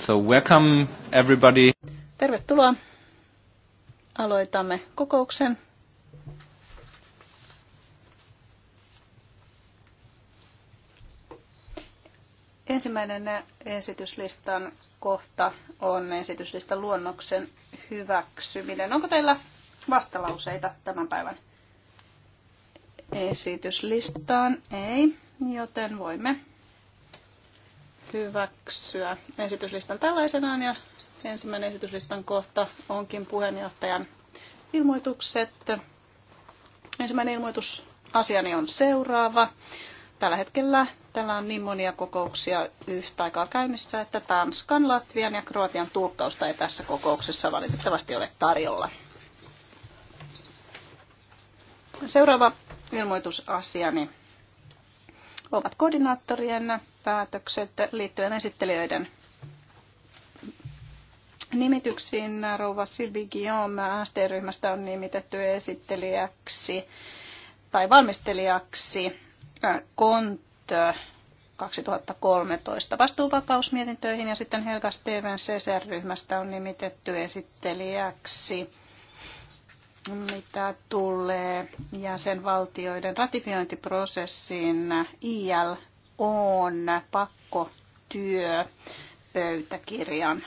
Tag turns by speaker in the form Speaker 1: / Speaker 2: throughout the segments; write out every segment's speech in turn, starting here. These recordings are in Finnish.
Speaker 1: So welcome everybody.
Speaker 2: Tervetuloa. Aloitamme kokouksen. Ensimmäinen esityslistan kohta on esityslistan luonnoksen hyväksyminen. Onko teillä vastalauseita tämän päivän esityslistaan? Ei, joten voimme hyväksyä esityslistan tällaisenaan ja ensimmäinen esityslistan kohta onkin puheenjohtajan ilmoitukset. Ensimmäinen ilmoitusasiani on seuraava. Tällä hetkellä täällä on niin monia kokouksia yhtä aikaa käynnissä, että Tanskan, Latvian ja Kroatian tulkkausta ei tässä kokouksessa valitettavasti ole tarjolla. Seuraava ilmoitusasiani ovat koordinaattorien päätökset liittyen esittelijöiden nimityksiin. Rouva Silvi Guillaume ST-ryhmästä on nimitetty esittelijäksi tai valmistelijaksi äh, KONT 2013 äh, vastuuvapausmietintöihin ja sitten Helga Steven ccr ryhmästä on nimitetty esittelijäksi mitä tulee jäsenvaltioiden ratifiointiprosessiin, IL on pakkotyö pöytäkirjan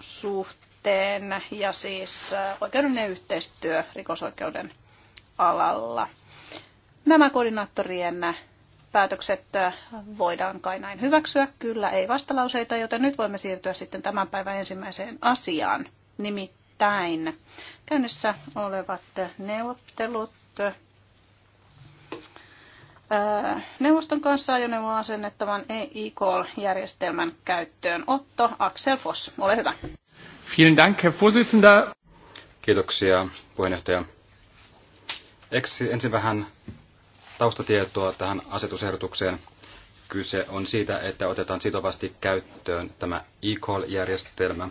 Speaker 2: suhteen ja siis oikeudellinen yhteistyö rikosoikeuden alalla. Nämä koordinaattorien päätökset voidaan kai näin hyväksyä. Kyllä ei vastalauseita, joten nyt voimme siirtyä sitten tämän päivän ensimmäiseen asiaan, nimittäin Nimittäin käynnissä olevat neuvottelut neuvoston kanssa ajoneuvon asennettavan EIKOL-järjestelmän käyttöön. Otto Axel Foss, ole hyvä.
Speaker 1: Vielen Dank, Herr Vorsitzender. Kiitoksia, puheenjohtaja. Eksi, ensin vähän taustatietoa tähän asetusehdotukseen. Kyse on siitä, että otetaan sitovasti käyttöön tämä e järjestelmä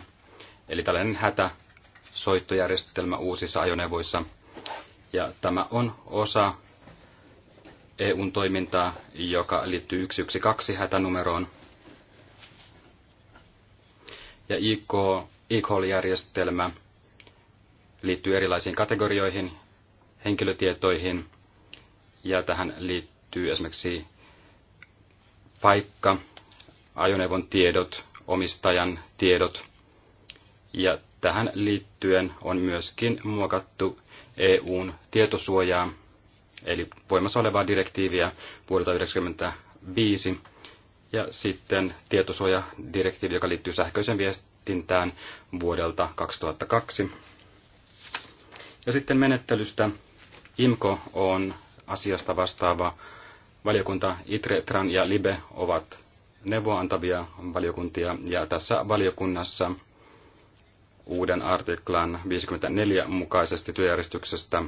Speaker 1: eli tällainen hätä soittojärjestelmä uusissa ajoneuvoissa. Ja tämä on osa EUn toimintaa, joka liittyy 112 hätänumeroon. Ja IK, ICOL-järjestelmä liittyy erilaisiin kategorioihin, henkilötietoihin, ja tähän liittyy esimerkiksi paikka, ajoneuvon tiedot, omistajan tiedot, ja tähän liittyen on myöskin muokattu EUn tietosuojaa, eli voimassa olevaa direktiiviä vuodelta 1995, ja sitten tietosuojadirektiivi, joka liittyy sähköiseen viestintään vuodelta 2002. Ja sitten menettelystä IMKO on asiasta vastaava valiokunta. ITRE, TRAN ja LIBE ovat neuvoantavia valiokuntia, ja tässä valiokunnassa – uuden artiklan 54 mukaisesti työjärjestyksestä.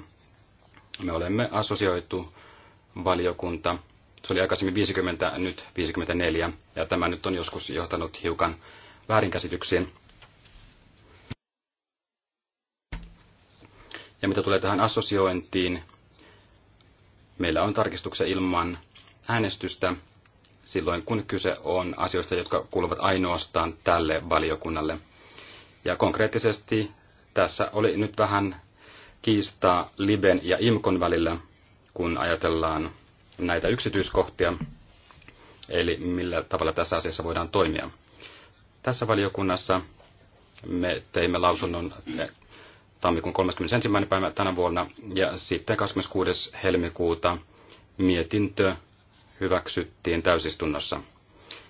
Speaker 1: Me olemme assosioitu valiokunta. Se oli aikaisemmin 50, nyt 54, ja tämä nyt on joskus johtanut hiukan väärinkäsityksiin. Ja mitä tulee tähän assosiointiin, meillä on tarkistuksia ilman äänestystä silloin, kun kyse on asioista, jotka kuuluvat ainoastaan tälle valiokunnalle – ja konkreettisesti tässä oli nyt vähän kiistaa Liben ja Imkon välillä, kun ajatellaan näitä yksityiskohtia, eli millä tavalla tässä asiassa voidaan toimia. Tässä valiokunnassa me teimme lausunnon tammikuun 31. päivä tänä vuonna ja sitten 26. helmikuuta mietintö hyväksyttiin täysistunnossa.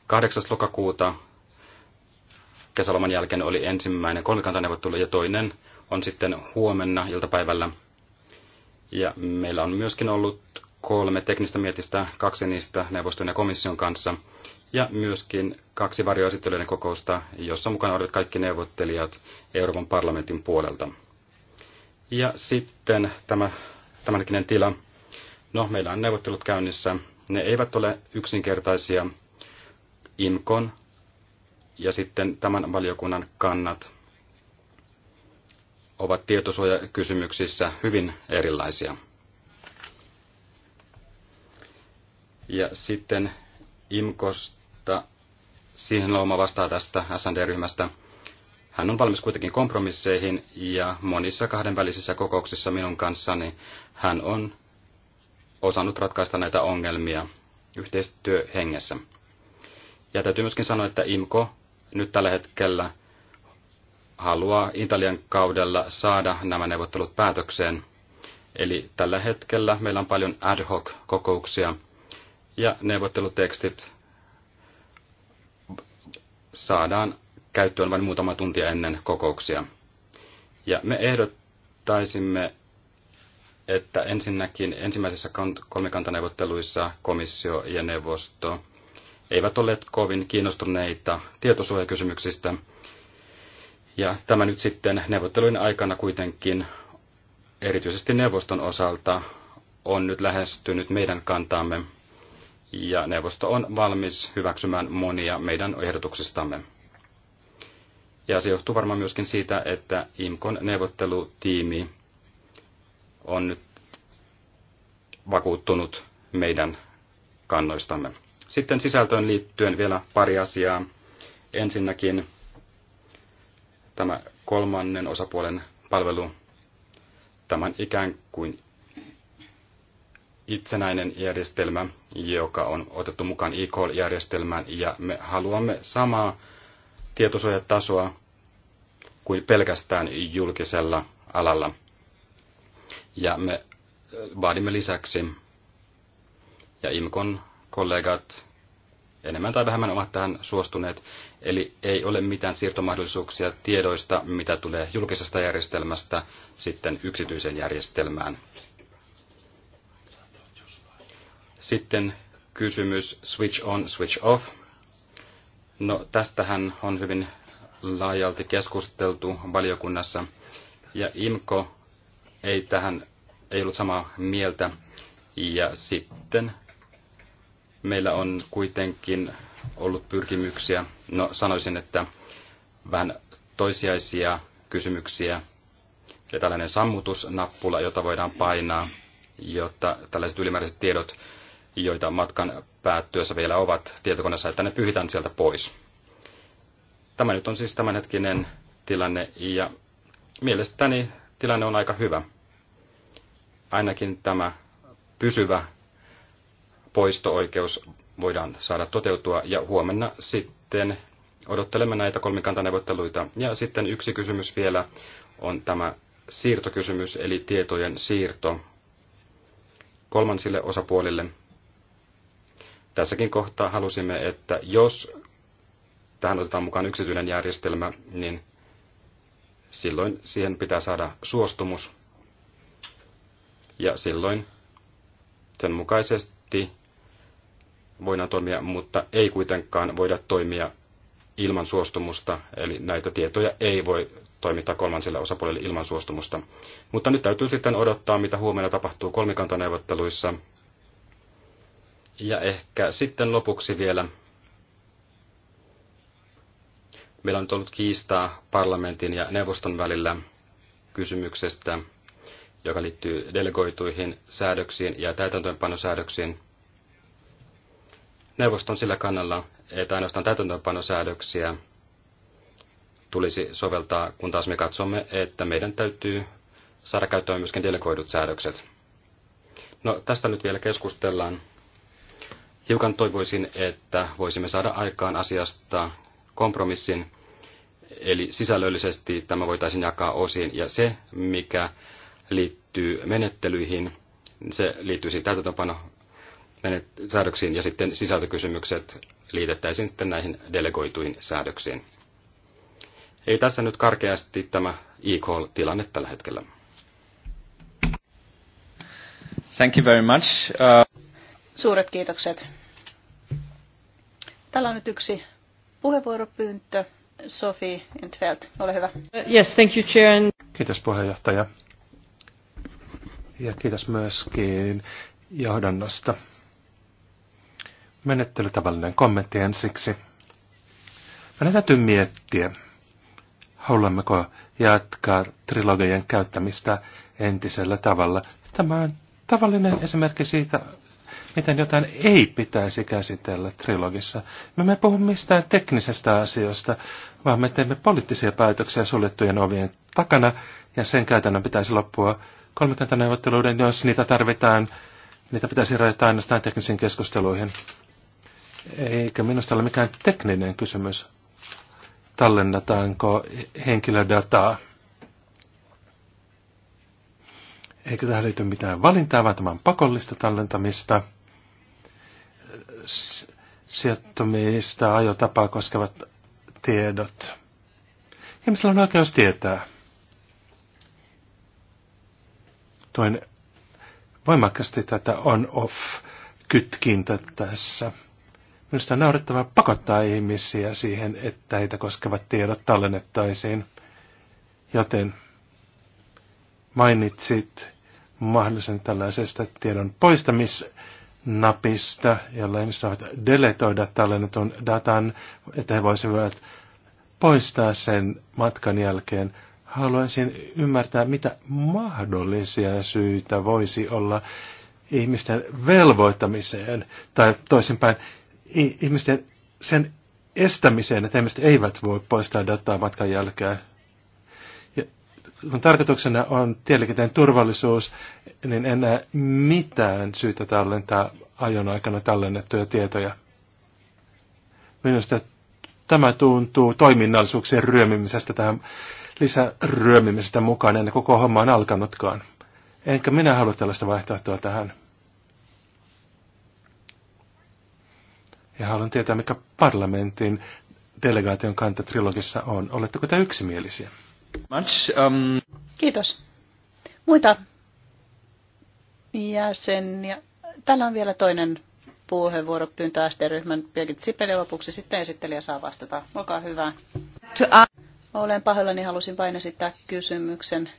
Speaker 1: 8. lokakuuta kesäloman jälkeen oli ensimmäinen kolmikantaneuvottelu ja toinen on sitten huomenna iltapäivällä. Ja meillä on myöskin ollut kolme teknistä mietistä, kaksi niistä neuvoston ja komission kanssa, ja myöskin kaksi varjoesittelyiden kokousta, jossa mukana olivat kaikki neuvottelijat Euroopan parlamentin puolelta. Ja sitten tämä tämänkinen tila. No, meillä on neuvottelut käynnissä. Ne eivät ole yksinkertaisia. IMKON ja sitten tämän valiokunnan kannat ovat tietosuojakysymyksissä hyvin erilaisia. Ja sitten IMKOsta, siihen Louma vastaa tästä SND-ryhmästä. Hän on valmis kuitenkin kompromisseihin ja monissa kahdenvälisissä kokouksissa minun kanssani hän on osannut ratkaista näitä ongelmia yhteistyöhengessä. Ja täytyy myöskin sanoa, että IMKO nyt tällä hetkellä haluaa Italian kaudella saada nämä neuvottelut päätökseen. Eli tällä hetkellä meillä on paljon ad hoc kokouksia ja neuvottelutekstit saadaan käyttöön vain muutama tuntia ennen kokouksia. Ja me ehdottaisimme, että ensinnäkin ensimmäisissä kolmikantaneuvotteluissa komissio ja neuvosto eivät olleet kovin kiinnostuneita tietosuojakysymyksistä. Ja tämä nyt sitten neuvottelujen aikana kuitenkin erityisesti neuvoston osalta on nyt lähestynyt meidän kantaamme ja neuvosto on valmis hyväksymään monia meidän ehdotuksistamme. Ja se johtuu varmaan myöskin siitä, että IMKON neuvottelutiimi on nyt vakuuttunut meidän kannoistamme. Sitten sisältöön liittyen vielä pari asiaa. Ensinnäkin tämä kolmannen osapuolen palvelu, tämän ikään kuin itsenäinen järjestelmä, joka on otettu mukaan e-call-järjestelmään, ja me haluamme samaa tietosuojatasoa kuin pelkästään julkisella alalla. Ja me vaadimme lisäksi, ja IMKON kollegat enemmän tai vähemmän ovat tähän suostuneet, eli ei ole mitään siirtomahdollisuuksia tiedoista, mitä tulee julkisesta järjestelmästä sitten yksityiseen järjestelmään. Sitten kysymys switch on, switch off. No tästähän on hyvin laajalti keskusteltu valiokunnassa, ja IMKO ei tähän ei ollut samaa mieltä, ja sitten meillä on kuitenkin ollut pyrkimyksiä, no sanoisin, että vähän toisiaisia kysymyksiä, ja tällainen sammutusnappula, jota voidaan painaa, jotta tällaiset ylimääräiset tiedot, joita matkan päättyessä vielä ovat tietokoneessa, että ne pyhitään sieltä pois. Tämä nyt on siis tämänhetkinen tilanne ja mielestäni tilanne on aika hyvä. Ainakin tämä pysyvä poisto-oikeus voidaan saada toteutua. Ja huomenna sitten odottelemme näitä kolmikantaneuvotteluita. Ja sitten yksi kysymys vielä on tämä siirtokysymys, eli tietojen siirto kolmansille osapuolille. Tässäkin kohtaa halusimme, että jos tähän otetaan mukaan yksityinen järjestelmä, niin silloin siihen pitää saada suostumus. Ja silloin sen mukaisesti voidaan toimia, mutta ei kuitenkaan voida toimia ilman suostumusta, eli näitä tietoja ei voi toimittaa kolmansille osapuolelle ilman suostumusta. Mutta nyt täytyy sitten odottaa, mitä huomenna tapahtuu kolmikantaneuvotteluissa. Ja ehkä sitten lopuksi vielä. Meillä on nyt ollut kiistaa parlamentin ja neuvoston välillä kysymyksestä, joka liittyy delegoituihin säädöksiin ja täytäntöönpanosäädöksiin neuvoston sillä kannalla, että ainoastaan täytäntöönpanosäädöksiä tulisi soveltaa, kun taas me katsomme, että meidän täytyy saada käyttöön myöskin delegoidut säädökset. No, tästä nyt vielä keskustellaan. Hiukan toivoisin, että voisimme saada aikaan asiasta kompromissin, eli sisällöllisesti tämä voitaisiin jakaa osiin, ja se, mikä liittyy menettelyihin, se liittyisi siis täytäntöpano menet- säädöksiin ja sitten sisältökysymykset liitettäisiin sitten näihin delegoituihin säädöksiin. Ei tässä nyt karkeasti tämä e-call-tilanne tällä hetkellä. Thank you very much. Uh...
Speaker 2: Suuret kiitokset. Täällä on nyt yksi puheenvuoropyyntö. Sophie Entfeldt, ole hyvä. Uh, yes, thank you, Chair.
Speaker 3: Kiitos puheenjohtaja. Ja kiitos myöskin johdannosta menettelytavallinen kommentti ensiksi. Meidän täytyy miettiä, haluammeko jatkaa trilogien käyttämistä entisellä tavalla. Tämä on tavallinen esimerkki siitä, miten jotain ei pitäisi käsitellä trilogissa. Me emme puhu mistään teknisestä asiasta, vaan me teemme poliittisia päätöksiä suljettujen ovien takana, ja sen käytännön pitäisi loppua kolmikantaneuvotteluiden, jos niitä tarvitaan, niitä pitäisi rajoittaa ainoastaan teknisiin keskusteluihin. Eikä minusta ole mikään tekninen kysymys, tallennetaanko henkilödataa. Eikä tähän liity mitään valintaa, vaan tämän pakollista tallentamista. Sijoittumista ajotapaa koskevat tiedot. Ihmisellä on oikeus tietää. Tuen voimakkaasti tätä on-off-kytkintä tässä. Minusta on naurettavaa pakottaa ihmisiä siihen, että heitä koskevat tiedot tallennettaisiin. Joten mainitsit mahdollisen tällaisesta tiedon poistamisnapista, jolla ihmiset voivat deletoida tallennetun datan, että he voisivat poistaa sen matkan jälkeen. Haluaisin ymmärtää, mitä mahdollisia syitä voisi olla ihmisten velvoittamiseen, tai toisinpäin, ihmisten sen estämiseen, että ihmiset eivät voi poistaa dataa matkan jälkeen. Ja kun tarkoituksena on tieliikenteen turvallisuus, niin en näe mitään syytä tallentaa ajon aikana tallennettuja tietoja. Minusta tämä tuntuu toiminnallisuuksien ryömimisestä tähän lisäryömimisestä mukaan ennen koko homma on alkanutkaan. Enkä minä halua tällaista vaihtoehtoa tähän. Ja haluan tietää, mikä parlamentin delegaation kanta trilogissa on. Oletteko te yksimielisiä?
Speaker 1: Much, um...
Speaker 2: Kiitos. Muita jäseniä. Täällä on vielä toinen puheenvuoropyyntö ST-ryhmän Birgit Sipeli lopuksi. Sitten esittelijä saa vastata. Olkaa hyvä. Olen pahoillani, halusin vain esittää kysymyksen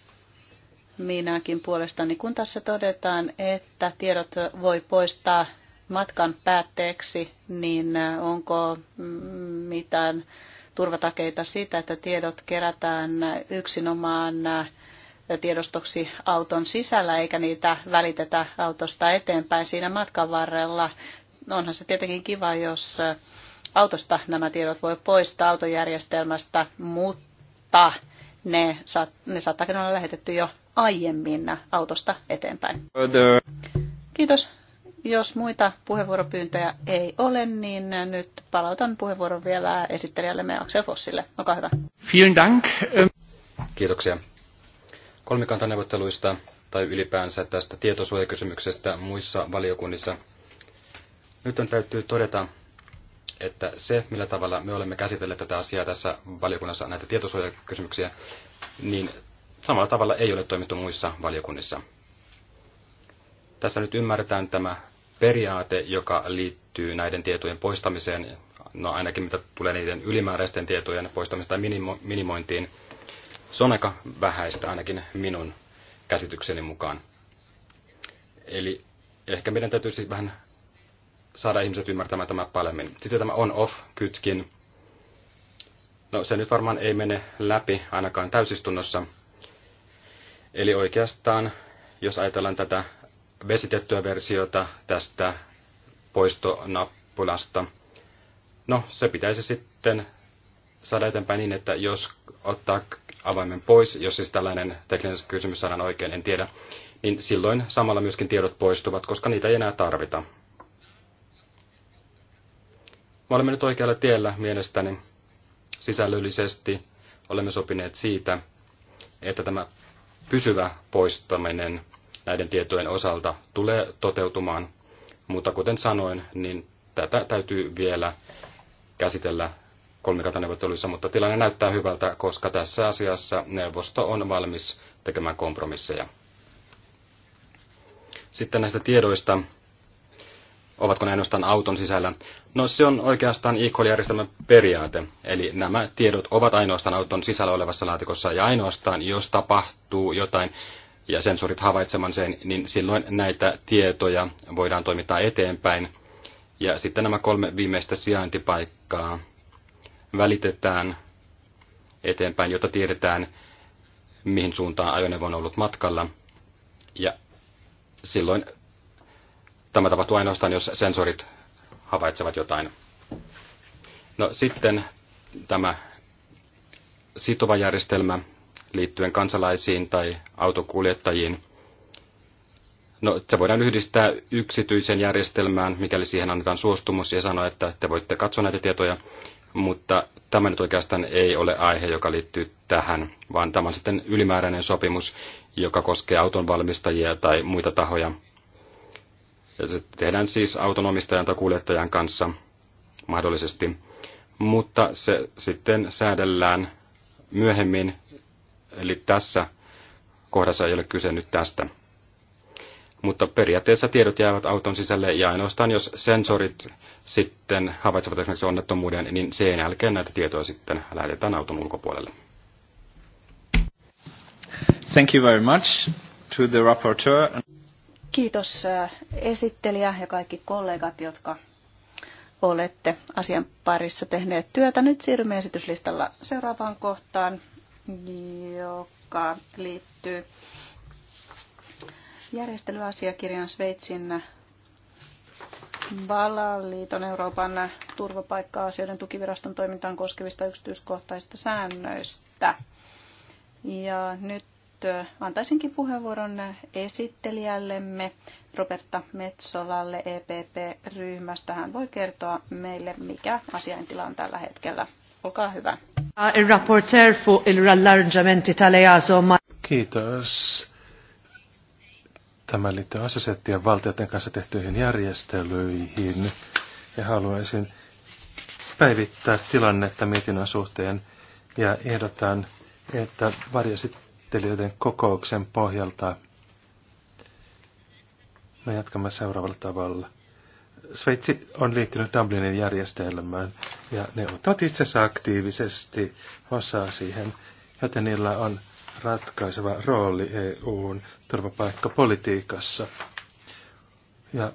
Speaker 2: minäkin puolestani, kun tässä todetaan, että tiedot voi poistaa matkan päätteeksi, niin äh, onko mm, mitään turvatakeita siitä, että tiedot kerätään yksinomaan äh, tiedostoksi auton sisällä eikä niitä välitetä autosta eteenpäin siinä matkan varrella. Onhan se tietenkin kiva, jos äh, autosta nämä tiedot voi poistaa autojärjestelmästä, mutta ne, saat, ne saattaakin olla lähetetty jo aiemmin autosta eteenpäin. Kiitos. Jos muita puheenvuoropyyntöjä ei ole, niin nyt palautan puheenvuoron vielä esittelijällemme Axel Fossille. Olkaa hyvä.
Speaker 1: Vielen dank. Kiitoksia. Kolmikantaneuvotteluista tai ylipäänsä tästä tietosuojakysymyksestä muissa valiokunnissa. Nyt on täytyy todeta, että se, millä tavalla me olemme käsitelleet tätä asiaa tässä valiokunnassa, näitä tietosuojakysymyksiä, niin samalla tavalla ei ole toimittu muissa valiokunnissa. Tässä nyt ymmärretään tämä periaate, joka liittyy näiden tietojen poistamiseen, no ainakin mitä tulee niiden ylimääräisten tietojen poistamista minimo- minimointiin, se on aika vähäistä ainakin minun käsitykseni mukaan. Eli ehkä meidän täytyisi vähän saada ihmiset ymmärtämään tämä paremmin. Sitten tämä on-off-kytkin. No se nyt varmaan ei mene läpi ainakaan täysistunnossa. Eli oikeastaan, jos ajatellaan tätä vesitettyä versiota tästä poistonappulasta. No, se pitäisi sitten saada eteenpäin niin, että jos ottaa avaimen pois, jos siis tällainen tekninen kysymys saadaan oikein, en tiedä, niin silloin samalla myöskin tiedot poistuvat, koska niitä ei enää tarvita. Me olemme nyt oikealla tiellä mielestäni. Sisällöllisesti olemme sopineet siitä, että tämä pysyvä poistaminen – näiden tietojen osalta tulee toteutumaan. Mutta kuten sanoin, niin tätä täytyy vielä käsitellä kolmikantaneuvotteluissa, mutta tilanne näyttää hyvältä, koska tässä asiassa neuvosto on valmis tekemään kompromisseja. Sitten näistä tiedoista, ovatko ne ainoastaan auton sisällä? No se on oikeastaan e-call-järjestelmän periaate, eli nämä tiedot ovat ainoastaan auton sisällä olevassa laatikossa ja ainoastaan jos tapahtuu jotain ja sensorit havaitseman sen, niin silloin näitä tietoja voidaan toimittaa eteenpäin. Ja sitten nämä kolme viimeistä sijaintipaikkaa välitetään eteenpäin, jotta tiedetään, mihin suuntaan ajoneuvo on ollut matkalla. Ja silloin tämä tapahtuu ainoastaan, jos sensorit havaitsevat jotain. No sitten tämä sitova järjestelmä, liittyen kansalaisiin tai autokuljettajiin. No, se voidaan yhdistää yksityisen järjestelmään, mikäli siihen annetaan suostumus ja sanoa, että te voitte katsoa näitä tietoja, mutta tämä nyt oikeastaan ei ole aihe, joka liittyy tähän, vaan tämä on sitten ylimääräinen sopimus, joka koskee auton valmistajia tai muita tahoja. Ja se tehdään siis autonomistajan tai kuljettajan kanssa mahdollisesti, mutta se sitten säädellään myöhemmin Eli tässä kohdassa ei ole kyse nyt tästä. Mutta periaatteessa tiedot jäävät auton sisälle ja ainoastaan jos sensorit sitten havaitsevat esimerkiksi onnettomuuden, niin sen jälkeen näitä tietoja sitten lähetetään auton ulkopuolelle. Thank you very much to the rapporteur.
Speaker 2: Kiitos äh, esittelijä ja kaikki kollegat, jotka olette asian parissa tehneet työtä. Nyt siirrymme esityslistalla seuraavaan kohtaan joka liittyy järjestelyasiakirjan Sveitsin Valaliiton Euroopan turvapaikka-asioiden tukiviraston toimintaan koskevista yksityiskohtaisista säännöistä. Ja nyt antaisinkin puheenvuoron esittelijällemme Roberta Metsolalle EPP-ryhmästä. Hän voi kertoa meille, mikä asiantila on tällä hetkellä. Olkaa hyvä.
Speaker 3: Kiitos. Tämä liittyy asesettien valtioiden kanssa tehtyihin järjestelyihin ja haluaisin päivittää tilannetta mietinnän suhteen ja ehdotan, että varjasittelijöiden kokouksen pohjalta me jatkamme seuraavalla tavalla. Sveitsi on liittynyt Dublinin järjestelmään ja ne ottavat asiassa aktiivisesti osaa siihen, joten niillä on ratkaiseva rooli EUn turvapaikkapolitiikassa. Ja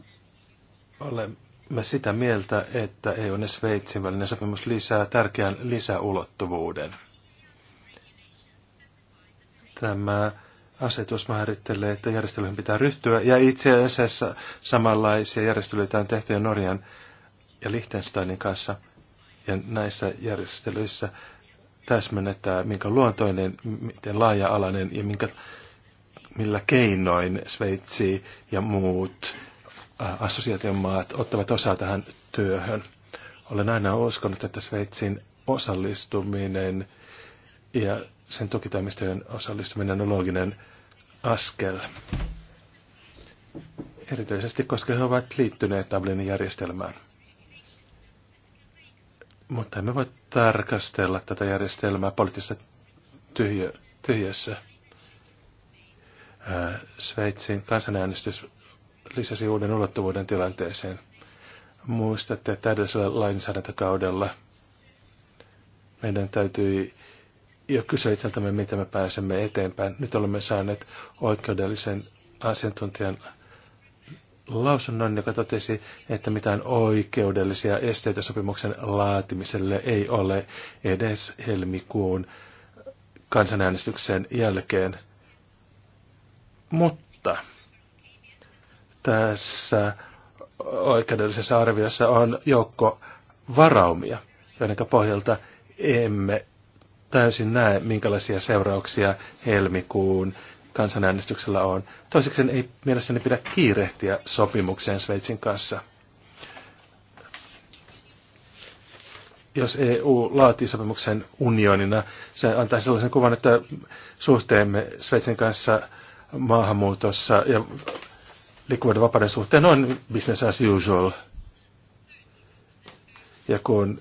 Speaker 3: olemme sitä mieltä, että EUn ja Sveitsin välinen sopimus lisää tärkeän lisäulottuvuuden. Tämä asetus määrittelee, että järjestelyihin pitää ryhtyä, ja itse asiassa samanlaisia järjestelyitä on tehty jo Norjan ja Liechtensteinin kanssa, ja näissä järjestelyissä täsmennetään, minkä luontoinen, miten laaja-alainen ja minkä, millä keinoin Sveitsi ja muut assosiaatiomaat ottavat osaa tähän työhön. Olen aina uskonut, että Sveitsin osallistuminen ja sen tukitoimistojen osallistuminen on looginen askel. Erityisesti koska he ovat liittyneet Dublinin järjestelmään. Mutta emme voi tarkastella tätä järjestelmää poliittisessa tyhjö, tyhjössä. Sveitsin kansanäänestys lisäsi uuden ulottuvuuden tilanteeseen. Muistatte, että edellisellä lainsäädäntökaudella meidän täytyi jo kysyä itseltämme, miten me pääsemme eteenpäin. Nyt olemme saaneet oikeudellisen asiantuntijan lausunnon, joka totesi, että mitään oikeudellisia esteitä sopimuksen laatimiselle ei ole edes helmikuun kansanäänestyksen jälkeen. Mutta tässä oikeudellisessa arviossa on joukko varaumia, joiden pohjalta emme täysin näe, minkälaisia seurauksia helmikuun kansanäänestyksellä on. Toiseksi ei mielestäni pidä kiirehtiä sopimukseen Sveitsin kanssa. Jos EU laatii sopimuksen unionina, se antaa sellaisen kuvan, että suhteemme Sveitsin kanssa maahanmuutossa ja liikkuvuuden vapauden suhteen on business as usual. Ja kun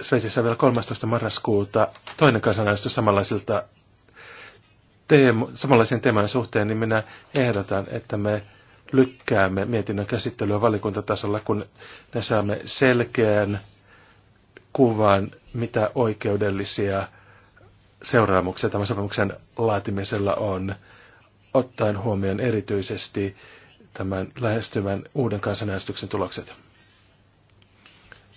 Speaker 3: Sveitsissä vielä 13. marraskuuta toinen kansanäänestys samanlaisilta teemo, samanlaisen teeman suhteen, niin minä ehdotan, että me lykkäämme mietinnön käsittelyä valikuntatasolla, kun me saamme selkeän kuvan, mitä oikeudellisia seuraamuksia tämän sopimuksen laatimisella on, ottaen huomioon erityisesti tämän lähestyvän uuden kansanäänestyksen tulokset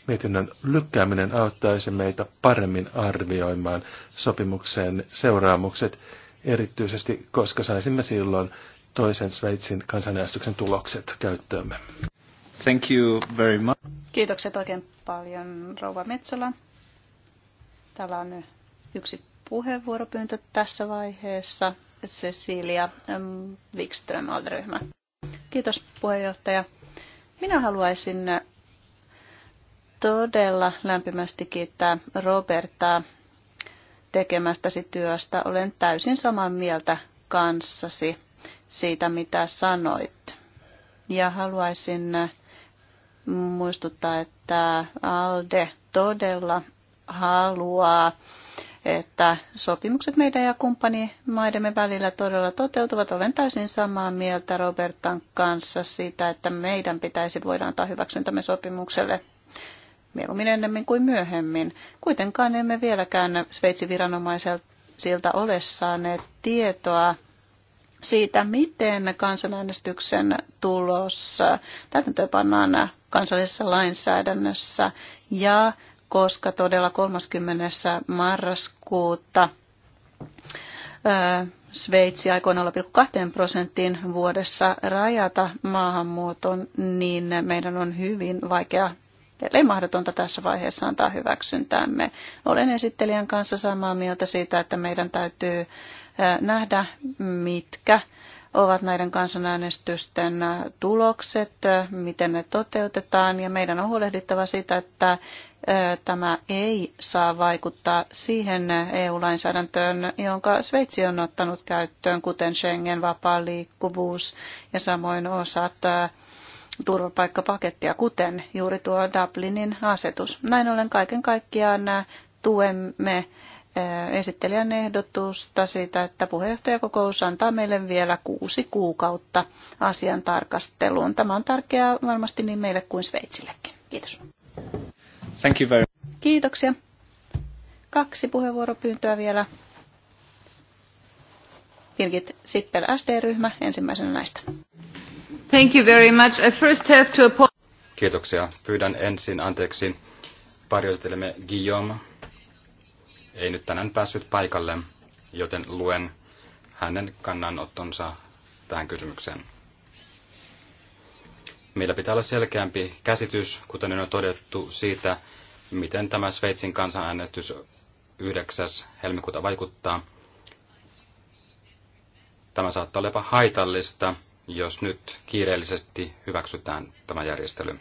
Speaker 3: mietinnön lykkääminen auttaisi meitä paremmin arvioimaan sopimuksen seuraamukset, erityisesti koska saisimme silloin toisen Sveitsin kansanäänestyksen tulokset käyttöömme. Thank you very much.
Speaker 2: Kiitokset oikein paljon, Rouva Metsola. Täällä on yksi puheenvuoropyyntö tässä vaiheessa. Cecilia Wikström, ryhmä. Kiitos puheenjohtaja. Minä haluaisin todella lämpimästi kiittää Robertaa tekemästäsi työstä. Olen täysin samaa mieltä kanssasi siitä, mitä sanoit. Ja haluaisin äh, muistuttaa, että ALDE todella haluaa, että sopimukset meidän ja kumppanimaidemme välillä todella toteutuvat. Olen täysin samaa mieltä Robertan kanssa siitä, että meidän pitäisi voida antaa hyväksyntämme sopimukselle mieluummin ennemmin kuin myöhemmin. Kuitenkaan emme vieläkään Sveitsin viranomaisilta ole saaneet tietoa siitä, miten kansanäänestyksen tulos täytäntöönpannaan kansallisessa lainsäädännössä ja koska todella 30. marraskuuta Sveitsi aikoo 0,2 prosenttiin vuodessa rajata maahanmuuton, niin meidän on hyvin vaikea ei mahdotonta tässä vaiheessa antaa hyväksyntäämme. Olen esittelijän kanssa samaa mieltä siitä, että meidän täytyy nähdä, mitkä ovat näiden kansanäänestysten tulokset, miten ne toteutetaan, ja meidän on huolehdittava siitä, että tämä ei saa vaikuttaa siihen EU-lainsäädäntöön, jonka Sveitsi on ottanut käyttöön, kuten Schengen, vapaa liikkuvuus ja samoin osat turvapaikkapakettia, kuten juuri tuo Dublinin asetus. Näin ollen kaiken kaikkiaan tuemme eh, esittelijän ehdotusta siitä, että puheenjohtajakokous antaa meille vielä kuusi kuukautta asian tarkasteluun. Tämä on tärkeää varmasti niin meille kuin Sveitsillekin. Kiitos. Thank you very Kiitoksia. Kaksi puheenvuoropyyntöä vielä. Birgit Sippel, SD-ryhmä, ensimmäisenä näistä. Thank you very much. I first have to
Speaker 1: Kiitoksia. Pyydän ensin anteeksi parjoitelemme Guillaume. Ei nyt tänään päässyt paikalle, joten luen hänen kannanottonsa tähän kysymykseen. Meillä pitää olla selkeämpi käsitys, kuten on todettu, siitä, miten tämä Sveitsin kansanäänestys 9. helmikuuta vaikuttaa. Tämä saattaa olla haitallista jos nyt kiireellisesti hyväksytään tämä järjestely.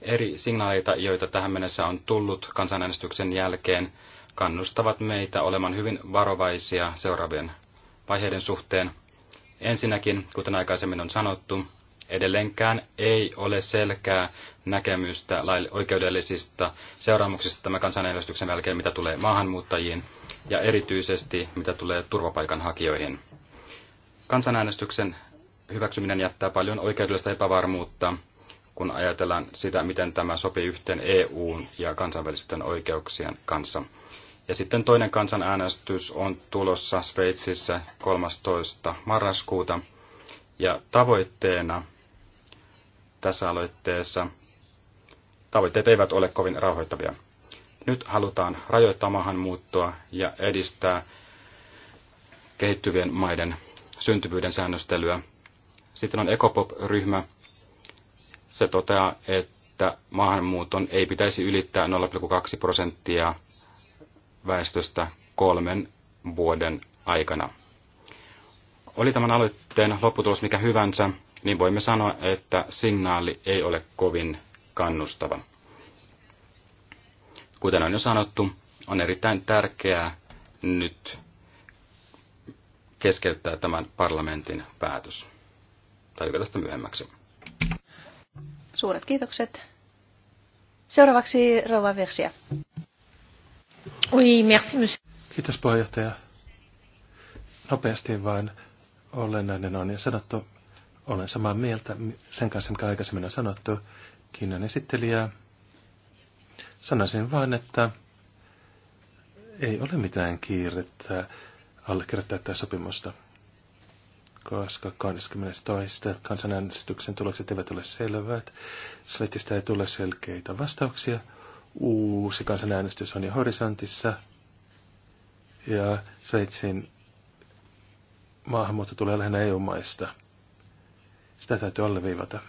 Speaker 1: Eri signaaleita, joita tähän mennessä on tullut kansanäänestyksen jälkeen, kannustavat meitä olemaan hyvin varovaisia seuraavien vaiheiden suhteen. Ensinnäkin, kuten aikaisemmin on sanottu, edelleenkään ei ole selkeää näkemystä oikeudellisista seuraamuksista tämän kansanäänestyksen jälkeen, mitä tulee maahanmuuttajiin ja erityisesti mitä tulee turvapaikanhakijoihin. Kansanäänestyksen hyväksyminen jättää paljon oikeudellista epävarmuutta, kun ajatellaan sitä, miten tämä sopii yhteen EUn ja kansainvälisten oikeuksien kanssa. Ja sitten toinen kansanäänestys on tulossa Sveitsissä 13. marraskuuta. Ja tavoitteena tässä aloitteessa, tavoitteet eivät ole kovin rauhoittavia. Nyt halutaan rajoittaa maahanmuuttoa ja edistää kehittyvien maiden syntyvyyden säännöstelyä. Sitten on Ecopop-ryhmä. Se toteaa, että maahanmuuton ei pitäisi ylittää 0,2 prosenttia väestöstä kolmen vuoden aikana. Oli tämän aloitteen lopputulos mikä hyvänsä, niin voimme sanoa, että signaali ei ole kovin kannustava. Kuten on jo sanottu, on erittäin tärkeää nyt keskeyttää tämän parlamentin päätös tai lykätä myöhemmäksi.
Speaker 2: Suuret kiitokset. Seuraavaksi Rova Versia. Oui, merci, monsieur.
Speaker 3: Kiitos puheenjohtaja. Nopeasti vain olennainen on ja sanottu, olen samaa mieltä sen kanssa, mikä aikaisemmin on sanottu. Kiinan esittelijää. Sanoisin vain, että ei ole mitään kiirettä allekirjoittaa tätä sopimusta, koska 22. kansanäänestyksen tulokset eivät ole selvät. Svetistä ei tule selkeitä vastauksia. Uusi kansanäänestys on jo horisontissa. Ja Sveitsin maahanmuutto tulee lähinnä EU-maista. Sitä täytyy alleviivata,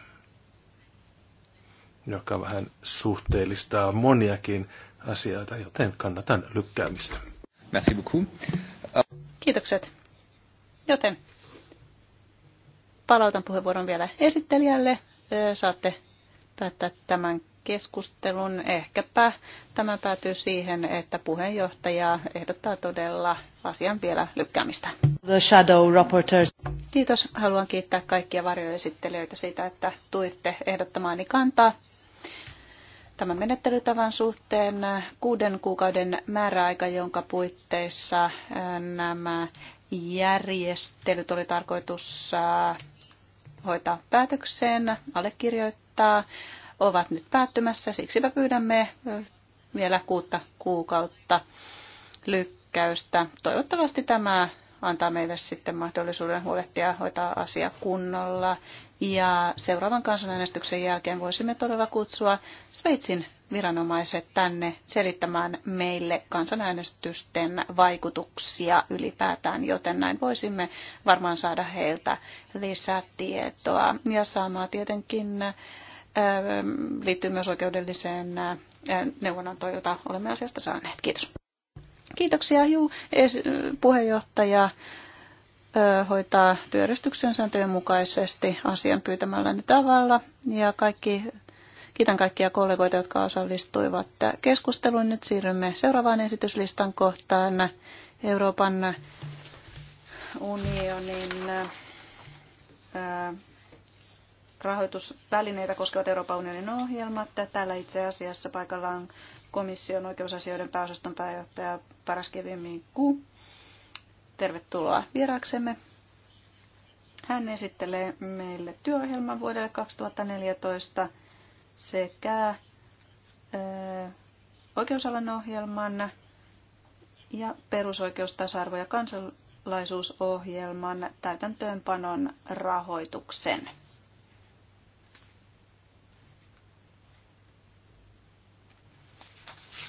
Speaker 3: joka vähän suhteellistaa moniakin asioita, joten kannatan lykkäämistä. Merci beaucoup.
Speaker 2: Kiitokset. Joten palautan puheenvuoron vielä esittelijälle. Saatte päättää tämän keskustelun. Ehkäpä tämä päätyy siihen, että puheenjohtaja ehdottaa todella asian vielä lykkäämistä. The shadow reporters. Kiitos. Haluan kiittää kaikkia varjoesittelijöitä siitä, että tuitte ehdottamaani kantaa tämän menettelytavan suhteen kuuden kuukauden määräaika, jonka puitteissa äh, nämä järjestelyt oli tarkoitus äh, hoitaa päätökseen, allekirjoittaa, ovat nyt päättymässä. me pyydämme äh, vielä kuutta kuukautta lykkäystä. Toivottavasti tämä antaa meille sitten mahdollisuuden huolehtia hoitaa asia kunnolla ja seuraavan kansanäänestyksen jälkeen voisimme todella kutsua Sveitsin viranomaiset tänne selittämään meille kansanäänestysten vaikutuksia ylipäätään, joten näin voisimme varmaan saada heiltä lisätietoa. Ja saamaan tietenkin ähm, liittyy myös oikeudelliseen äh, neuvonantoon, jota olemme asiasta saaneet. Kiitos. Kiitoksia, juu, puheenjohtaja hoitaa työjärjestyksen sääntöjen mukaisesti asian pyytämälläni tavalla. Ja kaikki, kiitän kaikkia kollegoita, jotka osallistuivat keskusteluun. Nyt siirrymme seuraavaan esityslistan kohtaan Euroopan unionin rahoitusvälineitä koskevat Euroopan unionin ohjelmat. Täällä itse asiassa paikalla on komission oikeusasioiden pääosaston pääjohtaja Paraskevi Minkku. Tervetuloa vieraaksemme. Hän esittelee meille työohjelman vuodelle 2014 sekä oikeusalan ohjelman ja perusoikeustasarvo arvo ja kansalaisuusohjelman täytäntöönpanon rahoituksen.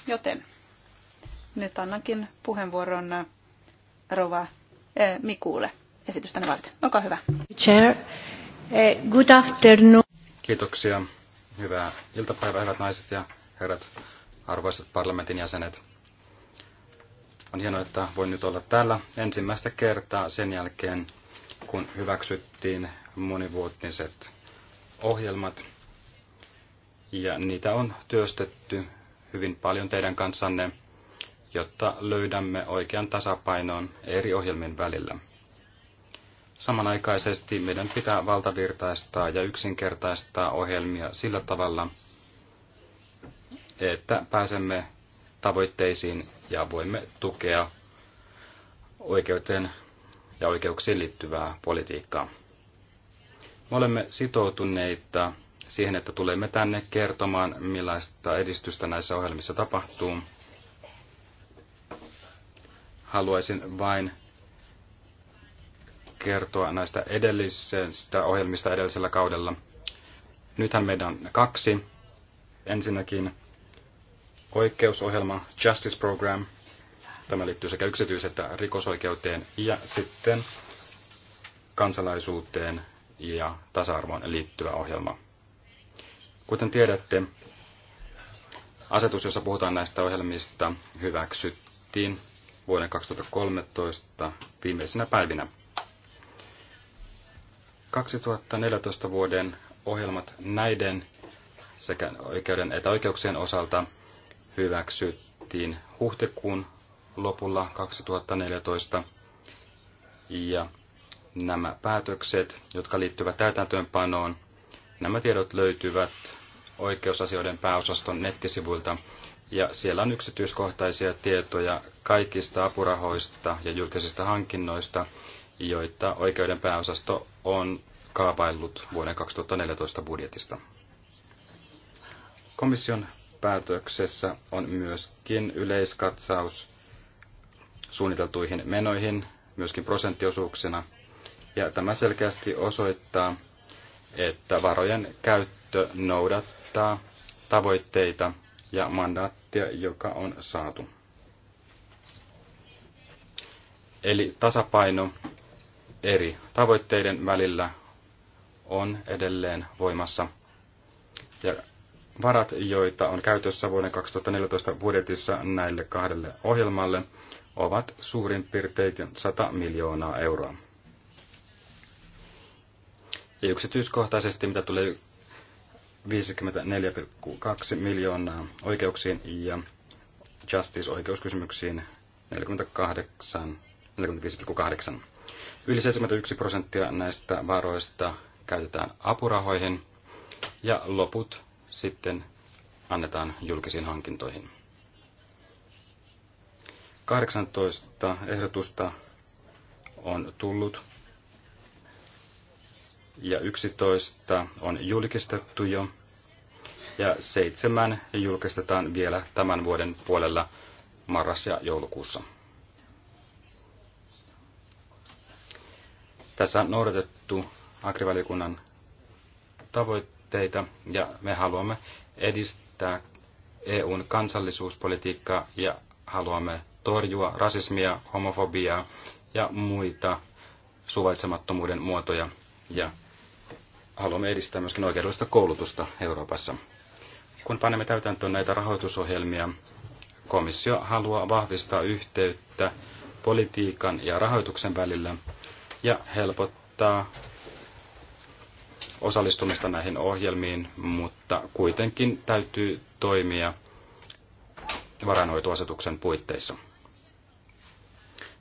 Speaker 2: Joten nyt annankin puheenvuoron Rova eh, Mikuulle esitystänne varten. Olkaa hyvä. Chair, eh, good afternoon.
Speaker 1: Kiitoksia. Hyvää iltapäivää, hyvät naiset ja herrat, arvoisat parlamentin jäsenet. On hienoa, että voin nyt olla täällä ensimmäistä kertaa sen jälkeen, kun hyväksyttiin monivuotiset ohjelmat. Ja niitä on työstetty hyvin paljon teidän kanssanne jotta löydämme oikean tasapainon eri ohjelmien välillä. Samanaikaisesti meidän pitää valtavirtaistaa ja yksinkertaistaa ohjelmia sillä tavalla, että pääsemme tavoitteisiin ja voimme tukea oikeuteen ja oikeuksiin liittyvää politiikkaa. Me olemme sitoutuneita siihen, että tulemme tänne kertomaan, millaista edistystä näissä ohjelmissa tapahtuu – Haluaisin vain kertoa näistä edellisistä ohjelmista edellisellä kaudella. Nythän meidän on kaksi. Ensinnäkin oikeusohjelma Justice Program. Tämä liittyy sekä yksityis- että rikosoikeuteen ja sitten kansalaisuuteen ja tasa-arvoon liittyvä ohjelma. Kuten tiedätte, asetus, jossa puhutaan näistä ohjelmista, hyväksyttiin vuoden 2013 viimeisinä päivinä. 2014 vuoden ohjelmat näiden sekä oikeuden että oikeuksien osalta hyväksyttiin huhtikuun lopulla 2014. Ja nämä päätökset, jotka liittyvät täytäntöönpanoon, nämä tiedot löytyvät oikeusasioiden pääosaston nettisivuilta ja siellä on yksityiskohtaisia tietoja kaikista apurahoista ja julkisista hankinnoista, joita oikeuden pääosasto on kaapaillut vuoden 2014 budjetista. Komission päätöksessä on myöskin yleiskatsaus suunniteltuihin menoihin, myöskin prosenttiosuuksina, ja tämä selkeästi osoittaa, että varojen käyttö noudattaa tavoitteita, ja mandaattia, joka on saatu. Eli tasapaino eri tavoitteiden välillä on edelleen voimassa. Ja varat, joita on käytössä vuoden 2014 budjetissa näille kahdelle ohjelmalle, ovat suurin piirtein 100 miljoonaa euroa. Ja yksityiskohtaisesti, mitä tulee 54,2 miljoonaa oikeuksiin ja Justice-oikeuskysymyksiin 48, 45,8. Yli 71 prosenttia näistä varoista käytetään apurahoihin ja loput sitten annetaan julkisiin hankintoihin. 18 ehdotusta on tullut ja 11 on julkistettu jo, ja seitsemän julkistetaan vielä tämän vuoden puolella marras- ja joulukuussa. Tässä on noudatettu agrivaliokunnan tavoitteita ja me haluamme edistää EUn kansallisuuspolitiikkaa ja haluamme torjua rasismia, homofobiaa ja muita suvaitsemattomuuden muotoja. Ja haluamme edistää myöskin oikeudellista koulutusta Euroopassa. Kun panemme täytäntöön näitä rahoitusohjelmia, komissio haluaa vahvistaa yhteyttä politiikan ja rahoituksen välillä ja helpottaa osallistumista näihin ohjelmiin, mutta kuitenkin täytyy toimia varainhoitoasetuksen puitteissa.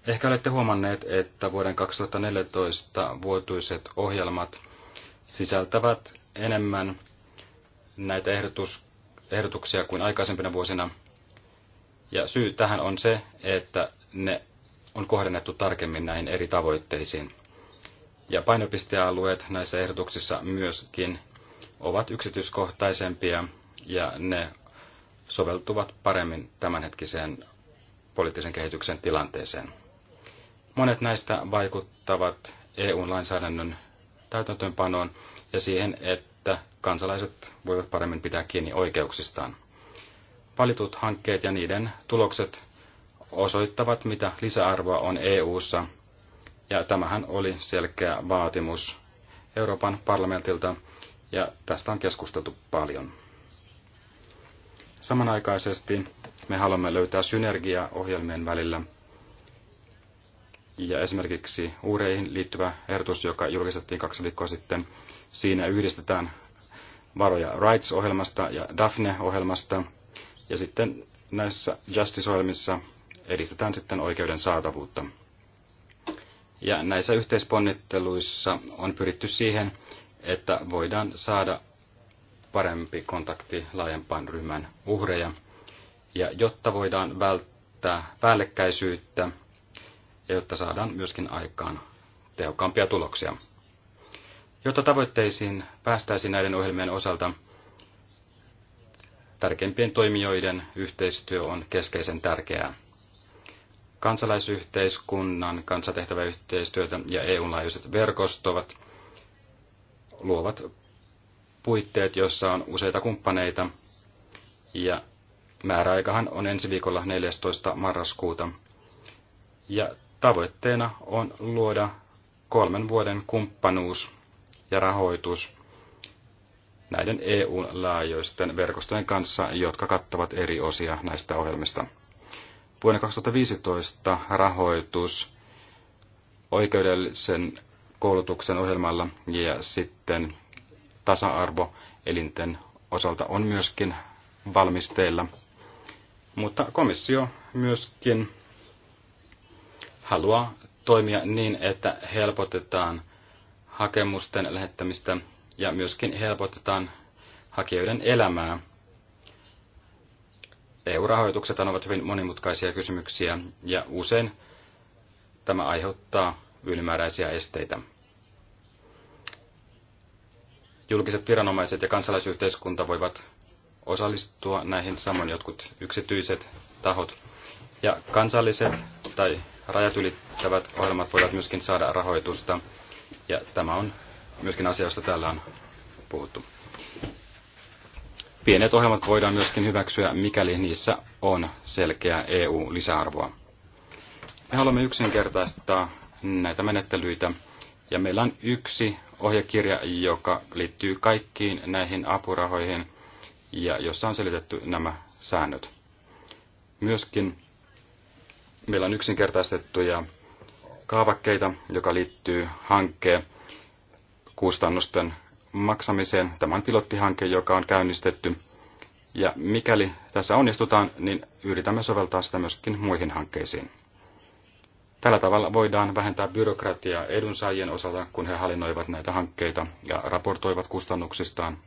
Speaker 1: Ehkä olette huomanneet, että vuoden 2014 vuotuiset ohjelmat – sisältävät enemmän näitä ehdotus, ehdotuksia kuin aikaisempina vuosina. Ja syy tähän on se, että ne on kohdennettu tarkemmin näihin eri tavoitteisiin. Ja painopistealueet näissä ehdotuksissa myöskin ovat yksityiskohtaisempia ja ne soveltuvat paremmin tämänhetkiseen poliittisen kehityksen tilanteeseen. Monet näistä vaikuttavat eu lainsäädännön täytäntöönpanoon ja siihen, että kansalaiset voivat paremmin pitää kiinni oikeuksistaan. Valitut hankkeet ja niiden tulokset osoittavat, mitä lisäarvoa on EU:ssa, ja tämähän oli selkeä vaatimus Euroopan parlamentilta, ja tästä on keskusteltu paljon. Samanaikaisesti me haluamme löytää synergiaa ohjelmien välillä – ja esimerkiksi uureihin liittyvä ehdotus, joka julkistettiin kaksi viikkoa sitten, siinä yhdistetään varoja Rights-ohjelmasta ja Daphne-ohjelmasta. Ja sitten näissä Justice-ohjelmissa edistetään sitten oikeuden saatavuutta. Ja näissä yhteisponnitteluissa on pyritty siihen, että voidaan saada parempi kontakti laajempaan ryhmään uhreja. Ja jotta voidaan välttää päällekkäisyyttä ja jotta saadaan myöskin aikaan tehokkaampia tuloksia. Jotta tavoitteisiin päästäisiin näiden ohjelmien osalta, tärkeimpien toimijoiden yhteistyö on keskeisen tärkeää. Kansalaisyhteiskunnan kansatehtäväyhteistyötä ja EU-laajuiset verkostovat luovat puitteet, joissa on useita kumppaneita, ja määräaikahan on ensi viikolla 14. marraskuuta. Ja Tavoitteena on luoda kolmen vuoden kumppanuus ja rahoitus näiden EUn laajoisten verkostojen kanssa, jotka kattavat eri osia näistä ohjelmista. Vuonna 2015 rahoitus oikeudellisen koulutuksen ohjelmalla ja sitten tasa-arvo elinten osalta on myöskin valmisteilla. Mutta komissio myöskin haluaa toimia niin, että helpotetaan hakemusten lähettämistä ja myöskin helpotetaan hakijoiden elämää. EU-rahoitukset ovat hyvin monimutkaisia kysymyksiä ja usein tämä aiheuttaa ylimääräisiä esteitä. Julkiset viranomaiset ja kansalaisyhteiskunta voivat osallistua näihin samoin jotkut yksityiset tahot – ja kansalliset tai rajat ylittävät ohjelmat voivat myöskin saada rahoitusta. Ja tämä on myöskin asia, josta täällä on puhuttu. Pienet ohjelmat voidaan myöskin hyväksyä, mikäli niissä on selkeää EU-lisäarvoa. Me haluamme yksinkertaistaa näitä menettelyitä, ja meillä on yksi ohjekirja, joka liittyy kaikkiin näihin apurahoihin, ja jossa on selitetty nämä säännöt. Myöskin Meillä on yksinkertaistettuja kaavakkeita, joka liittyy hankkeen kustannusten maksamiseen. Tämä on pilottihanke, joka on käynnistetty. Ja mikäli tässä onnistutaan, niin yritämme soveltaa sitä myöskin muihin hankkeisiin. Tällä tavalla voidaan vähentää byrokratiaa edunsaajien osalta, kun he hallinnoivat näitä hankkeita ja raportoivat kustannuksistaan.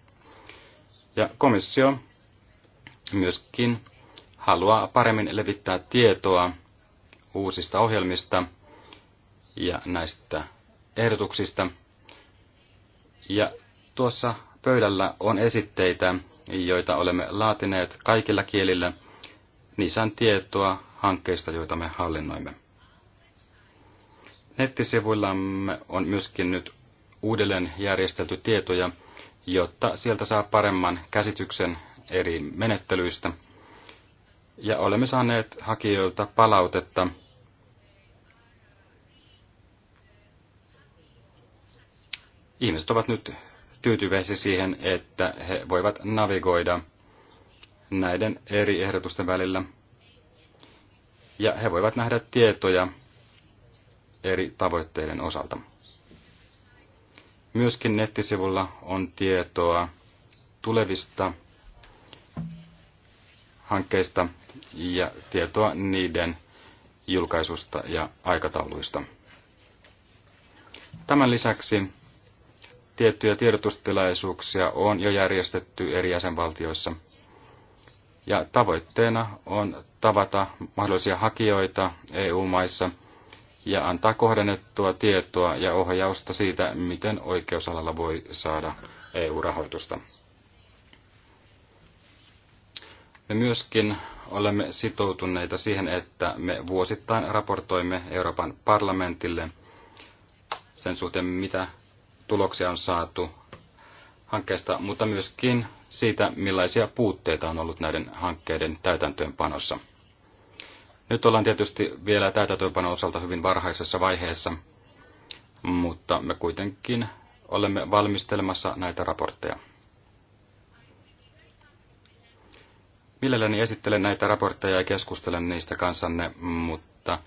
Speaker 1: Ja komissio myöskin haluaa paremmin levittää tietoa uusista ohjelmista ja näistä ehdotuksista. Ja tuossa pöydällä on esitteitä, joita olemme laatineet kaikilla kielillä. Niissä on tietoa hankkeista, joita me hallinnoimme. Nettisivuillamme on myöskin nyt uudelleen järjestelty tietoja, jotta sieltä saa paremman käsityksen eri menettelyistä. Ja olemme saaneet hakijoilta palautetta ihmiset ovat nyt tyytyväisiä siihen, että he voivat navigoida näiden eri ehdotusten välillä. Ja he voivat nähdä tietoja eri tavoitteiden osalta. Myöskin nettisivulla on tietoa tulevista hankkeista ja tietoa niiden julkaisusta ja aikatauluista. Tämän lisäksi Tiettyjä tiedotustilaisuuksia on jo järjestetty eri jäsenvaltioissa. Ja tavoitteena on tavata mahdollisia hakijoita EU-maissa ja antaa kohdennettua tietoa ja ohjausta siitä, miten oikeusalalla voi saada EU-rahoitusta. Me myöskin olemme sitoutuneita siihen, että me vuosittain raportoimme Euroopan parlamentille sen suhteen, mitä tuloksia on saatu hankkeesta, mutta myöskin siitä, millaisia puutteita on ollut näiden hankkeiden täytäntöönpanossa. Nyt ollaan tietysti vielä täytäntöönpanon osalta hyvin varhaisessa vaiheessa, mutta me kuitenkin olemme valmistelemassa näitä raportteja. Mielelläni esittelen näitä raportteja ja keskustelen niistä kanssanne, mutta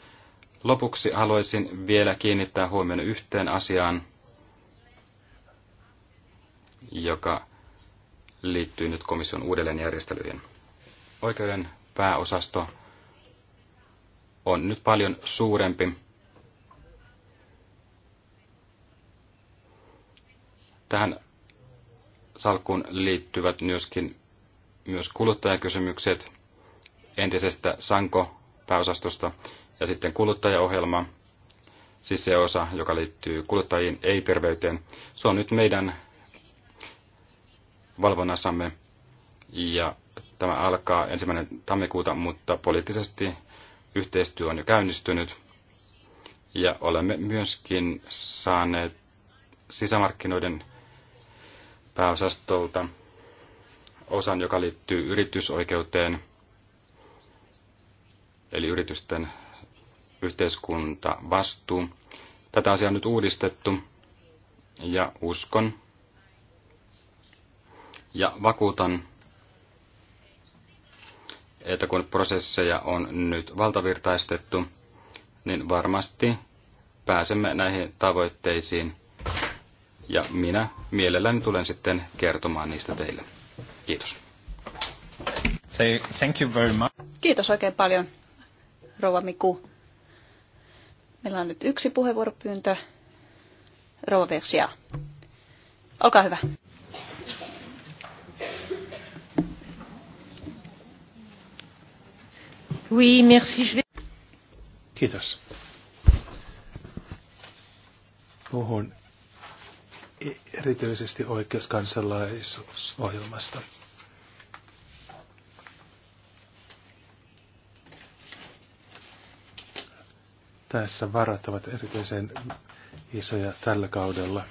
Speaker 1: lopuksi haluaisin vielä kiinnittää huomioon yhteen asiaan, joka liittyy nyt komission uudelleenjärjestelyihin. Oikeuden pääosasto on nyt paljon suurempi. Tähän salkkuun liittyvät myöskin myös kuluttajakysymykset entisestä Sanko-pääosastosta ja sitten kuluttajaohjelma, siis se osa, joka liittyy kuluttajiin, ei terveyteen. Se on nyt meidän valvonnassamme ja tämä alkaa ensimmäinen tammikuuta, mutta poliittisesti yhteistyö on jo käynnistynyt ja olemme myöskin saaneet sisämarkkinoiden pääosastolta osan, joka liittyy yritysoikeuteen, eli yritysten yhteiskuntavastuu. Tätä asiaa on nyt uudistettu ja uskon, ja vakuutan, että kun prosesseja on nyt valtavirtaistettu, niin varmasti pääsemme näihin tavoitteisiin. Ja minä mielelläni tulen sitten kertomaan niistä teille. Kiitos. Thank you
Speaker 2: very much. Kiitos oikein paljon, Rova Miku. Meillä on nyt yksi puheenvuoropyyntö. Rova Versia. Olkaa hyvä.
Speaker 3: Kiitos. Puhun erityisesti oikeuskansalaisuusohjelmasta. Tässä varat ovat erityisen isoja tällä kaudella.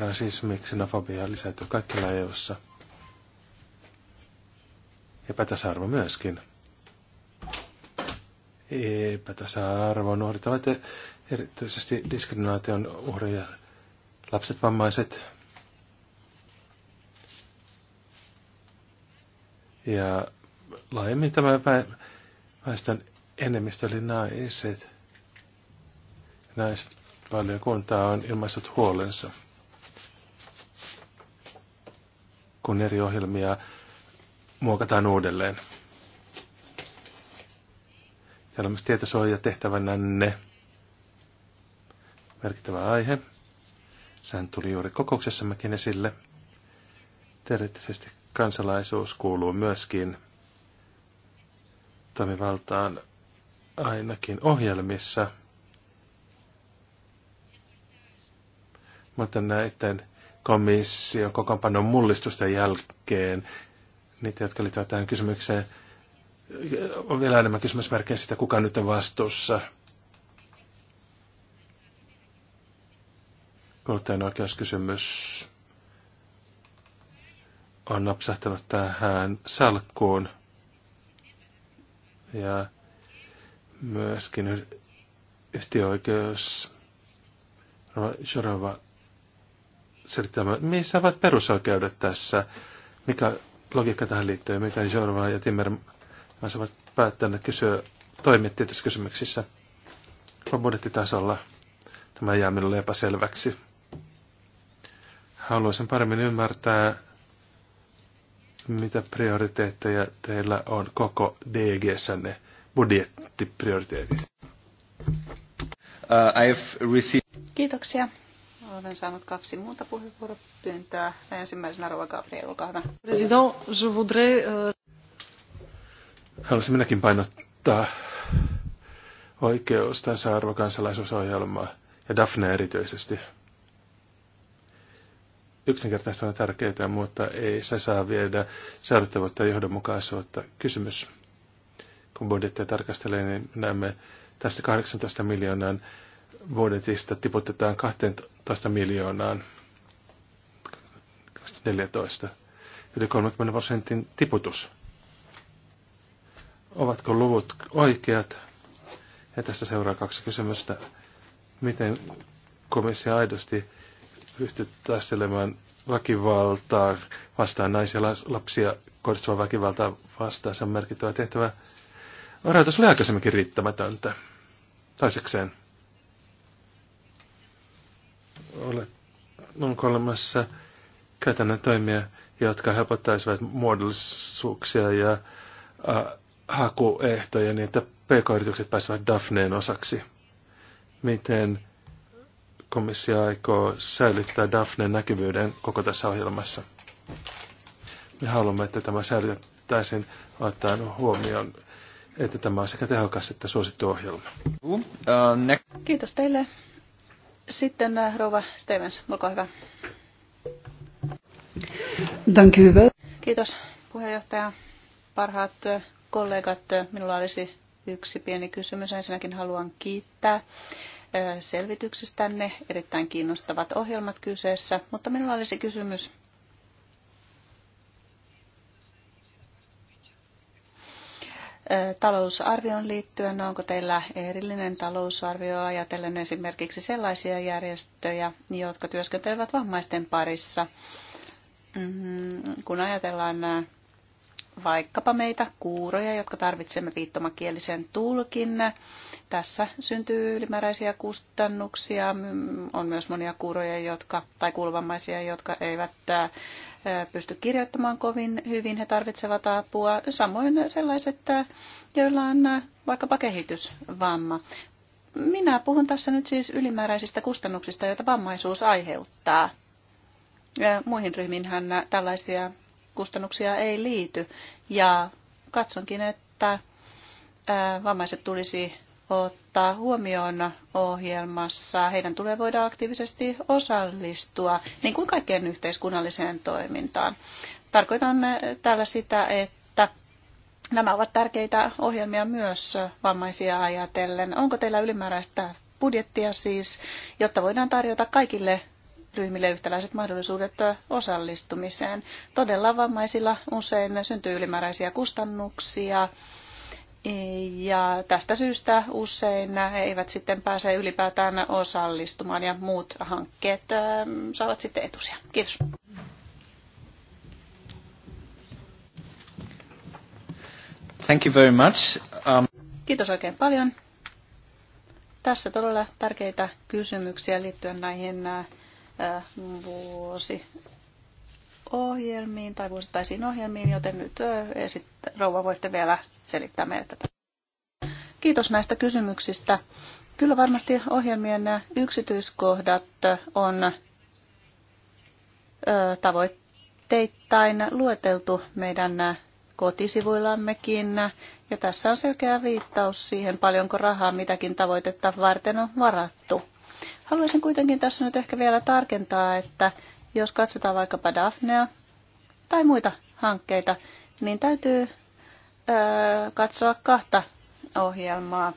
Speaker 3: Rasismi, xenofobia lisääntyy kaikkialla EU:ssa epätasa-arvo myöskin. Epätasa-arvon uhrit ovat erityisesti diskriminaation uhreja, lapset, vammaiset ja laajemmin tämä väestön enemmistö oli naiset. Naisvaliokunta on ilmaissut huolensa, kun eri ohjelmia muokataan uudelleen. Täällä on myös tietosuoja tehtävänänne. Merkittävä aihe. Sehän tuli juuri kokouksessammekin esille. Teoreettisesti kansalaisuus kuuluu myöskin toimivaltaan ainakin ohjelmissa. Mutta näiden komission kokoonpanon mullistusten jälkeen niitä, jotka liittyvät tähän kysymykseen. On vielä enemmän kysymysmerkkejä siitä, kuka nyt on vastuussa. Kuluttajan oikeuskysymys on napsahtanut tähän salkkuun. Ja myöskin yhtiöoikeus Jorova selittää, missä ovat perusoikeudet tässä, mikä logiikka tähän liittyy, mitä Jorva ja Timmermans ovat että kysyä toimia tietyissä kysymyksissä budjettitasolla. Tämä jää minulle epäselväksi. Haluaisin paremmin ymmärtää, mitä prioriteetteja teillä on koko DG-sänne budjettiprioriteetit. Uh, received...
Speaker 2: Kiitoksia. Olen saanut kaksi muuta puheenvuoropyyntöä. Ensimmäisenä Rova Gabriel, olkaa hyvä. President,
Speaker 1: je voudrais... Euh,
Speaker 3: Haluaisin minäkin painottaa oikeus- tasa arvokansalaisuusohjelmaa ja Daphne erityisesti. Yksinkertaista on tärkeää, mutta ei se saa viedä ja johdonmukaisuutta. Kysymys, kun budjettia tarkastelee, niin näemme tästä 18 miljoonan vuodetista tiputetaan 12 miljoonaan 2014. Yli 30 prosentin tiputus. Ovatko luvut oikeat? Ja tässä seuraa kaksi kysymystä. Miten komissio aidosti ryhtyy taistelemaan väkivaltaa vastaan, naisia lapsia kohdistuvaa väkivaltaa vastaan, se on merkittävä tehtävä. Rajoitus oli aikaisemminkin riittämätöntä. Toisekseen, onko olemassa käytännön toimia, jotka helpottaisivat muodollisuuksia ja äh, hakuehtoja niin, että pk-yritykset pääsevät Daphneen osaksi. Miten komissio aikoo säilyttää Daphneen näkyvyyden koko tässä ohjelmassa? Me haluamme, että tämä säilytettäisiin ottaen huomioon, että tämä on sekä tehokas että suosittu
Speaker 2: ohjelma. Kiitos teille. Sitten äh, rouva Stevens, olkaa hyvä. Dank u wel. Kiitos puheenjohtaja. Parhaat äh, kollegat, äh, minulla olisi yksi pieni kysymys. Ensinnäkin haluan kiittää selvityksestänne. Erittäin kiinnostavat ohjelmat kyseessä, mutta minulla olisi kysymys talousarvioon liittyen, no, onko teillä erillinen talousarvio ajatellen esimerkiksi sellaisia järjestöjä, jotka työskentelevät vammaisten parissa? Mm, kun ajatellaan vaikkapa meitä kuuroja, jotka tarvitsemme viittomakielisen tulkin. Tässä syntyy ylimääräisiä kustannuksia. Mm, on myös monia kuuroja jotka, tai kuulovammaisia, jotka eivät pysty kirjoittamaan kovin hyvin, he tarvitsevat apua. Samoin sellaiset, joilla on vaikkapa kehitysvamma. Minä puhun tässä nyt siis ylimääräisistä kustannuksista, joita vammaisuus aiheuttaa. Muihin ryhmiinhän tällaisia kustannuksia ei liity. Ja katsonkin, että vammaiset tulisi ottaa huomioon ohjelmassa. Heidän tulee voida aktiivisesti osallistua niin kuin kaikkeen yhteiskunnalliseen toimintaan. Tarkoitan eh, täällä sitä, että nämä ovat tärkeitä ohjelmia myös vammaisia ajatellen. Onko teillä ylimääräistä budjettia siis, jotta voidaan tarjota kaikille ryhmille yhtäläiset mahdollisuudet osallistumiseen. Todella vammaisilla usein syntyy ylimääräisiä kustannuksia ja tästä syystä usein he eivät sitten pääse ylipäätään osallistumaan ja muut hankkeet ähm, saavat sitten etusia. Kiitos.
Speaker 1: Thank you very much. Um...
Speaker 2: Kiitos oikein paljon. Tässä todella tärkeitä kysymyksiä liittyen näihin äh, äh, vuosi ohjelmiin tai vuosittaisiin ohjelmiin, joten nyt esit, rouva voitte vielä selittää meille tätä. Kiitos näistä kysymyksistä. Kyllä varmasti ohjelmien yksityiskohdat on tavoitteittain lueteltu meidän kotisivuillammekin. Ja tässä on selkeä viittaus siihen, paljonko rahaa mitäkin tavoitetta varten on varattu. Haluaisin kuitenkin tässä nyt ehkä vielä tarkentaa, että jos katsotaan vaikkapa Daphnea tai muita hankkeita, niin täytyy öö, katsoa kahta ohjelmaa.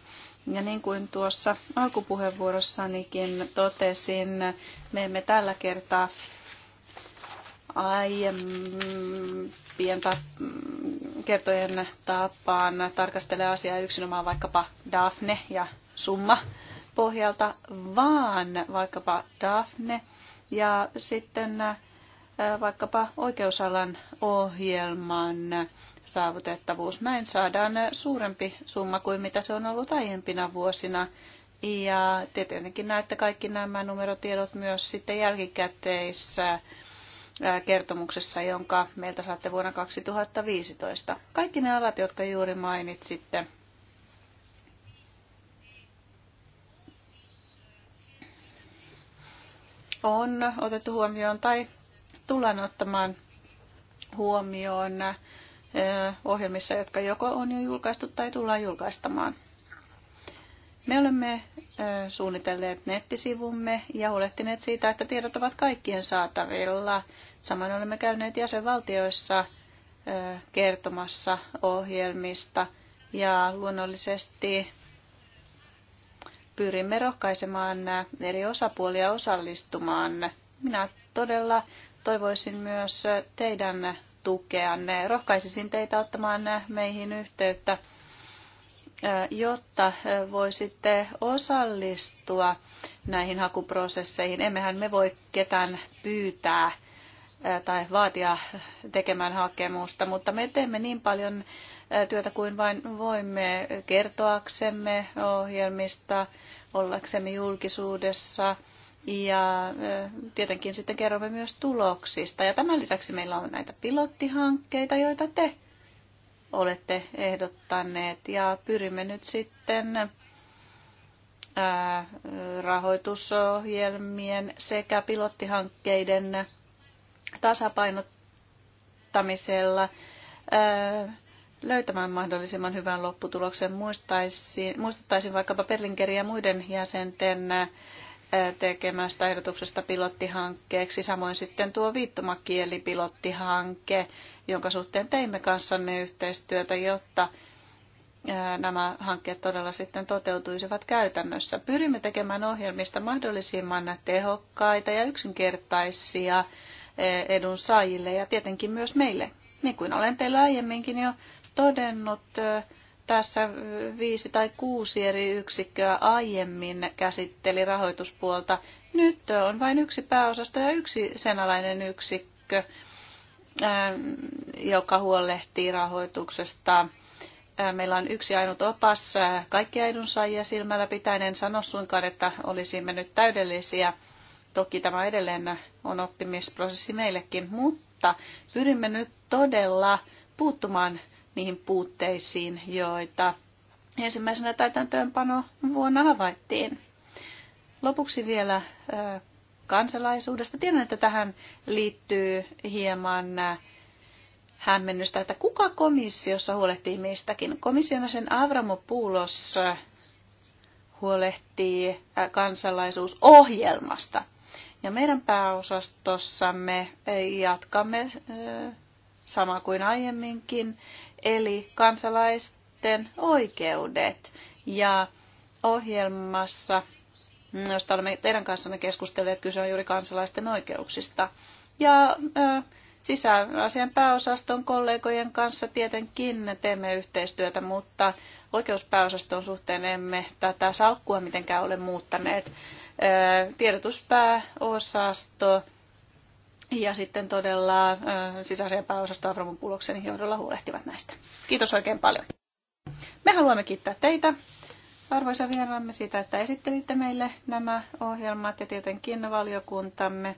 Speaker 2: Ja niin kuin tuossa alkupuheenvuorossanikin totesin, me emme tällä kertaa aiempien ta- kertojen tapaan tarkastele asiaa yksinomaan vaikkapa Daphne ja summa pohjalta, vaan vaikkapa Daphne ja sitten vaikkapa oikeusalan ohjelman saavutettavuus. Näin saadaan suurempi summa kuin mitä se on ollut aiempina vuosina. Ja tietenkin näette kaikki nämä numerotiedot myös sitten jälkikäteissä kertomuksessa, jonka meiltä saatte vuonna 2015. Kaikki ne alat, jotka juuri mainitsitte, on otettu huomioon tai tullaan ottamaan huomioon ohjelmissa, jotka joko on jo julkaistu tai tullaan julkaistamaan. Me olemme suunnitelleet nettisivumme ja huolehtineet siitä, että tiedot ovat kaikkien saatavilla. Samoin olemme käyneet jäsenvaltioissa kertomassa ohjelmista ja luonnollisesti pyrimme rohkaisemaan eri osapuolia osallistumaan. Minä todella toivoisin myös teidän tukeanne. Rohkaisisin teitä ottamaan meihin yhteyttä, jotta voisitte osallistua näihin hakuprosesseihin. Emmehän me voi ketään pyytää tai vaatia tekemään hakemusta, mutta me teemme niin paljon työtä kuin vain voimme kertoaksemme ohjelmista, ollaksemme julkisuudessa ja tietenkin sitten kerromme myös tuloksista. Ja tämän lisäksi meillä on näitä pilottihankkeita, joita te olette ehdottaneet ja pyrimme nyt sitten rahoitusohjelmien sekä pilottihankkeiden tasapainottamisella löytämään mahdollisimman hyvän lopputuloksen. Muistaisin, muistuttaisin vaikkapa Perlinkeriä ja muiden jäsenten tekemästä ehdotuksesta pilottihankkeeksi. Samoin sitten tuo viittomakielipilottihanke, jonka suhteen teimme kanssanne yhteistyötä, jotta nämä hankkeet todella sitten toteutuisivat käytännössä. Pyrimme tekemään ohjelmista mahdollisimman tehokkaita ja yksinkertaisia saajille ja tietenkin myös meille. Niin kuin olen teillä aiemminkin jo todennut tässä viisi tai kuusi eri yksikköä aiemmin käsitteli rahoituspuolta. Nyt on vain yksi pääosasto ja yksi senalainen yksikkö, joka huolehtii rahoituksesta. Meillä on yksi ainut opas kaikkia edunsaajia silmällä pitäen. En sano suinkaan, että olisimme nyt täydellisiä. Toki tämä edelleen on oppimisprosessi meillekin, mutta pyrimme nyt todella puuttumaan niihin puutteisiin, joita ensimmäisenä täytäntöönpano vuonna havaittiin. Lopuksi vielä kansalaisuudesta. Tiedän, että tähän liittyy hieman hämmennystä, että kuka komissiossa huolehtii mistäkin. Komission sen Avramo Puulos huolehtii kansalaisuusohjelmasta. Ja meidän pääosastossamme jatkamme sama kuin aiemminkin eli kansalaisten oikeudet. Ja ohjelmassa, josta olemme teidän kanssanne keskustelleet, kyse on juuri kansalaisten oikeuksista. Ja ö, sisäasian pääosaston kollegojen kanssa tietenkin teemme yhteistyötä, mutta oikeuspääosaston suhteen emme tätä salkkua mitenkään ole muuttaneet. Tiedotuspääosasto ja sitten todella äh, sisäisen pääosasta Avramon Puloksen johdolla huolehtivat näistä. Kiitos oikein paljon. Me haluamme kiittää teitä, arvoisa vieraamme, siitä, että esittelitte meille nämä ohjelmat ja tietenkin valiokuntamme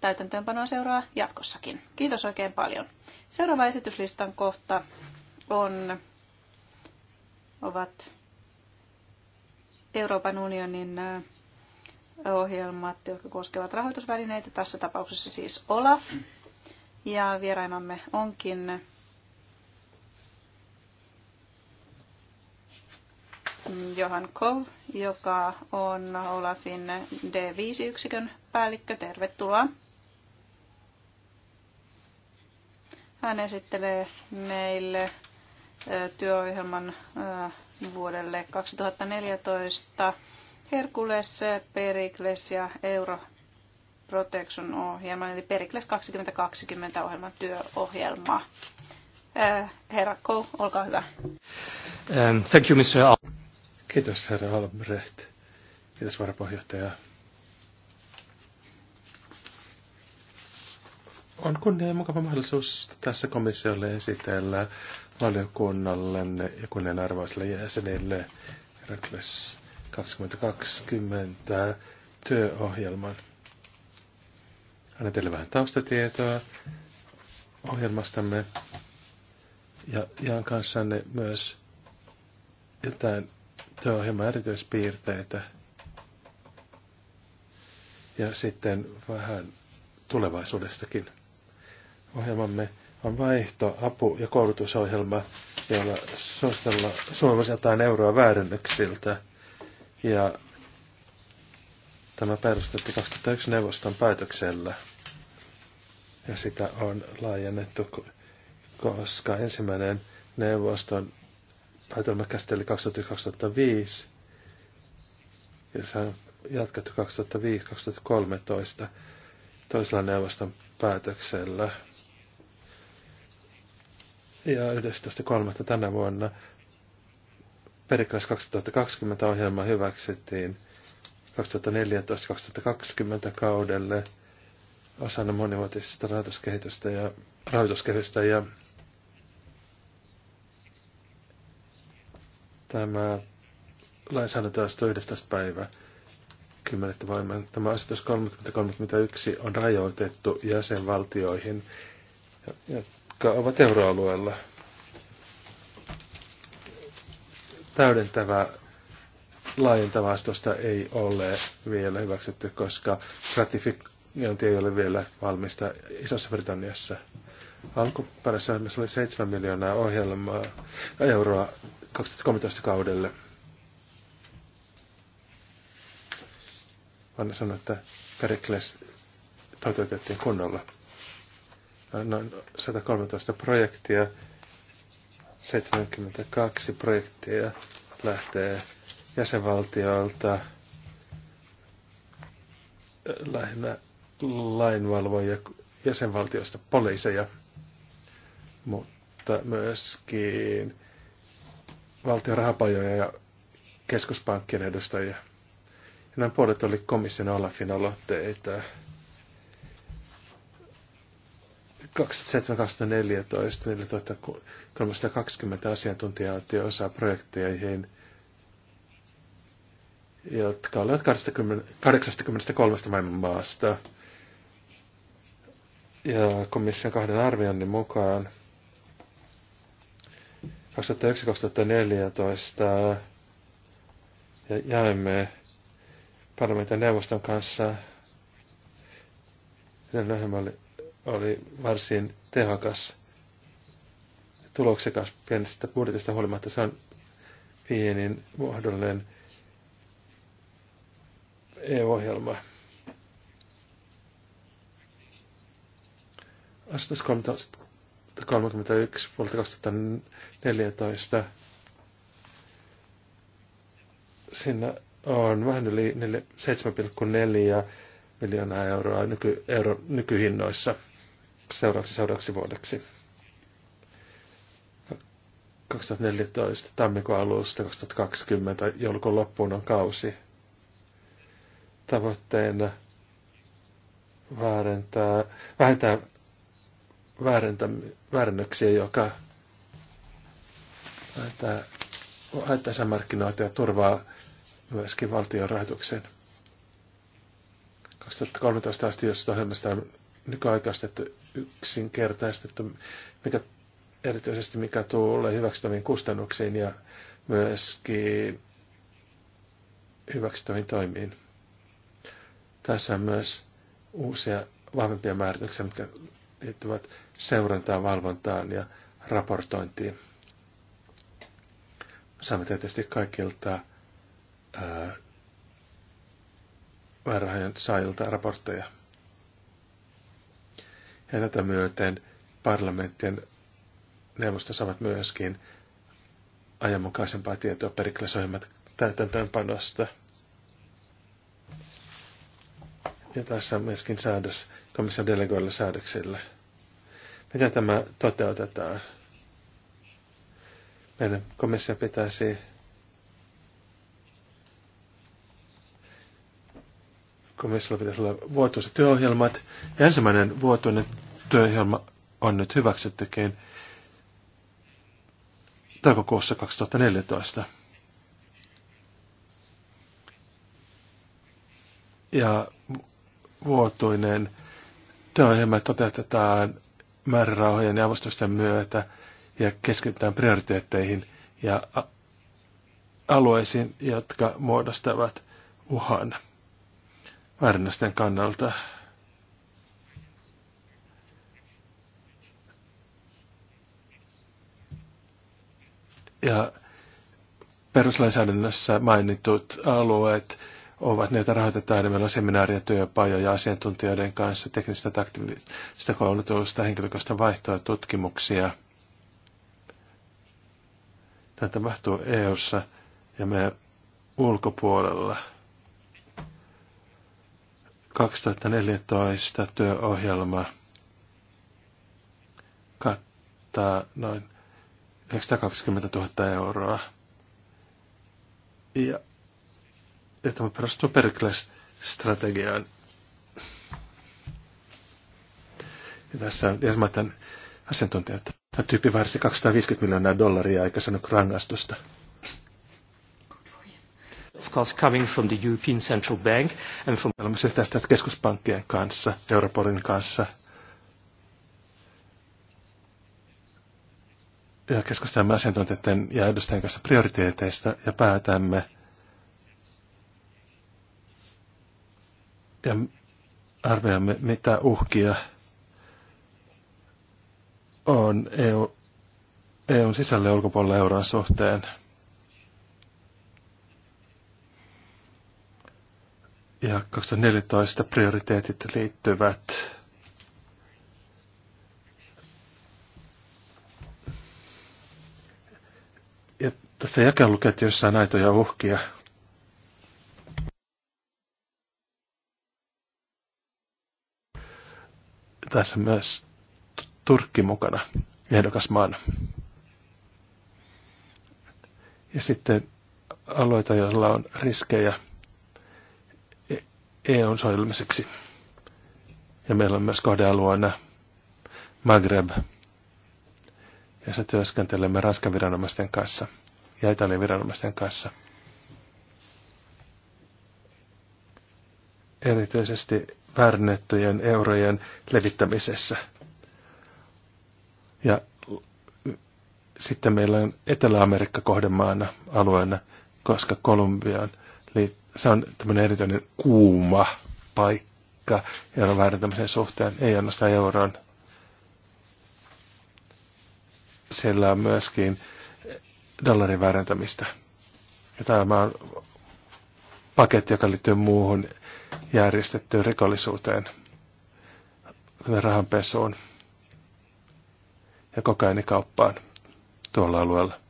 Speaker 2: täytäntöönpanoa seuraa jatkossakin. Kiitos oikein paljon. Seuraava esityslistan kohta on, ovat Euroopan unionin äh, ohjelmat, jotka koskevat rahoitusvälineitä, tässä tapauksessa siis OLAF. Ja vierainamme onkin Johan Kov, joka on Olafin D5-yksikön päällikkö. Tervetuloa. Hän esittelee meille työohjelman vuodelle 2014 Herkules, Perikles ja Euro Protection ohjelma, eli Perikles 2020 ohjelman työohjelma. Äh, herra Kou, olkaa hyvä.
Speaker 3: Um, thank you, Mr. Al- Kiitos, herra Albrecht. Kiitos, varapuheenjohtaja. On kunnia ja mukava mahdollisuus tässä komissiolle esitellä valiokunnalle, ja kunnianarvoisille jäsenille Herakles 2020 työohjelman. Annan teille vähän taustatietoa ohjelmastamme ja jaan kanssanne myös jotain työohjelman erityispiirteitä ja sitten vähän tulevaisuudestakin. Ohjelmamme on vaihto, apu- ja koulutusohjelma, jolla suositellaan suomalaiseltaan euroa väärännyksiltä – ja tämä perustettiin 2001 neuvoston päätöksellä. Ja sitä on laajennettu, koska ensimmäinen neuvoston päätelmä käsitteli 2005 ja se on jatkettu 2005-2013 toisella neuvoston päätöksellä. Ja 11.3. tänä vuonna Perikas 2020 ohjelma hyväksyttiin 2014-2020 kaudelle osana monivuotisesta rahoituskehitystä ja rahoituskehystä ja tämä lainsäädäntö astui 11. päivä 10. voimaan. Tämä asetus 3031 on rajoitettu jäsenvaltioihin, jotka ovat euroalueella. täydentävää laajentavastosta ei ole vielä hyväksytty, koska ratifiointi ei ole vielä valmista Isossa Britanniassa. Alkuperäisessä ohjelmassa oli 7 miljoonaa ohjelmaa euroa 2013 kaudelle. Vanna sanoi, että Pericles toteutettiin kunnolla. Noin 113 projektia 72 projektia lähtee jäsenvaltioilta lähinnä lainvalvoja jäsenvaltioista poliiseja, mutta myöskin valtion rahapajoja ja keskuspankkien edustajia. Ja nämä puolet olivat komission Olafin aloitteita. 2007-2014 asiantuntijaa otti osaa projekteihin, jotka olivat 83 maailman maasta. Ja komission kahden arvioinnin mukaan 2009-2014 ja jaimme parlamentin neuvoston kanssa. Sen oli oli varsin tehokas tuloksekas pienestä budjetista huolimatta. Se on pienin mahdollinen EU-ohjelma. Asetus 31 vuodelta 2014. Siinä on vähän yli 7,4 miljoonaa euroa nyky, euro, nykyhinnoissa seuraavaksi seuraavaksi vuodeksi. 2014 tammikuun alusta 2020 joulukuun loppuun on kausi. Tavoitteena väärentää, vähentää väärentä, väärennöksiä, joka haittaa markkinoita ja turvaa myöskin valtion rahoituksen. 2013 asti, jos ohjelmasta on nykyaikaistettu yksinkertaistettu, mikä, erityisesti mikä tulee hyväksyttäviin kustannuksiin ja myöskin hyväksyttäviin toimiin. Tässä on myös uusia vahvempia määrityksiä, jotka liittyvät seurantaan, valvontaan ja raportointiin. Saamme tietysti kaikilta ää, saajilta raportteja. Ja tätä myöten parlamenttien neuvosto saavat myöskin ajanmukaisempaa tietoa periklasohjelmat täytäntöönpanosta. Ja tässä on myöskin säädös komission delegoilla säädöksillä. Miten tämä toteutetaan? Meidän komissio pitäisi Komissiolla pitäisi olla vuotuiset työohjelmat. Ja ensimmäinen vuotuinen työohjelma on nyt hyväksyttykin toukokuussa 2014. Ja vuotuinen työohjelma toteutetaan määrärahojen ja avustusten myötä ja keskitytään prioriteetteihin ja alueisiin, jotka muodostavat uhan väärennösten kannalta. Ja peruslainsäädännössä mainitut alueet ovat näitä rahoitetaan, enemmän seminaaria, työpajoja asiantuntijoiden kanssa, teknistä taktivista koulutusta, henkilökohtaista vaihtoa, tutkimuksia. Tämä tapahtuu EU-ssa ja meidän ulkopuolella. 2014 työohjelma kattaa noin 920 000 euroa. Ja, ja tämä perustuu perkles strategiaan Ja tässä on jäsenmaiden asiantuntijoita. Tämä tyyppi varsi 250 miljoonaa dollaria aikaisena rangaistusta of course coming from the European Central Bank and from keskuspankkien kanssa, Europolin kanssa. Ja keskustelemme asiantuntijoiden ja edustajien kanssa prioriteeteista ja päätämme. Ja arvioimme, mitä uhkia on EU, EUn sisällä ja ulkopuolella euron suhteen. Ja 2014 prioriteetit liittyvät ja tässä jakan on aitoja uhkia. Tässä myös Turkki mukana ehdokasmaana. Ja sitten alueita, joilla on riskejä EUn suojelmiseksi. Ja meillä on myös kohdealueena Maghreb, se työskentelemme Ranskan viranomaisten kanssa ja Italian viranomaisten kanssa. Erityisesti väärennettyjen eurojen levittämisessä. Ja sitten meillä on Etelä-Amerikka kohdemaana alueena, koska Kolumbiaan liittyy se on tämmöinen erityinen kuuma paikka euron väärentämisen suhteen, ei ainoastaan euron. Siellä on myöskin dollarin väärentämistä. Ja tämä on paketti, joka liittyy muuhun järjestettyyn rikollisuuteen, kuten rahanpesuun ja kokainikauppaan tuolla alueella.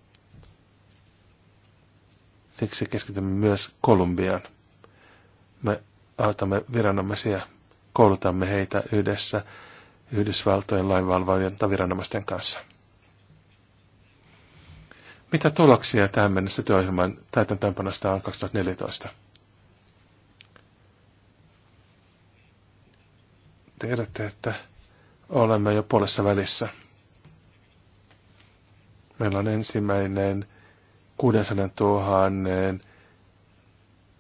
Speaker 3: Siksi keskitymme myös Kolumbiaan. Me autamme viranomaisia, koulutamme heitä yhdessä Yhdysvaltojen lainvalvojien tai viranomaisten kanssa. Mitä tuloksia tähän mennessä työohjelman täytäntöönpanosta on 2014? Tiedätte, että olemme jo puolessa välissä. Meillä on ensimmäinen 600 000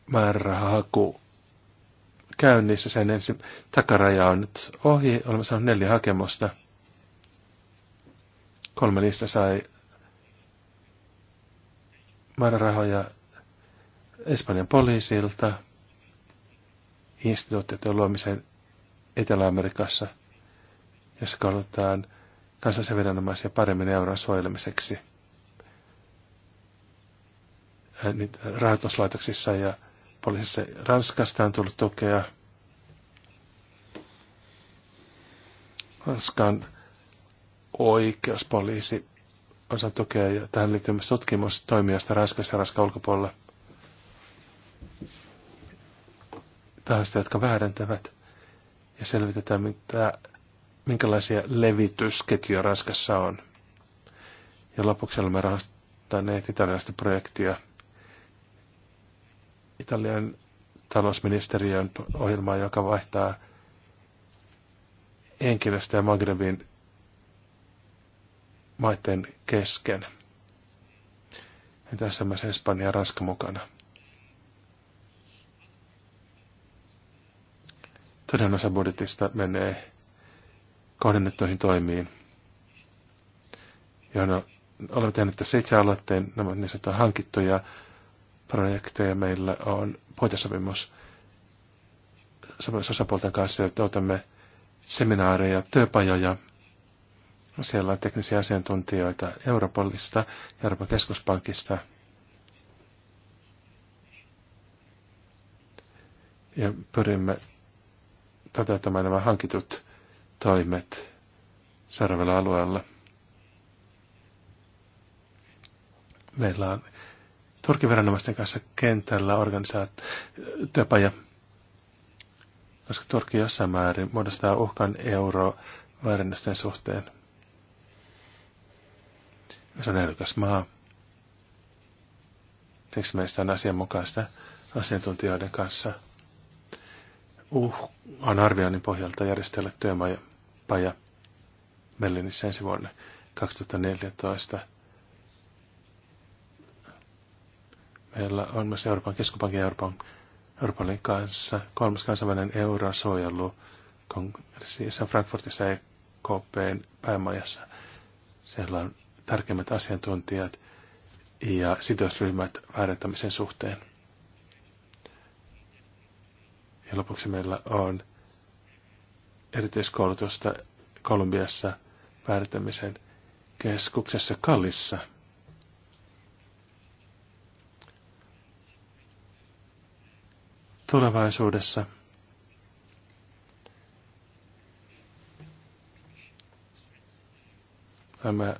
Speaker 3: määrärahahaku käynnissä. Sen ensi takaraja on nyt ohi. Olemme saaneet neljä hakemusta. Kolme niistä sai määrärahoja Espanjan poliisilta, instituutioiden luomisen Etelä-Amerikassa, jossa koulutetaan kansallisen viranomaisia paremmin euron suojelemiseksi – Äh, rahoituslaitoksissa ja poliisissa. Ranskasta on tullut tukea. Ranskan oikeuspoliisi osa tukea ja tähän liittyy myös tutkimustoimijoista Ranskassa ja Ranskan ulkopuolella. Tahoista, jotka väärentävät ja selvitetään, mitä, minkälaisia levitysketjuja Ranskassa on. Ja lopuksi olemme rahoittaneet italialaista projektia – Italian talousministeriön ohjelmaa, joka vaihtaa ja Magrebin maiden kesken. Ja tässä myös Espanja ja Ranska mukana. Toinen osa budjetista menee kohdennettuihin toimiin, johon olen tehnyt tässä itse aloitteen, nämä niin hankittuja projekteja. Meillä on puitesopimus sopimusosapuolten kanssa, että otamme seminaareja, työpajoja. Siellä on teknisiä asiantuntijoita Europolista, Euroopan keskuspankista. Ja pyrimme toteuttamaan nämä hankitut toimet seuraavalla alueella. Meillä on Turkin viranomaisten kanssa kentällä organisaat koska Turkki jossain määrin muodostaa uhkan euroväärennösten suhteen. Se on älykäs maa. Siksi meistä on asianmukaista asiantuntijoiden kanssa uh, on arvioinnin pohjalta järjestellä työmaja Berliinissä ensi vuonna 2014 Meillä on myös Euroopan keskupankin ja Euroopan, Euroopan kanssa kolmas kansainvälinen eurosuojelu kongressissa Frankfurtissa EKPn päämajassa. Siellä on tärkeimmät asiantuntijat ja sidosryhmät väärentämisen suhteen. Ja lopuksi meillä on erityiskoulutusta Kolumbiassa väärentämisen keskuksessa Kallissa – tulevaisuudessa. Tämä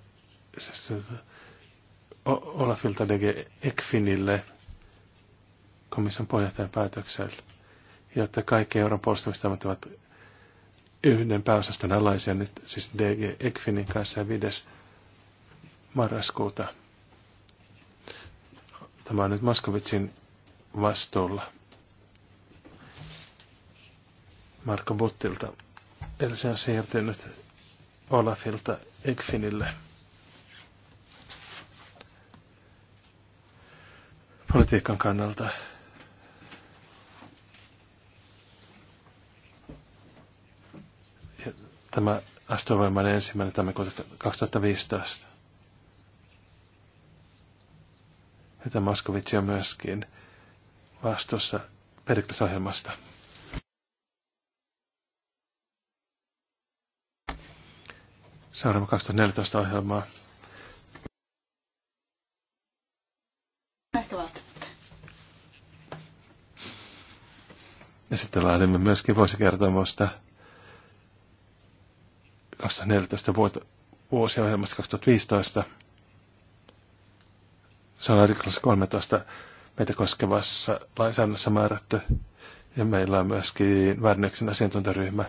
Speaker 3: siis, Olafilta DG Ekfinille komission puheenjohtajan päätöksellä, jotta kaikki Euroopan puolustamistamat ovat yhden pääosaston alaisia nyt siis DG Ekfinin kanssa 5. marraskuuta. Tämä on nyt Moskovitsin vastuulla. Marko Buttilta. Eli se on siirtynyt Olafilta Ekfinille. Politiikan kannalta tämä astuu voimaan ensimmäinen tammikuuta 2015. tämä Moskovitsi on myöskin vastuussa Perikles-ohjelmasta. seuraava 2014 ohjelmaa. Ja sitten laadimme myöskin vuosikertomusta 2014 vuotta, vuosiohjelmasta 2015. Se on artiklassa 13 meitä koskevassa lainsäädännössä määrätty. Ja meillä on myöskin väärännöksen asiantuntijaryhmä,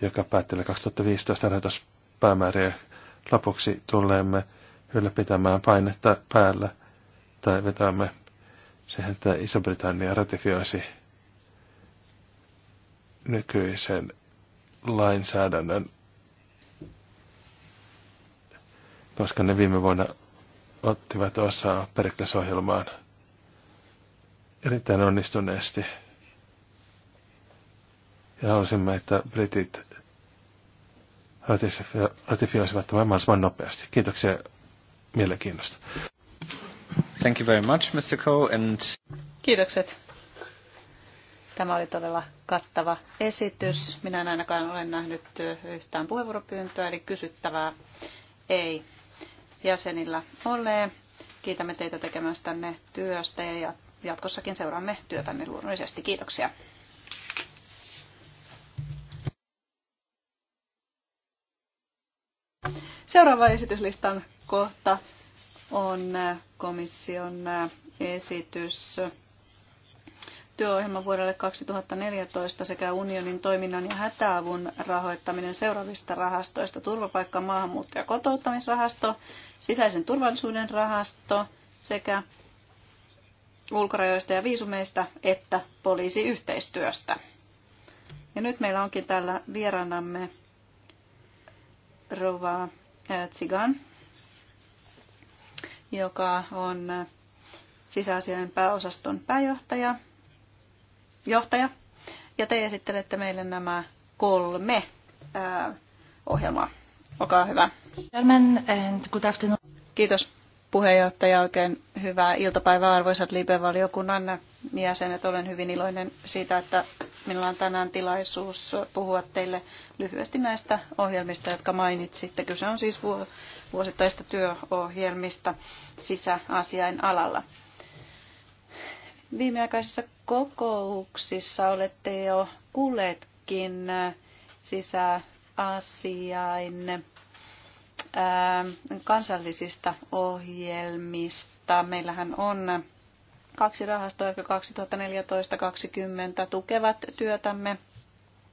Speaker 3: joka päättelee 2015 rahoitus päämääriä. Lopuksi tulemme ylläpitämään painetta päällä tai vetämme siihen, että Iso-Britannia ratifioisi nykyisen lainsäädännön, koska ne viime vuonna ottivat osaa perikles erittäin onnistuneesti. Ja halusimme, että britit ratifioisivat tämän mahdollisimman nopeasti. Kiitoksia mielenkiinnosta. Thank you very much, Mr. Cole, and...
Speaker 2: Kiitokset. Tämä oli todella kattava esitys. Minä en ainakaan ole nähnyt yhtään puheenvuoropyyntöä, eli kysyttävää ei jäsenillä ole. Kiitämme teitä tekemästänne työstä ja jatkossakin seuraamme työtänne luonnollisesti. Kiitoksia. Seuraava esityslistan kohta on äh, komission äh, esitys työohjelma vuodelle 2014 sekä unionin toiminnan ja hätäavun rahoittaminen seuraavista rahastoista turvapaikka, maahanmuutto- ja kotouttamisrahasto, sisäisen turvallisuuden rahasto sekä ulkorajoista ja viisumeista että poliisiyhteistyöstä. Ja nyt meillä onkin täällä vieraanamme rouva Tsigan, joka on sisäasioiden pääosaston pääjohtaja. Johtaja. Ja te esittelette meille nämä kolme ää, ohjelmaa. Olkaa hyvä. and good afternoon. Kiitos puheenjohtaja. Oikein hyvää iltapäivää arvoisat Libe-valiokunnan jäsenet. Olen hyvin iloinen siitä, että Minulla on tänään tilaisuus puhua teille lyhyesti näistä ohjelmista, jotka mainitsitte. Kyse on siis vuosittaista työohjelmista sisäasiain alalla. Viimeaikaisissa kokouksissa olette jo kuulleetkin sisäasiain kansallisista ohjelmista. Meillähän on kaksi rahastoa, jotka 2014-2020 tukevat työtämme,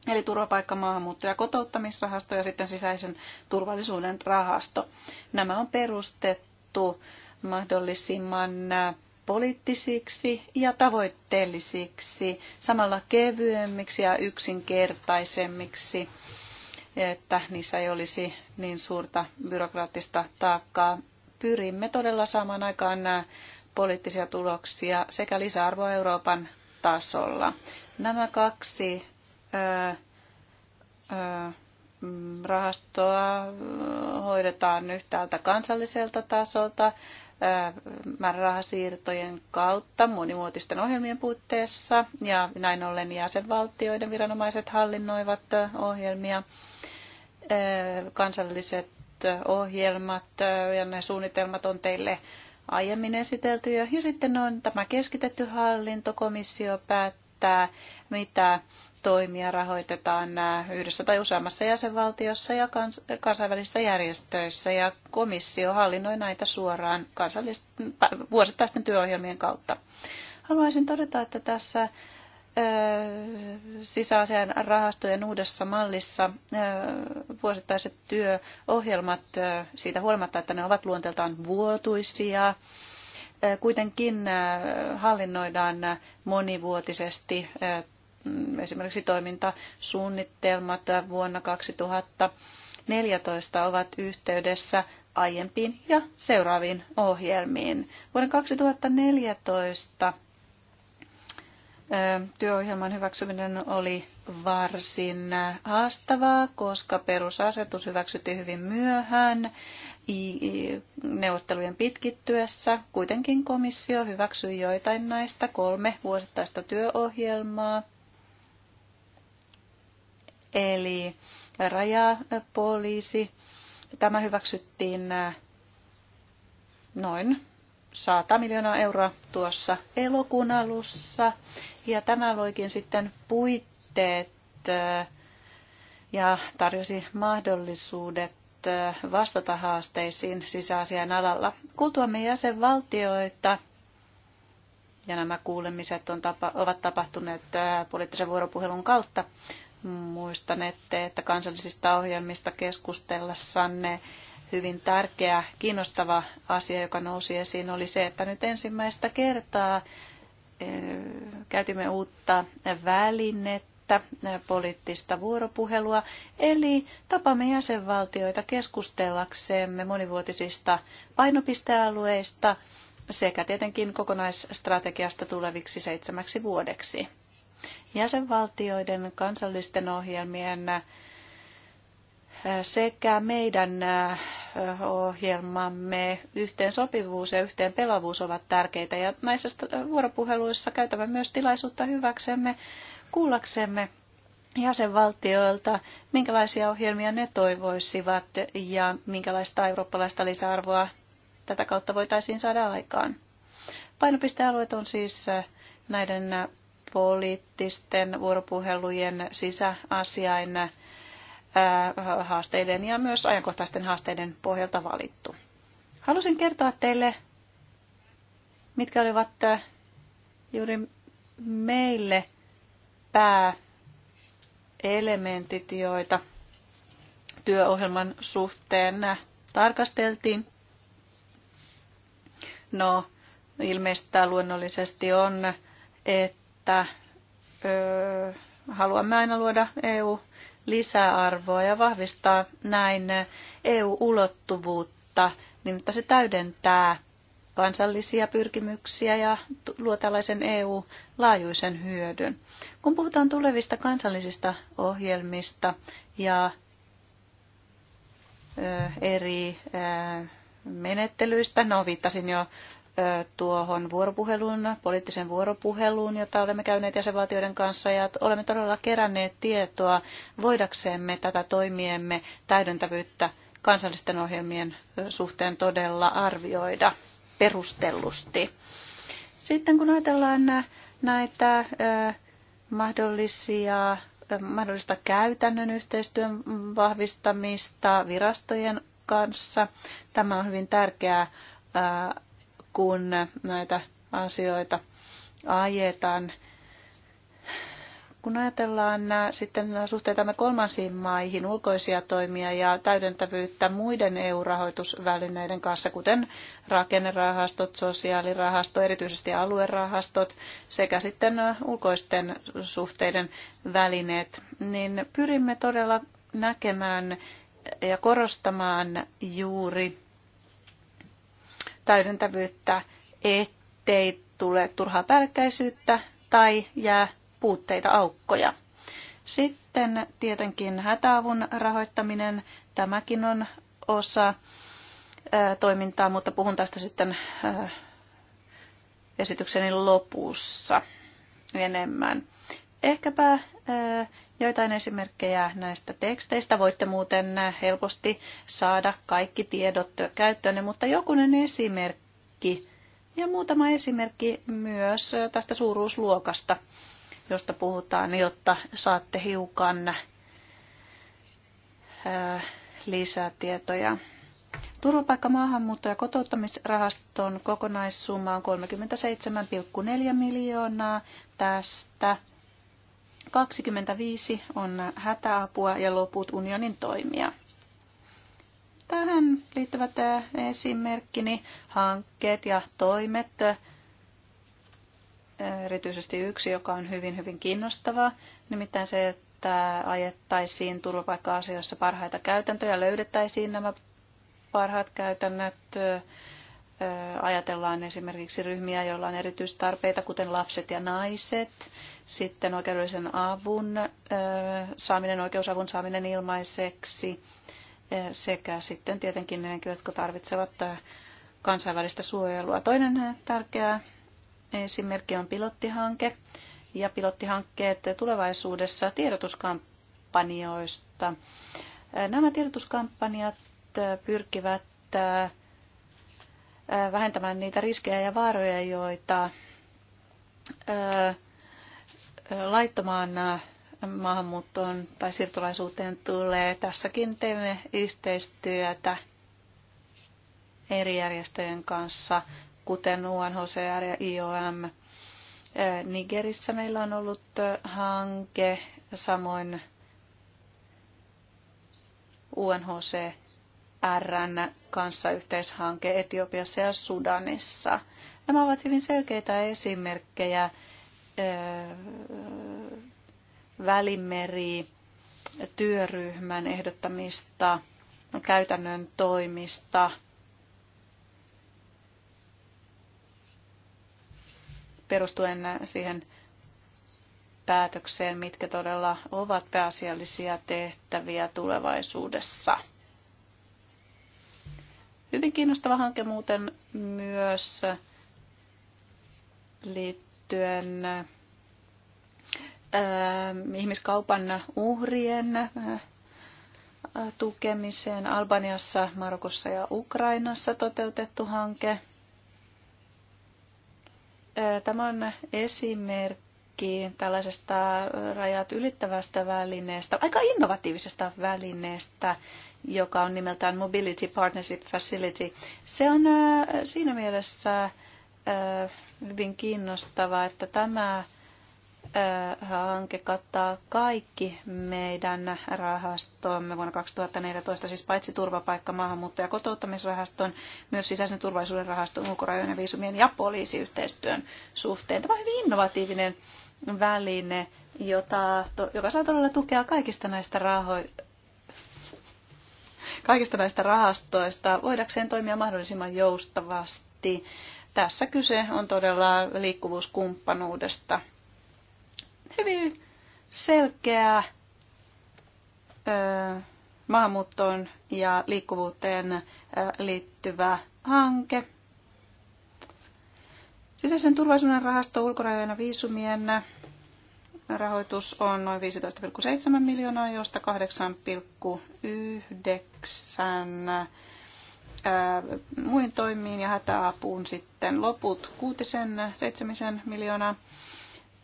Speaker 2: eli turvapaikka, maahanmuutto- ja kotouttamisrahasto ja sitten sisäisen turvallisuuden rahasto. Nämä on perustettu mahdollisimman äh, poliittisiksi ja tavoitteellisiksi, samalla kevyemmiksi ja yksinkertaisemmiksi, että niissä ei olisi niin suurta byrokraattista taakkaa. Pyrimme todella saamaan aikaan nämä äh, poliittisia tuloksia sekä lisäarvoa Euroopan tasolla. Nämä kaksi ö, ö, rahastoa hoidetaan täältä kansalliselta tasolta määrärahasiirtojen kautta monimuotisten ohjelmien puitteissa ja näin ollen jäsenvaltioiden viranomaiset hallinnoivat ohjelmia, kansalliset ohjelmat ja ne suunnitelmat on teille aiemmin jo. Ja sitten on tämä keskitetty hallinto, komissio päättää, mitä toimia rahoitetaan yhdessä tai useammassa jäsenvaltiossa ja kans- kansainvälisissä järjestöissä. Ja komissio hallinnoi näitä suoraan kansallist- vuosittaisten työohjelmien kautta. Haluaisin todeta, että tässä sisäasian rahastojen uudessa mallissa vuosittaiset työohjelmat siitä huolimatta, että ne ovat luonteeltaan vuotuisia, kuitenkin hallinnoidaan monivuotisesti mm, esimerkiksi toimintasuunnitelmat vuonna 2014 ovat yhteydessä aiempiin ja seuraaviin ohjelmiin. vuonna 2014 työohjelman hyväksyminen oli varsin haastavaa, koska perusasetus hyväksyttiin hyvin myöhään neuvottelujen pitkittyessä. Kuitenkin komissio hyväksyi joitain näistä kolme vuosittaista työohjelmaa. Eli rajapoliisi. Tämä hyväksyttiin noin 100 miljoonaa euroa tuossa elokuun alussa. Ja tämä loikin sitten puitteet äh, ja tarjosi mahdollisuudet äh, vastata haasteisiin sisäasian alalla. Kuultuamme jäsenvaltioita, ja nämä kuulemiset on tapa, ovat tapahtuneet äh, poliittisen vuoropuhelun kautta, muistan, että, kansallisista ohjelmista keskustellessanne hyvin tärkeä, kiinnostava asia, joka nousi esiin, oli se, että nyt ensimmäistä kertaa eh, käytimme uutta välinettä, eh, poliittista vuoropuhelua, eli tapamme jäsenvaltioita keskustellaksemme monivuotisista painopistealueista sekä tietenkin kokonaisstrategiasta tuleviksi seitsemäksi vuodeksi. Jäsenvaltioiden kansallisten ohjelmien sekä meidän ohjelmamme yhteensopivuus ja yhteenpelavuus ovat tärkeitä. Ja näissä vuoropuheluissa käytämme myös tilaisuutta hyväksemme kuullaksemme jäsenvaltioilta, minkälaisia ohjelmia ne toivoisivat ja minkälaista eurooppalaista lisäarvoa tätä kautta voitaisiin saada aikaan. Painopistealueet on siis näiden poliittisten vuoropuhelujen sisäasiain haasteiden ja myös ajankohtaisten haasteiden pohjalta valittu. Halusin kertoa teille, mitkä olivat juuri meille pääelementit, joita työohjelman suhteen tarkasteltiin. No, ilmeistä luonnollisesti on, että ö, haluamme aina luoda EU lisäarvoa ja vahvistaa näin EU-ulottuvuutta, niin että se täydentää kansallisia pyrkimyksiä ja luo tällaisen EU-laajuisen hyödyn. Kun puhutaan tulevista kansallisista ohjelmista ja eri menettelyistä, no viittasin jo tuohon vuoropuheluun, poliittisen vuoropuheluun, jota olemme käyneet jäsenvaltioiden kanssa ja olemme todella keränneet tietoa voidaksemme tätä toimiemme täydentävyyttä kansallisten ohjelmien suhteen todella arvioida perustellusti. Sitten kun ajatellaan näitä mahdollisia mahdollista käytännön yhteistyön vahvistamista virastojen kanssa. Tämä on hyvin tärkeää kun näitä asioita ajetaan. Kun ajatellaan nämä, sitten suhteitamme kolmansiin maihin, ulkoisia toimia ja täydentävyyttä muiden EU-rahoitusvälineiden kanssa, kuten rakennerahastot, sosiaalirahasto, erityisesti aluerahastot sekä sitten ulkoisten suhteiden välineet, niin pyrimme todella näkemään ja korostamaan juuri täydentävyyttä, ettei tule turhaa päällekkäisyyttä tai jää puutteita, aukkoja. Sitten tietenkin hätäavun rahoittaminen. Tämäkin on osa toimintaa, mutta puhun tästä sitten esitykseni lopussa enemmän. Ehkäpä joitain esimerkkejä näistä teksteistä. Voitte muuten helposti saada kaikki tiedot käyttöönne, mutta jokunen esimerkki ja muutama esimerkki myös tästä suuruusluokasta, josta puhutaan, jotta saatte hiukan lisätietoja. Turvapaikka, maahanmuutto- ja kotouttamisrahaston kokonaissumma on 37,4 miljoonaa. Tästä 25 on hätäapua ja loput unionin toimia. Tähän liittyvät esimerkkini hankkeet ja toimet. Erityisesti yksi, joka on hyvin, hyvin kiinnostava. nimittäin se, että ajettaisiin turvapaikka-asioissa parhaita käytäntöjä, löydettäisiin nämä parhaat käytännöt ajatellaan esimerkiksi ryhmiä, joilla on erityistarpeita, kuten lapset ja naiset, sitten oikeudellisen avun saaminen, oikeusavun saaminen ilmaiseksi sekä sitten tietenkin ne henkilöt, jotka tarvitsevat kansainvälistä suojelua. Toinen tärkeä esimerkki on pilottihanke ja pilottihankkeet tulevaisuudessa tiedotuskampanjoista. Nämä tiedotuskampanjat pyrkivät vähentämään niitä riskejä ja vaaroja, joita laittomaan maahanmuuttoon tai siirtolaisuuteen tulee. Tässäkin teemme yhteistyötä eri järjestöjen kanssa, kuten UNHCR ja IOM. Nigerissä meillä on ollut hanke, samoin UNHCR UNHCRn kanssa yhteishanke Etiopiassa ja Sudanissa. Nämä ovat hyvin selkeitä esimerkkejä välimeri työryhmän ehdottamista käytännön toimista. perustuen siihen päätökseen, mitkä todella ovat pääasiallisia tehtäviä tulevaisuudessa. Hyvin kiinnostava hanke muuten myös liittyen ähm, ihmiskaupan uhrien äh, tukemiseen Albaniassa, Marokossa ja Ukrainassa toteutettu hanke. Äh, tämä on esimerkki kaikki tällaisesta rajat ylittävästä välineestä, aika innovatiivisesta välineestä, joka on nimeltään Mobility Partnership Facility. Se on siinä mielessä hyvin kiinnostava, että tämä hanke kattaa kaikki meidän rahastomme vuonna 2014, siis paitsi turvapaikka, maahanmuutto- ja kotouttamisrahaston, myös sisäisen turvallisuuden rahaston, ulkorajojen ja viisumien ja poliisiyhteistyön suhteen. Tämä on hyvin innovatiivinen väline, jota, joka saa todella tukea kaikista näistä rahoista kaikista näistä rahastoista voidakseen toimia mahdollisimman joustavasti. Tässä kyse on todella liikkuvuuskumppanuudesta. Hyvin selkeä ö, maahanmuuttoon ja liikkuvuuteen liittyvä hanke. Sisäisen turvallisuuden rahasto ulkorajojen viisumien rahoitus on noin 15,7 miljoonaa, josta 8,9 muihin toimiin ja hätäapuun sitten loput kuutisen, seitsemisen miljoonaa.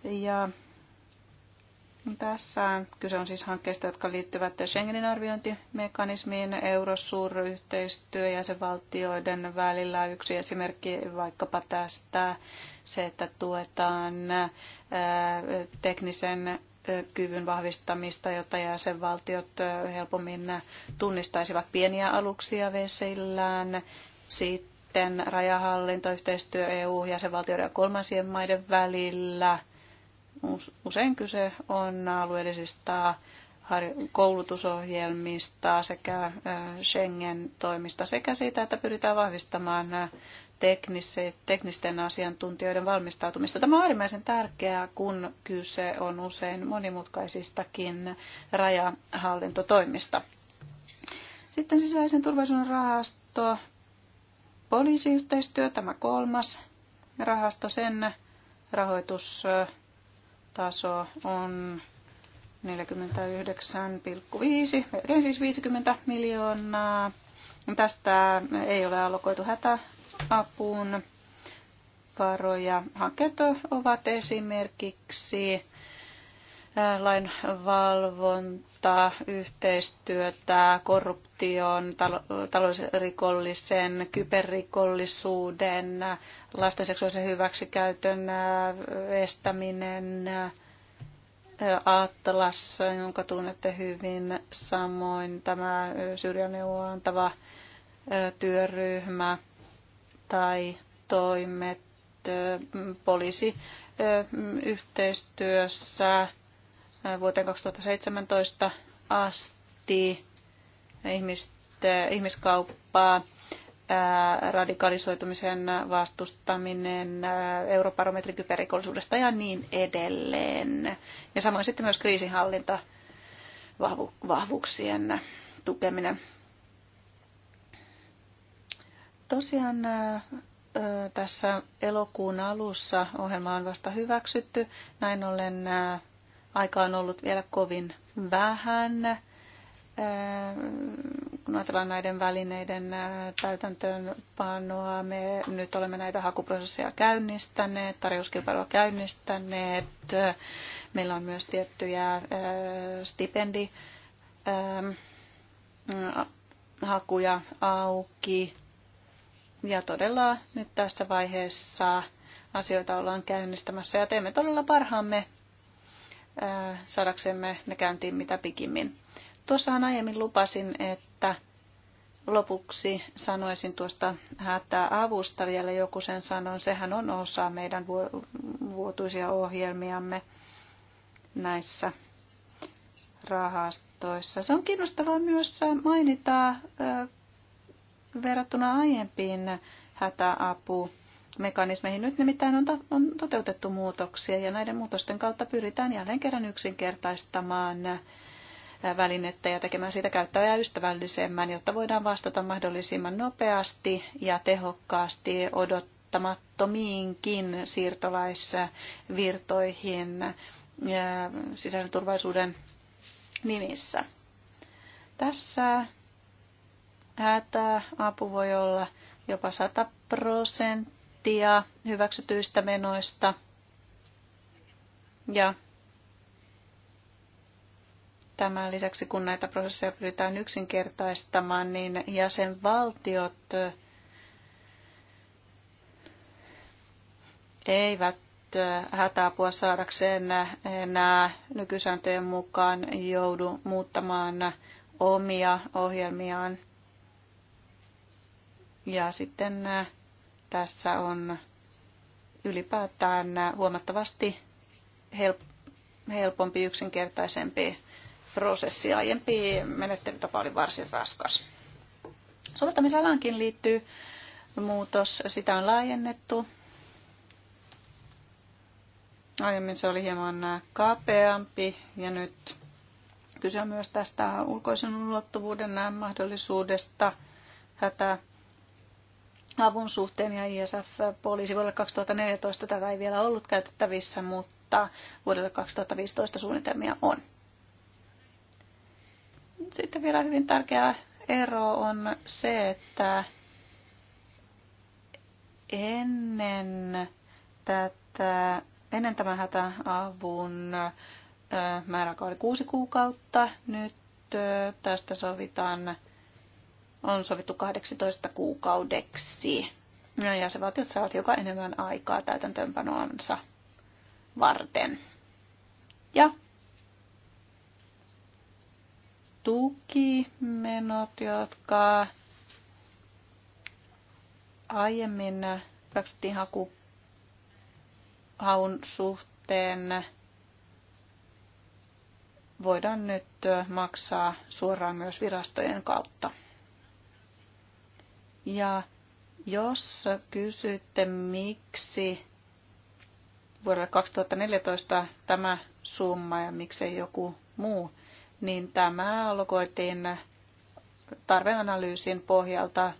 Speaker 2: Ja tässä kyse on siis hankkeista, jotka liittyvät Schengenin arviointimekanismiin, eurosuuryhteistyö jäsenvaltioiden välillä. Yksi esimerkki vaikkapa tästä se, että tuetaan äh, teknisen äh, kyvyn vahvistamista, jotta jäsenvaltiot äh, helpommin tunnistaisivat pieniä aluksia vesillään. Sitten rajahallintoyhteistyö EU-jäsenvaltioiden ja kolmansien maiden välillä – Usein kyse on alueellisista koulutusohjelmista sekä Schengen-toimista sekä siitä, että pyritään vahvistamaan teknisten asiantuntijoiden valmistautumista. Tämä on äärimmäisen tärkeää, kun kyse on usein monimutkaisistakin rajahallintotoimista. Sitten sisäisen turvallisuuden rahasto, poliisiyhteistyö, tämä kolmas rahasto, sen rahoitus taso on 49,5, siis 50 miljoonaa. Tästä ei ole alokoitu hätäapuun varoja. Hanket ovat esimerkiksi lainvalvontaa, yhteistyötä, korruption, talousrikollisen, kyberrikollisuuden, lasten seksuaalisen hyväksikäytön äh, estäminen, äh, Atlas, jonka tunnette hyvin, samoin tämä äh, syrjäneuvoa antava työryhmä tai toimet poliisiyhteistyössä vuoteen 2017 asti ihmisten, ihmiskauppaa, radikalisoitumisen vastustaminen, europarometri kyberrikollisuudesta ja niin edelleen. Ja samoin sitten myös kriisinhallinta vahvuuksien tukeminen. Tosiaan tässä elokuun alussa ohjelma on vasta hyväksytty. Näin ollen aika on ollut vielä kovin vähän. Äh, kun ajatellaan näiden välineiden äh, täytäntöönpanoa, me nyt olemme näitä hakuprosesseja käynnistäneet, tarjouskilpailua käynnistäneet. Meillä on myös tiettyjä äh, stipendi ähm, hakuja auki. Ja todella nyt tässä vaiheessa asioita ollaan käynnistämässä ja teemme todella parhaamme saadaksemme ne käyntiin mitä pikimmin. Tuossahan aiemmin lupasin, että lopuksi sanoisin tuosta hätää avusta vielä joku sen sanon. Sehän on osa meidän vuotuisia ohjelmiamme näissä rahastoissa. Se on kiinnostavaa myös mainita verrattuna aiempiin hätäapu mekanismeihin. Nyt nimittäin on, on toteutettu muutoksia ja näiden muutosten kautta pyritään jälleen kerran yksinkertaistamaan äh, välinettä ja tekemään siitä käyttäjää ystävällisemmän, jotta voidaan vastata mahdollisimman nopeasti ja tehokkaasti odottamattomiinkin siirtolaisvirtoihin äh, sisäisen turvallisuuden nimissä. Tässä hätäapu äh, voi olla jopa 100 prosenttia prosenttia hyväksytyistä menoista. Ja tämän lisäksi, kun näitä prosesseja pyritään yksinkertaistamaan, niin jäsenvaltiot eivät hätäapua saadakseen enää nykysääntöjen mukaan joudu muuttamaan omia ohjelmiaan. Ja sitten tässä on ylipäätään huomattavasti helpompi, yksinkertaisempi prosessi. Aiempi menettelytapa oli varsin raskas. Soveltamisalaankin liittyy muutos. Sitä on laajennettu. Aiemmin se oli hieman kapeampi ja nyt kyse on myös tästä ulkoisen ulottuvuuden mahdollisuudesta hätä avun suhteen ja ISF poliisi vuodelle 2014 tätä ei vielä ollut käytettävissä, mutta vuodelle 2015 suunnitelmia on. Sitten vielä hyvin tärkeä ero on se, että ennen, tätä, ennen tämän hätäavun määräaika oli kuusi kuukautta. Nyt tästä sovitaan on sovittu 18 kuukaudeksi. Ja jäsenvaltiot saavat joka enemmän aikaa täytäntöönpanoansa varten. Ja tukimenot, jotka aiemmin hyväksyttiin haku, haun suhteen, voidaan nyt maksaa suoraan myös virastojen kautta. Ja jos kysytte, miksi vuodelle 2014 tämä summa ja miksei joku muu, niin tämä alkoitiin tarveanalyysin pohjalta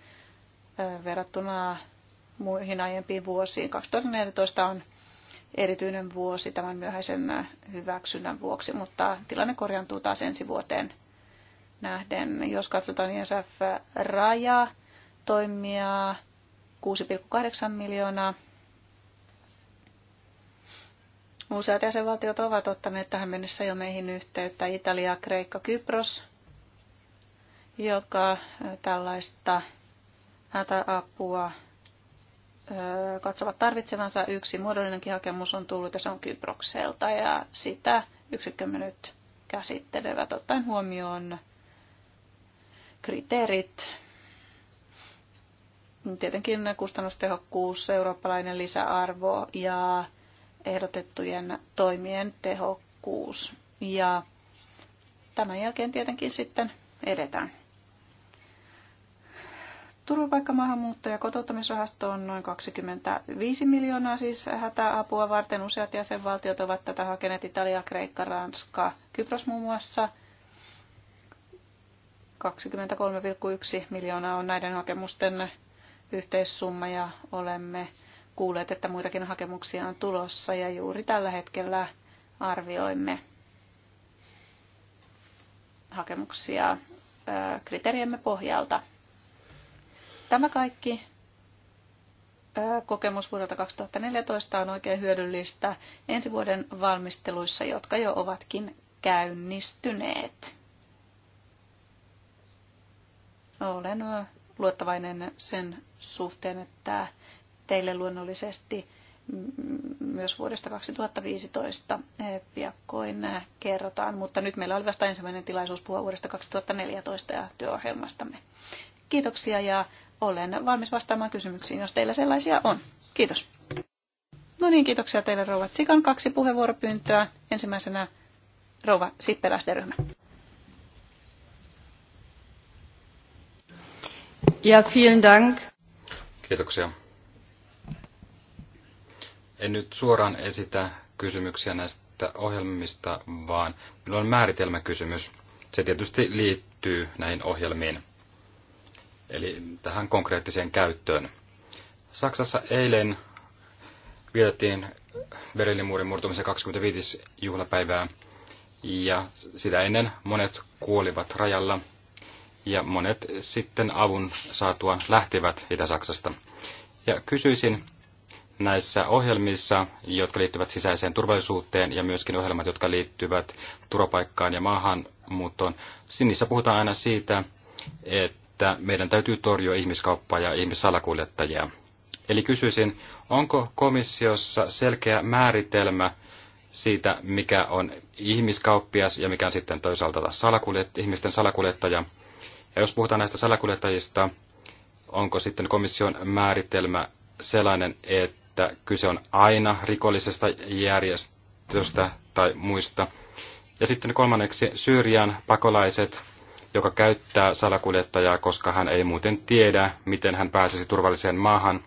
Speaker 2: verrattuna muihin aiempiin vuosiin. 2014 on erityinen vuosi tämän myöhäisen hyväksynnän vuoksi, mutta tilanne korjantuu taas ensi vuoteen nähden. Jos katsotaan ISF-rajaa, toimia 6,8 miljoonaa. Useat jäsenvaltiot ovat ottaneet tähän mennessä jo meihin yhteyttä. Italia, Kreikka, Kypros, jotka tällaista hätäapua katsovat tarvitsevansa. Yksi muodollinenkin hakemus on tullut ja se on Kyprokselta ja sitä yksikkömme nyt käsittelevät ottaen huomioon kriteerit, tietenkin kustannustehokkuus, eurooppalainen lisäarvo ja ehdotettujen toimien tehokkuus. Ja tämän jälkeen tietenkin sitten edetään. Turvapaikkamaahanmuutto- ja kotouttamisrahasto on noin 25 miljoonaa siis hätäapua varten. Useat jäsenvaltiot ovat tätä hakeneet Italia, Kreikka, Ranska, Kypros muun muassa. 23,1 miljoonaa on näiden hakemusten yhteissumma ja olemme kuulleet, että muitakin hakemuksia on tulossa ja juuri tällä hetkellä arvioimme hakemuksia kriteeriemme pohjalta. Tämä kaikki kokemus vuodelta 2014 on oikein hyödyllistä ensi vuoden valmisteluissa, jotka jo ovatkin käynnistyneet. Olen luottavainen sen suhteen, että teille luonnollisesti myös vuodesta 2015 eh, piakkoin eh, kerrotaan, mutta nyt meillä oli vasta ensimmäinen tilaisuus puhua vuodesta 2014 ja työohjelmastamme. Kiitoksia ja olen valmis vastaamaan kysymyksiin, jos teillä sellaisia on. Kiitos. No niin, kiitoksia teille rouva Tsikan. Kaksi puheenvuoropyyntöä. Ensimmäisenä rouva Sippeläsderyhmä.
Speaker 1: Ja, vielen dank. Kiitoksia. En nyt suoraan esitä kysymyksiä näistä ohjelmista, vaan minulla on määritelmäkysymys. Se tietysti liittyy näihin ohjelmiin, eli tähän konkreettiseen käyttöön. Saksassa eilen vietettiin Berliinin muurin murtumisen 25. juhlapäivää, ja sitä ennen monet kuolivat rajalla – ja monet sitten avun saatuaan lähtivät Itä-Saksasta. Ja kysyisin näissä ohjelmissa, jotka liittyvät sisäiseen turvallisuuteen ja myöskin ohjelmat, jotka liittyvät turvapaikkaan ja maahanmuuttoon, sinissä niin puhutaan aina siitä, että meidän täytyy torjua ihmiskauppaa ja ihmissalakuljettajia. Eli kysyisin, onko komissiossa selkeä määritelmä siitä, mikä on ihmiskauppias ja mikä on sitten toisaalta salakuljet, ihmisten salakuljettaja, ja jos puhutaan näistä salakuljettajista, onko sitten komission määritelmä sellainen, että kyse on aina rikollisesta järjestöstä tai muista. Ja sitten kolmanneksi Syyrian pakolaiset, joka käyttää salakuljettajaa, koska hän ei muuten tiedä, miten hän pääsisi turvalliseen maahan,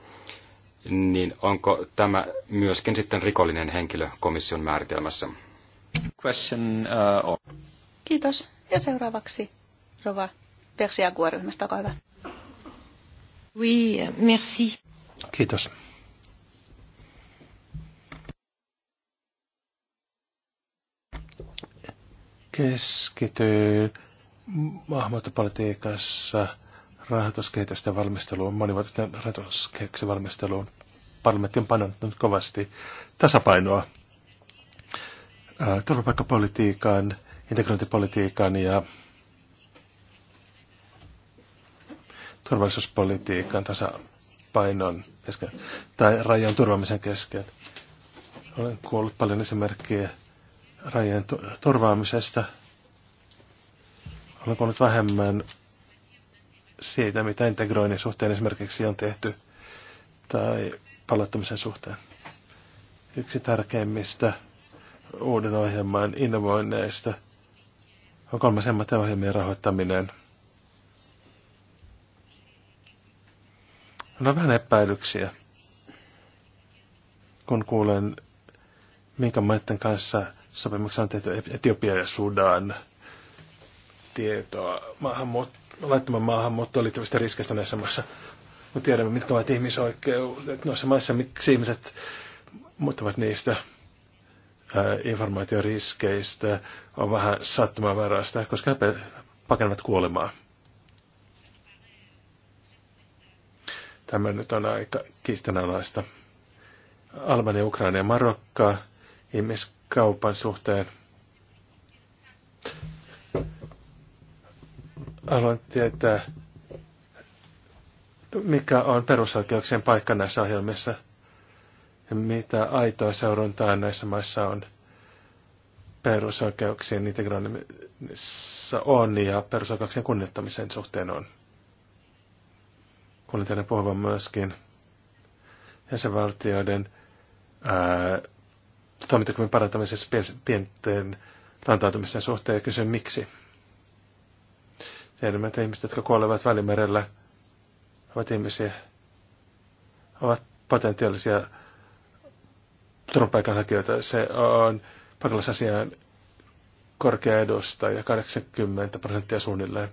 Speaker 1: niin onko tämä myöskin sitten rikollinen henkilö komission määritelmässä? Question, uh,
Speaker 2: Kiitos. Ja seuraavaksi Rova Persia kuoryhmästä, olkaa hyvä. Oui,
Speaker 3: merci. Kiitos. Keskity maahanmuuttopolitiikassa rahoituskehitysten valmisteluun, monivuotisten rahoituskehityksen valmisteluun. Parlamentti on panonut kovasti tasapainoa turvapaikkapolitiikan, integrointipolitiikan ja turvallisuuspolitiikan tasapainon kesken tai rajan turvaamisen kesken. Olen kuullut paljon esimerkkejä rajojen turvaamisesta. Olen kuullut vähemmän siitä, mitä integroinnin suhteen esimerkiksi on tehty tai palauttamisen suhteen. Yksi tärkeimmistä uuden ohjelman innovoinneista on kolmas ohjelmien rahoittaminen – Minulla on vähän epäilyksiä, kun kuulen, minkä maiden kanssa sopimuksessa on tehty Etiopia ja Sudan tietoa maahanmuut- laittoman maahanmuuttoon liittyvistä riskeistä näissä maissa. Mutta tiedämme, mitkä ovat ihmisoikeudet noissa maissa, miksi ihmiset muuttavat niistä äh, informaatioriskeistä on vähän sattumanvaraista, koska he pakenevat kuolemaa. Tämä nyt on aika kiistanalaista. Albania, Ukraina ja Marokkaa ihmiskaupan suhteen. Haluan tietää, mikä on perusoikeuksien paikka näissä ohjelmissa, mitä aitoa seurantaa näissä maissa on perusoikeuksien integroinnissa on ja perusoikeuksien kunnioittamisen suhteen on. Kuulin teidän puhuvan myöskin jäsenvaltioiden toimintakyvyn parantamisessa pienten rantautumisen suhteen ja kysyn miksi. Tiedämme, että ihmiset, jotka kuolevat välimerellä, ovat ihmisiä, ovat potentiaalisia turvapaikanhakijoita. Se on pakolaisasian korkea edustaja, 80 prosenttia suunnilleen.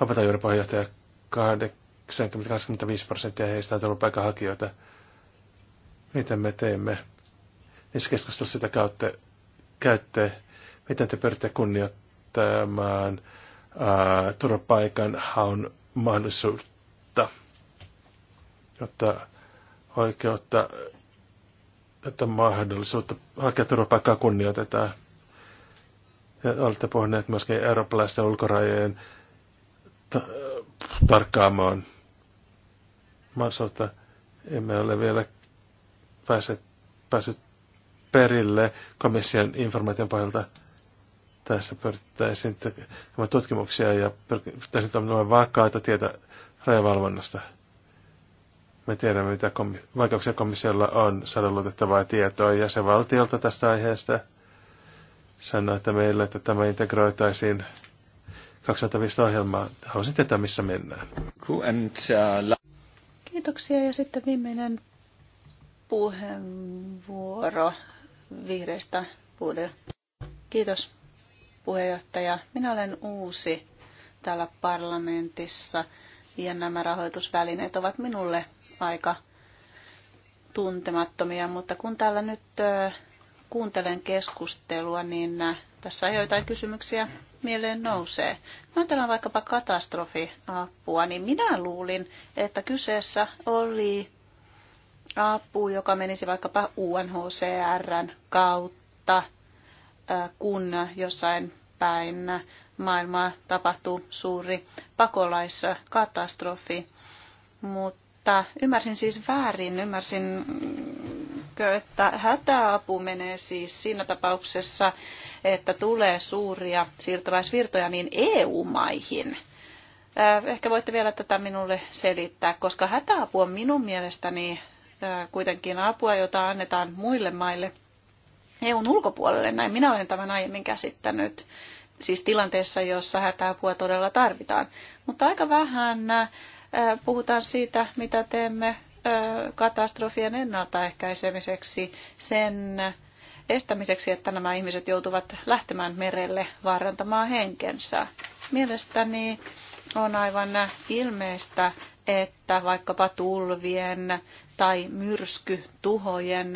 Speaker 3: Lopetan juuri puheenjohtaja 80-85 prosenttia heistä on paikanhakijoita. Miten me teemme? Niissä keskustelussa sitä kautta käytte, miten te pyritte kunnioittamaan turvapaikan haun mahdollisuutta, jotta oikeutta, jotta mahdollisuutta hakea turvapaikkaa kunnioitetaan. Ja olette puhuneet myöskin eurooppalaisten ulkorajojen tarkkaamaan että emme ole vielä päässeet, päässyt perille komission informaation pohjalta. Tässä pyrittäisiin tekemään tutkimuksia ja pyrittäisiin noin vakaata tietä rajavalvonnasta. Me tiedämme, mitä komi- vaikeuksia komissiolla on saada luotettavaa tietoa jäsenvaltiolta tästä aiheesta. että meille, että tämä integroitaisiin 2005 ohjelmaa. Haluaisin tietää, missä mennään.
Speaker 1: And, uh,
Speaker 2: Kiitoksia ja sitten viimeinen puheenvuoro vihreistä puhude. Kiitos puheenjohtaja. Minä olen uusi täällä parlamentissa ja nämä rahoitusvälineet ovat minulle aika tuntemattomia, mutta kun täällä nyt kuuntelen keskustelua, niin tässä on joitain kysymyksiä mieleen nousee. Ajatellaan vaikkapa katastrofiapua, niin minä luulin, että kyseessä oli apu, joka menisi vaikkapa UNHCRn kautta, kun jossain päin maailmaa tapahtuu suuri pakolaiskatastrofi. Mutta ymmärsin siis väärin, ymmärsin Tiedättekö, että hätäapu menee siis siinä tapauksessa, että tulee suuria siirtolaisvirtoja niin EU-maihin? Äh, ehkä voitte vielä tätä minulle selittää, koska hätäapu on minun mielestäni äh, kuitenkin apua, jota annetaan muille maille EUn ulkopuolelle. Näin minä olen tämän aiemmin käsittänyt siis tilanteessa, jossa hätäapua todella tarvitaan. Mutta aika vähän äh, puhutaan siitä, mitä teemme katastrofien ennaltaehkäisemiseksi, sen estämiseksi, että nämä ihmiset joutuvat lähtemään merelle vaarantamaan henkensä. Mielestäni on aivan ilmeistä, että vaikkapa tulvien tai myrskytuhojen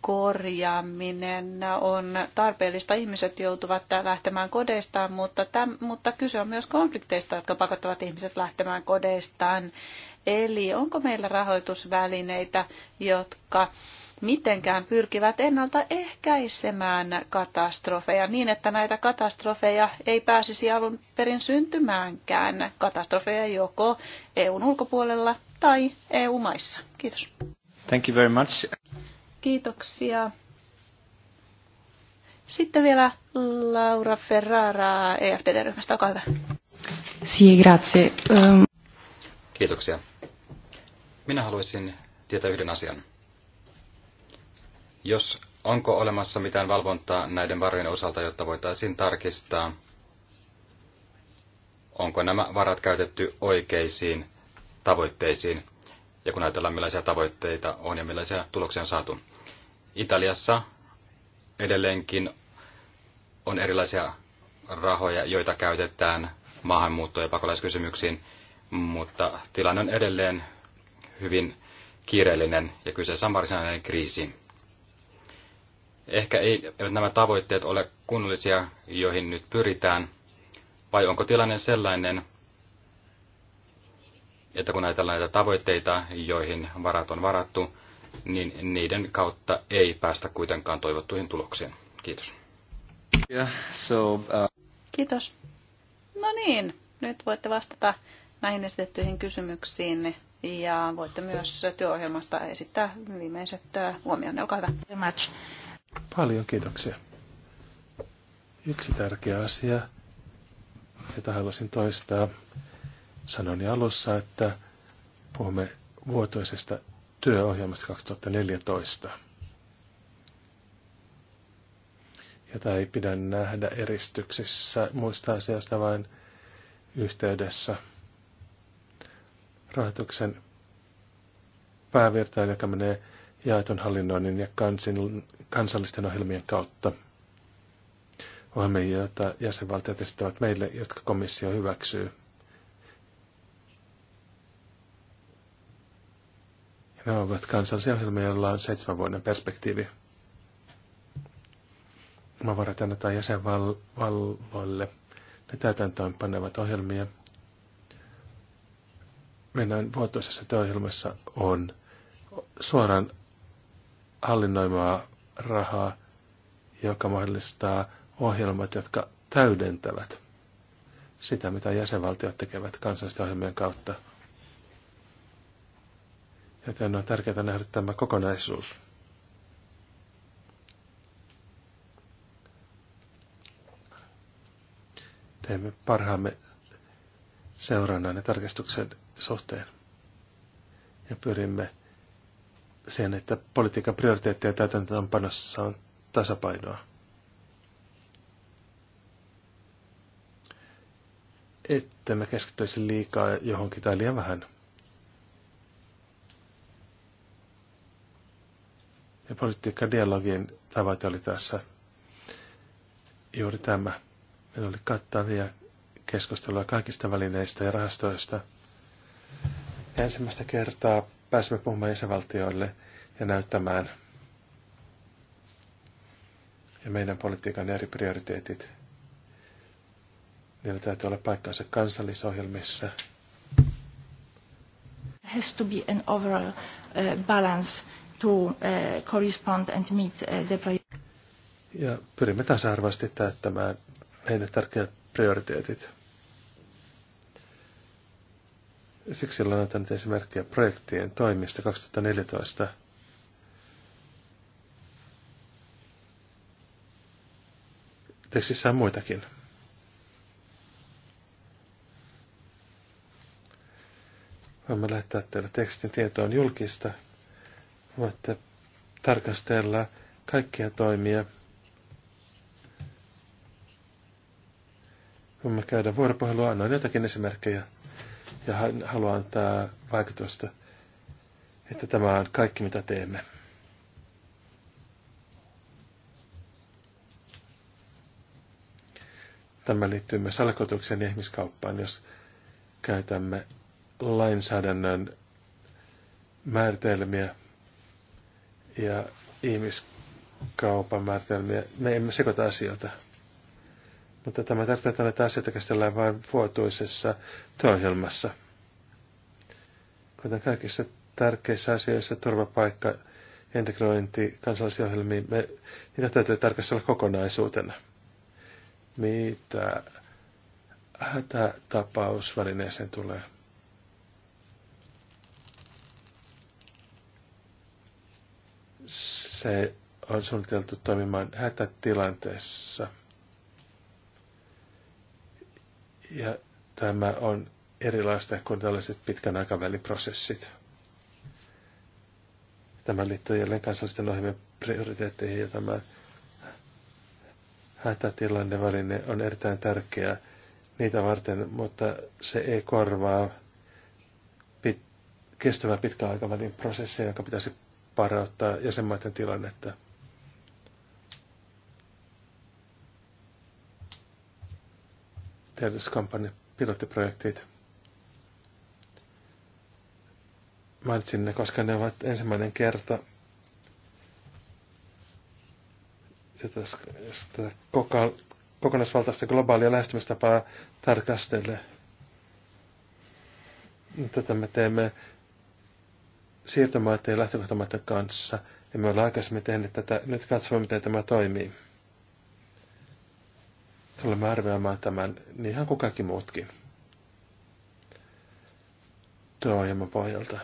Speaker 2: korjaaminen on tarpeellista. Ihmiset joutuvat lähtemään kodeistaan, mutta, tämän, mutta kyse on myös konflikteista, jotka pakottavat ihmiset lähtemään kodeistaan. Eli onko meillä rahoitusvälineitä, jotka mitenkään pyrkivät ennaltaehkäisemään katastrofeja niin, että näitä katastrofeja ei pääsisi alun perin syntymäänkään. Katastrofeja joko EUn ulkopuolella tai EU-maissa. Kiitos.
Speaker 1: Thank you very much.
Speaker 2: Kiitoksia. Sitten vielä Laura Ferrara efdd ryhmästä olkaa hyvä. Sì, grazie. Um...
Speaker 1: Kiitoksia. Minä haluaisin tietää yhden asian. Jos onko olemassa mitään valvontaa näiden varojen osalta, jotta voitaisiin tarkistaa, onko nämä varat käytetty oikeisiin tavoitteisiin, ja kun ajatellaan millaisia tavoitteita on ja millaisia tuloksia on saatu. Italiassa edelleenkin on erilaisia rahoja, joita käytetään maahanmuutto- ja pakolaiskysymyksiin, mutta tilanne on edelleen hyvin kiireellinen ja kyseessä on varsinainen kriisi. Ehkä ei, eivät nämä tavoitteet ole kunnollisia, joihin nyt pyritään, vai onko tilanne sellainen, että kun ajatellaan näitä tavoitteita, joihin varat on varattu, niin niiden kautta ei päästä kuitenkaan toivottuihin tuloksiin. Kiitos. Yeah, so, uh...
Speaker 2: Kiitos. No niin, nyt voitte vastata näihin esitettyihin kysymyksiin ja voitte myös työohjelmasta esittää viimeiset äh, huomioon. Olkaa hyvä.
Speaker 3: Paljon kiitoksia. Yksi tärkeä asia, jota haluaisin toistaa. Sanoin alussa, että puhumme vuotoisesta työohjelmasta 2014, jota ei pidä nähdä eristyksissä muista asioista, vain yhteydessä – rahoituksen päävirtaan, joka menee jaeton hallinnoinnin ja kansin, kansallisten ohjelmien kautta. Ohjelmia, joita jäsenvaltiot esittävät meille, jotka komissio hyväksyy. Ja nämä ovat kansallisia ohjelmia, joilla on seitsemän vuoden perspektiivi. Mä varataan annetaan jäsenvalvoille. Ne täytäntöön panevat ohjelmia – meidän vuotuisessa työohjelmassa on suoraan hallinnoimaa rahaa, joka mahdollistaa ohjelmat, jotka täydentävät sitä, mitä jäsenvaltiot tekevät kansallisten ohjelmien kautta. Joten on tärkeää nähdä tämä kokonaisuus. Teemme parhaamme seurannan ja tarkistuksen suhteen. Ja pyrimme siihen, että politiikan prioriteetteja täytäntöönpanossa on tasapainoa. Että me keskittyisimme liikaa johonkin tai liian vähän. Ja politiikka dialogin tavoite oli tässä juuri tämä. Meillä oli kattavia keskusteluja kaikista välineistä ja rahastoista – Ensimmäistä kertaa pääsemme puhumaan jäsenvaltioille ja näyttämään ja meidän politiikan eri prioriteetit. Niillä täytyy olla paikkansa kansallisohjelmissa.
Speaker 2: Has to be an overall uh, balance to uh, correspond and meet uh, the
Speaker 3: Ja pyrimme tasa-arvoisesti täyttämään meidän tärkeät prioriteetit. Siksi olen antanut esimerkkejä projektien toimista 2014. Tekstissä on muitakin. Voimme lähettää teille tekstin tietoon julkista. Voitte tarkastella kaikkia toimia. Voimme käydä vuoropuhelua, annoin jotakin esimerkkejä ja haluan antaa vaikutusta, että tämä on kaikki mitä teemme. Tämä liittyy myös alkotukseen ja ihmiskauppaan, jos käytämme lainsäädännön määritelmiä ja ihmiskaupan määritelmiä. Me emme sekoita asioita. Mutta tämä tarkoittaa, että asioita käsitellään vain vuotuisessa työohjelmassa. Kuten kaikissa tärkeissä asioissa, turvapaikka, integrointi kansallisiin ohjelmiin, me, niitä täytyy tarkastella kokonaisuutena. Mitä hätätapausvälineeseen tulee? Se on suunniteltu toimimaan hätätilanteessa – ja tämä on erilaista kuin tällaiset pitkän aikavälin prosessit. Tämä liittyy jälleen kansallisten ohjelmien prioriteetteihin ja tämä hätätilanneväline on erittäin tärkeä niitä varten, mutta se ei korvaa pit, kestävää pitkän aikavälin prosessia, jonka pitäisi parauttaa jäsenmaiden tilannetta. tiedotuskampanja, pilottiprojektit. Mainitsin ne, koska ne ovat ensimmäinen kerta, koko, kokonaisvaltaista globaalia lähestymistapaa tarkastelee. Tätä me teemme siirtomaiden ja lähtökohtamaiden kanssa. Emme ole aikaisemmin tehneet tätä. Nyt katsomme, miten tämä toimii tulemme arvioimaan tämän niin ihan kuin kaikki muutkin työohjelman pohjalta.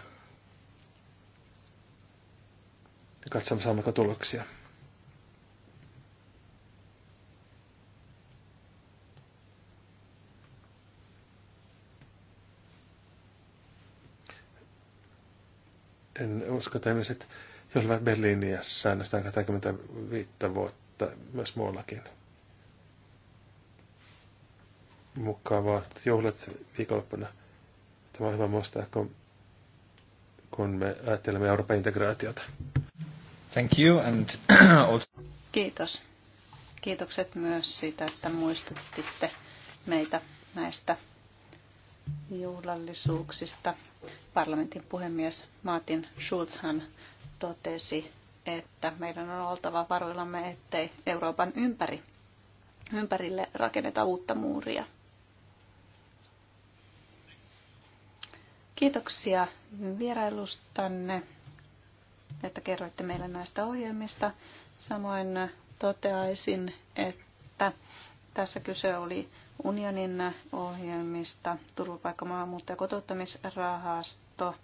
Speaker 3: Ja katsomme saammeko tuloksia. en usko, että ihmiset, jos Berliiniassa, säännöstään 25 vuotta myös muuallakin mukavat juhlat viikonloppuna. Tämä on hyvä muistaa, kun, kun me ajattelemme Euroopan integraatiota. Thank you and also...
Speaker 2: Kiitos. Kiitokset myös siitä, että muistutitte meitä näistä juhlallisuuksista. Parlamentin puhemies Martin Schulzhan totesi, että meidän on oltava varoillamme, ettei Euroopan ympäri, ympärille rakenneta uutta muuria. Kiitoksia vierailustanne, että kerroitte meille näistä ohjelmista. Samoin toteaisin, että tässä kyse oli unionin ohjelmista, turvapaikka, maahanmuutto- ja kotouttamisrahasto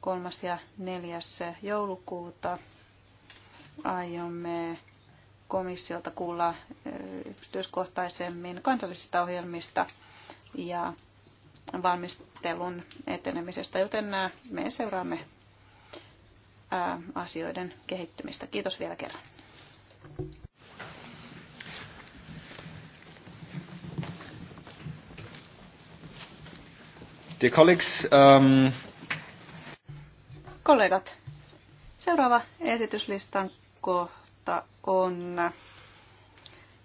Speaker 2: 3. ja 4. joulukuuta. Aiomme komissiolta kuulla yksityiskohtaisemmin kansallisista ohjelmista ja valmistelun etenemisestä, joten me seuraamme asioiden kehittymistä. Kiitos vielä kerran.
Speaker 1: Dear colleagues, um...
Speaker 2: Kollegat, seuraava esityslistan kohta on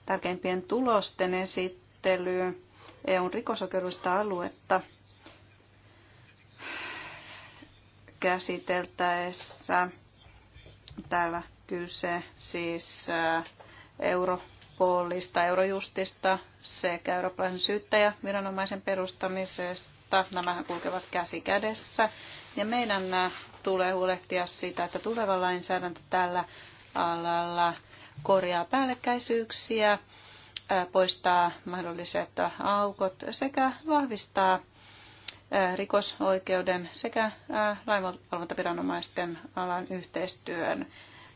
Speaker 2: tärkeimpien tulosten esittely. EUn rikosoikeudellista aluetta käsiteltäessä. Täällä kyse siis äh, Europolista, Eurojustista sekä eurooppalaisen syyttäjäviranomaisen perustamisesta. Nämähän kulkevat käsi kädessä. Ja meidän äh, tulee huolehtia siitä, että tuleva lainsäädäntö tällä alalla korjaa päällekkäisyyksiä poistaa mahdolliset aukot sekä vahvistaa rikosoikeuden sekä lainvalvontaviranomaisten alan yhteistyön.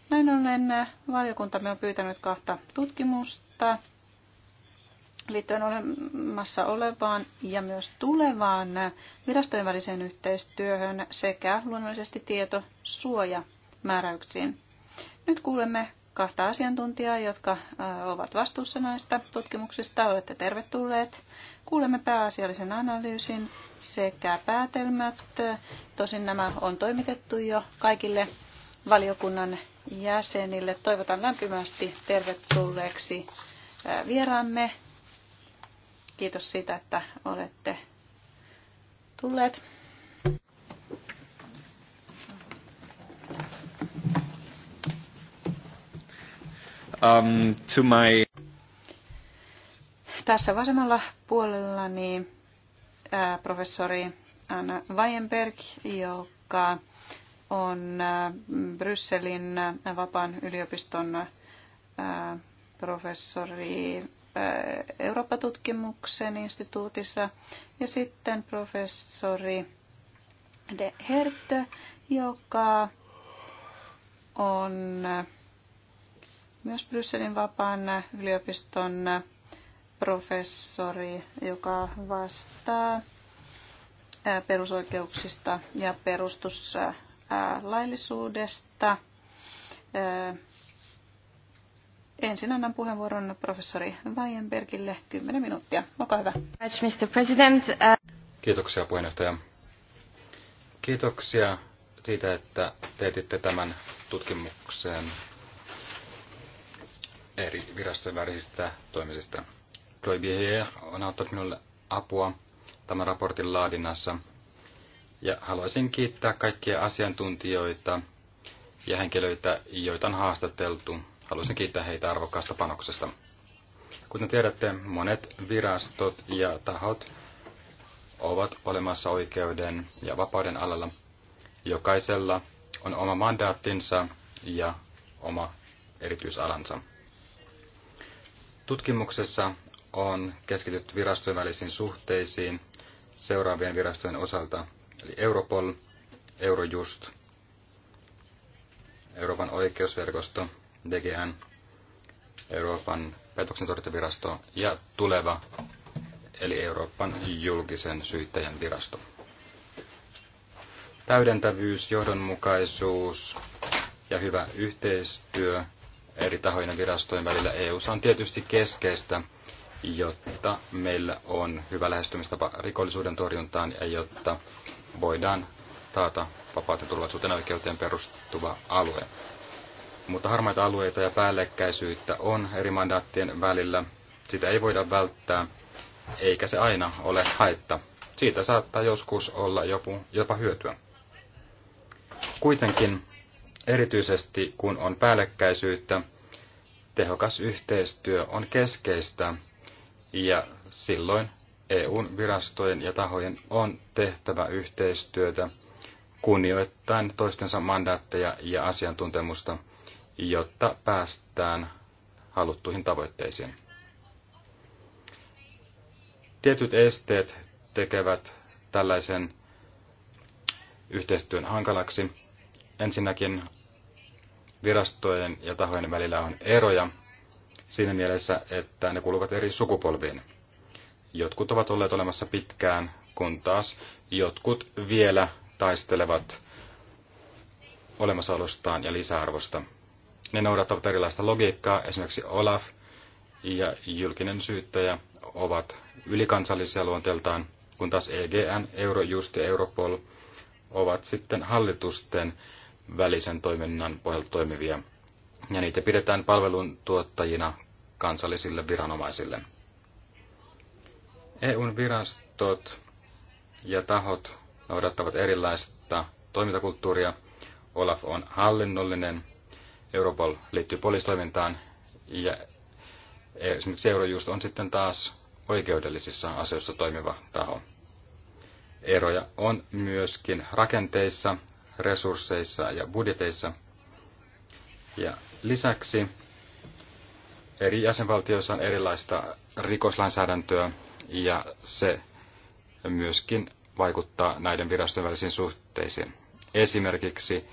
Speaker 2: Näin ollen valiokuntamme on pyytänyt kahta tutkimusta liittyen olemassa olevaan ja myös tulevaan virastojen väliseen yhteistyöhön sekä luonnollisesti tietosuojamääräyksiin. Nyt kuulemme kahta asiantuntijaa, jotka äh, ovat vastuussa näistä tutkimuksista. Olette tervetulleet. Kuulemme pääasiallisen analyysin sekä päätelmät. Tosin nämä on toimitettu jo kaikille valiokunnan jäsenille. Toivotan lämpimästi tervetulleeksi äh, vieraamme. Kiitos siitä, että olette tulleet.
Speaker 1: um, to my...
Speaker 2: Tässä vasemmalla puolellani niin, ää, professori Anna Weinberg, joka on Brysselin vapaan yliopiston professori Eurooppa-tutkimuksen instituutissa ja sitten professori De Herte, joka on myös Brysselin vapaan yliopiston professori, joka vastaa perusoikeuksista ja perustuslaillisuudesta. Ensin annan puheenvuoron professori Weinbergille 10 minuuttia. Olkaa hyvä. Mr. President.
Speaker 1: Kiitoksia puheenjohtaja. Kiitoksia siitä, että teetitte tämän tutkimuksen eri virastojen välisistä toimisista. Chloe Bihier on auttanut minulle apua tämän raportin laadinnassa. Ja haluaisin kiittää kaikkia asiantuntijoita ja henkilöitä, joita on haastateltu. Haluaisin kiittää heitä arvokkaasta panoksesta. Kuten tiedätte, monet virastot ja tahot ovat olemassa oikeuden ja vapauden alalla. Jokaisella on oma mandaattinsa ja oma erityisalansa. Tutkimuksessa on keskitytty virastojen välisiin suhteisiin seuraavien virastojen osalta, eli Europol, Eurojust, Euroopan oikeusverkosto, DGN, Euroopan petoksentorjuntavirasto ja tuleva, eli Euroopan julkisen syyttäjän virasto. Täydentävyys, johdonmukaisuus ja hyvä yhteistyö eri tahojen ja virastojen välillä eu on tietysti keskeistä, jotta meillä on hyvä lähestymistapa rikollisuuden torjuntaan ja jotta voidaan taata vapauteen, turvallisuuteen ja oikeuteen perustuva alue. Mutta harmaita alueita ja päällekkäisyyttä on eri mandaattien välillä. Sitä ei voida välttää, eikä se aina ole haitta. Siitä saattaa joskus olla jopa hyötyä. Kuitenkin Erityisesti kun on päällekkäisyyttä, tehokas yhteistyö on keskeistä ja silloin EUn virastojen ja tahojen on tehtävä yhteistyötä kunnioittain toistensa mandaatteja ja asiantuntemusta, jotta päästään haluttuihin tavoitteisiin. Tietyt esteet tekevät tällaisen yhteistyön hankalaksi. Ensinnäkin virastojen ja tahojen välillä on eroja siinä mielessä, että ne kuuluvat eri sukupolviin. Jotkut ovat olleet olemassa pitkään, kun taas jotkut vielä taistelevat olemassaolostaan ja lisäarvosta. Ne noudattavat erilaista logiikkaa, esimerkiksi Olaf ja julkinen syyttäjä ovat ylikansallisia luonteeltaan, kun taas EGN, Eurojust ja Europol ovat sitten hallitusten välisen toiminnan pohjalta toimivia, ja niitä pidetään palveluntuottajina kansallisille viranomaisille. EUn virastot ja tahot noudattavat erilaista toimintakulttuuria. Olaf on hallinnollinen, Europol liittyy poliistoimintaan ja esimerkiksi Eurojust on sitten taas oikeudellisissa asioissa toimiva taho. Eroja on myöskin rakenteissa resursseissa ja budjeteissa. Ja lisäksi eri jäsenvaltioissa on erilaista rikoslainsäädäntöä ja se myöskin vaikuttaa näiden virastojen välisiin suhteisiin. Esimerkiksi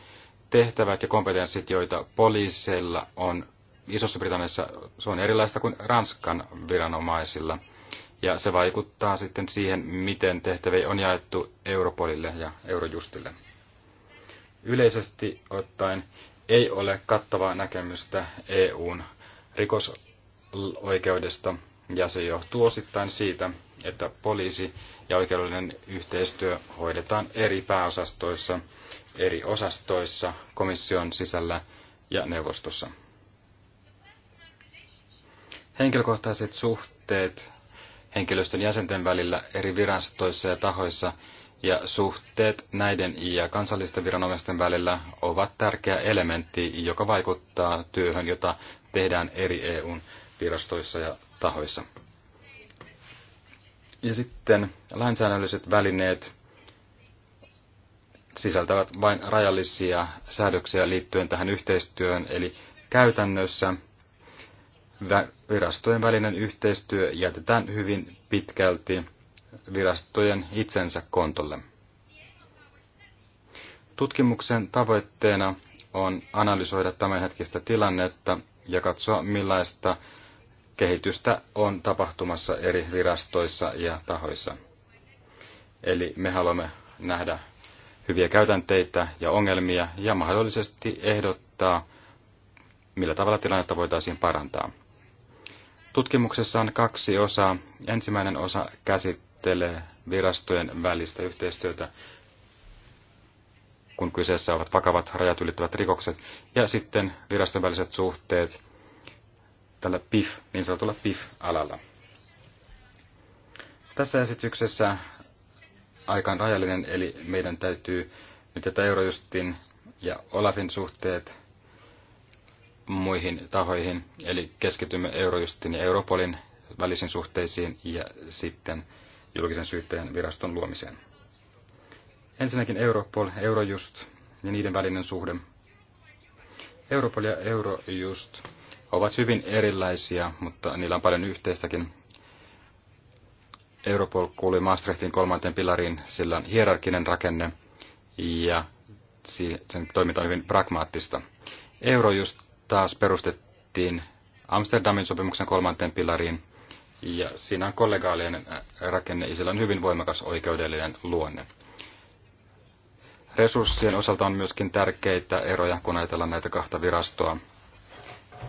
Speaker 1: tehtävät ja kompetenssit, joita poliiseilla on Isossa Britanniassa, se on erilaista kuin Ranskan viranomaisilla. Ja se vaikuttaa sitten siihen, miten tehtäviä on jaettu Europolille ja Eurojustille. Yleisesti ottaen ei ole kattavaa näkemystä EUn rikosoikeudesta, ja se johtuu osittain siitä, että poliisi ja oikeudellinen yhteistyö hoidetaan eri pääosastoissa, eri osastoissa, komission sisällä ja neuvostossa. Henkilökohtaiset suhteet henkilöstön jäsenten välillä eri virastoissa ja tahoissa ja suhteet näiden ja kansallisten viranomaisten välillä ovat tärkeä elementti, joka vaikuttaa työhön, jota tehdään eri EUn virastoissa ja tahoissa. Ja sitten lainsäädännölliset välineet sisältävät vain rajallisia säädöksiä liittyen tähän yhteistyöhön, eli käytännössä virastojen välinen yhteistyö jätetään hyvin pitkälti virastojen itsensä kontolle. Tutkimuksen tavoitteena on analysoida tämänhetkistä tilannetta ja katsoa, millaista kehitystä on tapahtumassa eri virastoissa ja tahoissa. Eli me haluamme nähdä hyviä käytänteitä ja ongelmia ja mahdollisesti ehdottaa, millä tavalla tilannetta voitaisiin parantaa. Tutkimuksessa on kaksi osaa. Ensimmäinen osa käsittää määrittelee virastojen välistä yhteistyötä, kun kyseessä ovat vakavat rajat ylittävät rikokset, ja sitten viraston väliset suhteet tällä PIF, niin sanotulla PIF-alalla. Tässä esityksessä aika on rajallinen, eli meidän täytyy nyt tätä Eurojustin ja Olafin suhteet muihin tahoihin, eli keskitymme Eurojustin ja Europolin välisiin suhteisiin ja sitten julkisen syyttäjän viraston luomiseen. Ensinnäkin Europol, Eurojust ja niiden välinen suhde. Europol ja Eurojust ovat hyvin erilaisia, mutta niillä on paljon yhteistäkin. Europol kuului Maastrichtin kolmanteen pilariin, sillä on hierarkinen rakenne ja sen toiminta on hyvin pragmaattista. Eurojust taas perustettiin Amsterdamin sopimuksen kolmanteen pilariin, ja siinä on kollegaalien äh, rakenne ja sillä on hyvin voimakas oikeudellinen luonne. Resurssien osalta on myöskin tärkeitä eroja, kun ajatellaan näitä kahta virastoa.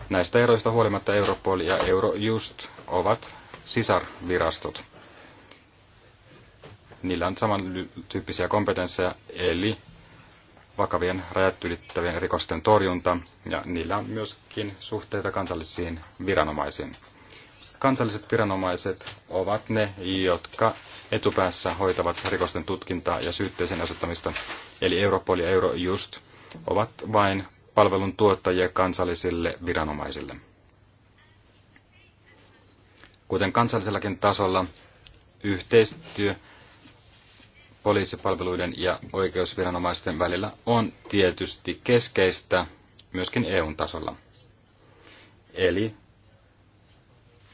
Speaker 1: Näistä eroista huolimatta Europol ja Eurojust ovat sisarvirastot. Niillä on samantyyppisiä kompetensseja, eli vakavien rajat ylittävien rikosten torjunta, ja niillä on myöskin suhteita kansallisiin viranomaisiin kansalliset viranomaiset ovat ne, jotka etupäässä hoitavat rikosten tutkintaa ja syytteeseen asettamista, eli Europol ja Eurojust ovat vain palvelun tuottajia kansallisille viranomaisille. Kuten kansallisellakin tasolla, yhteistyö poliisipalveluiden ja oikeusviranomaisten välillä on tietysti keskeistä myöskin eu tasolla. Eli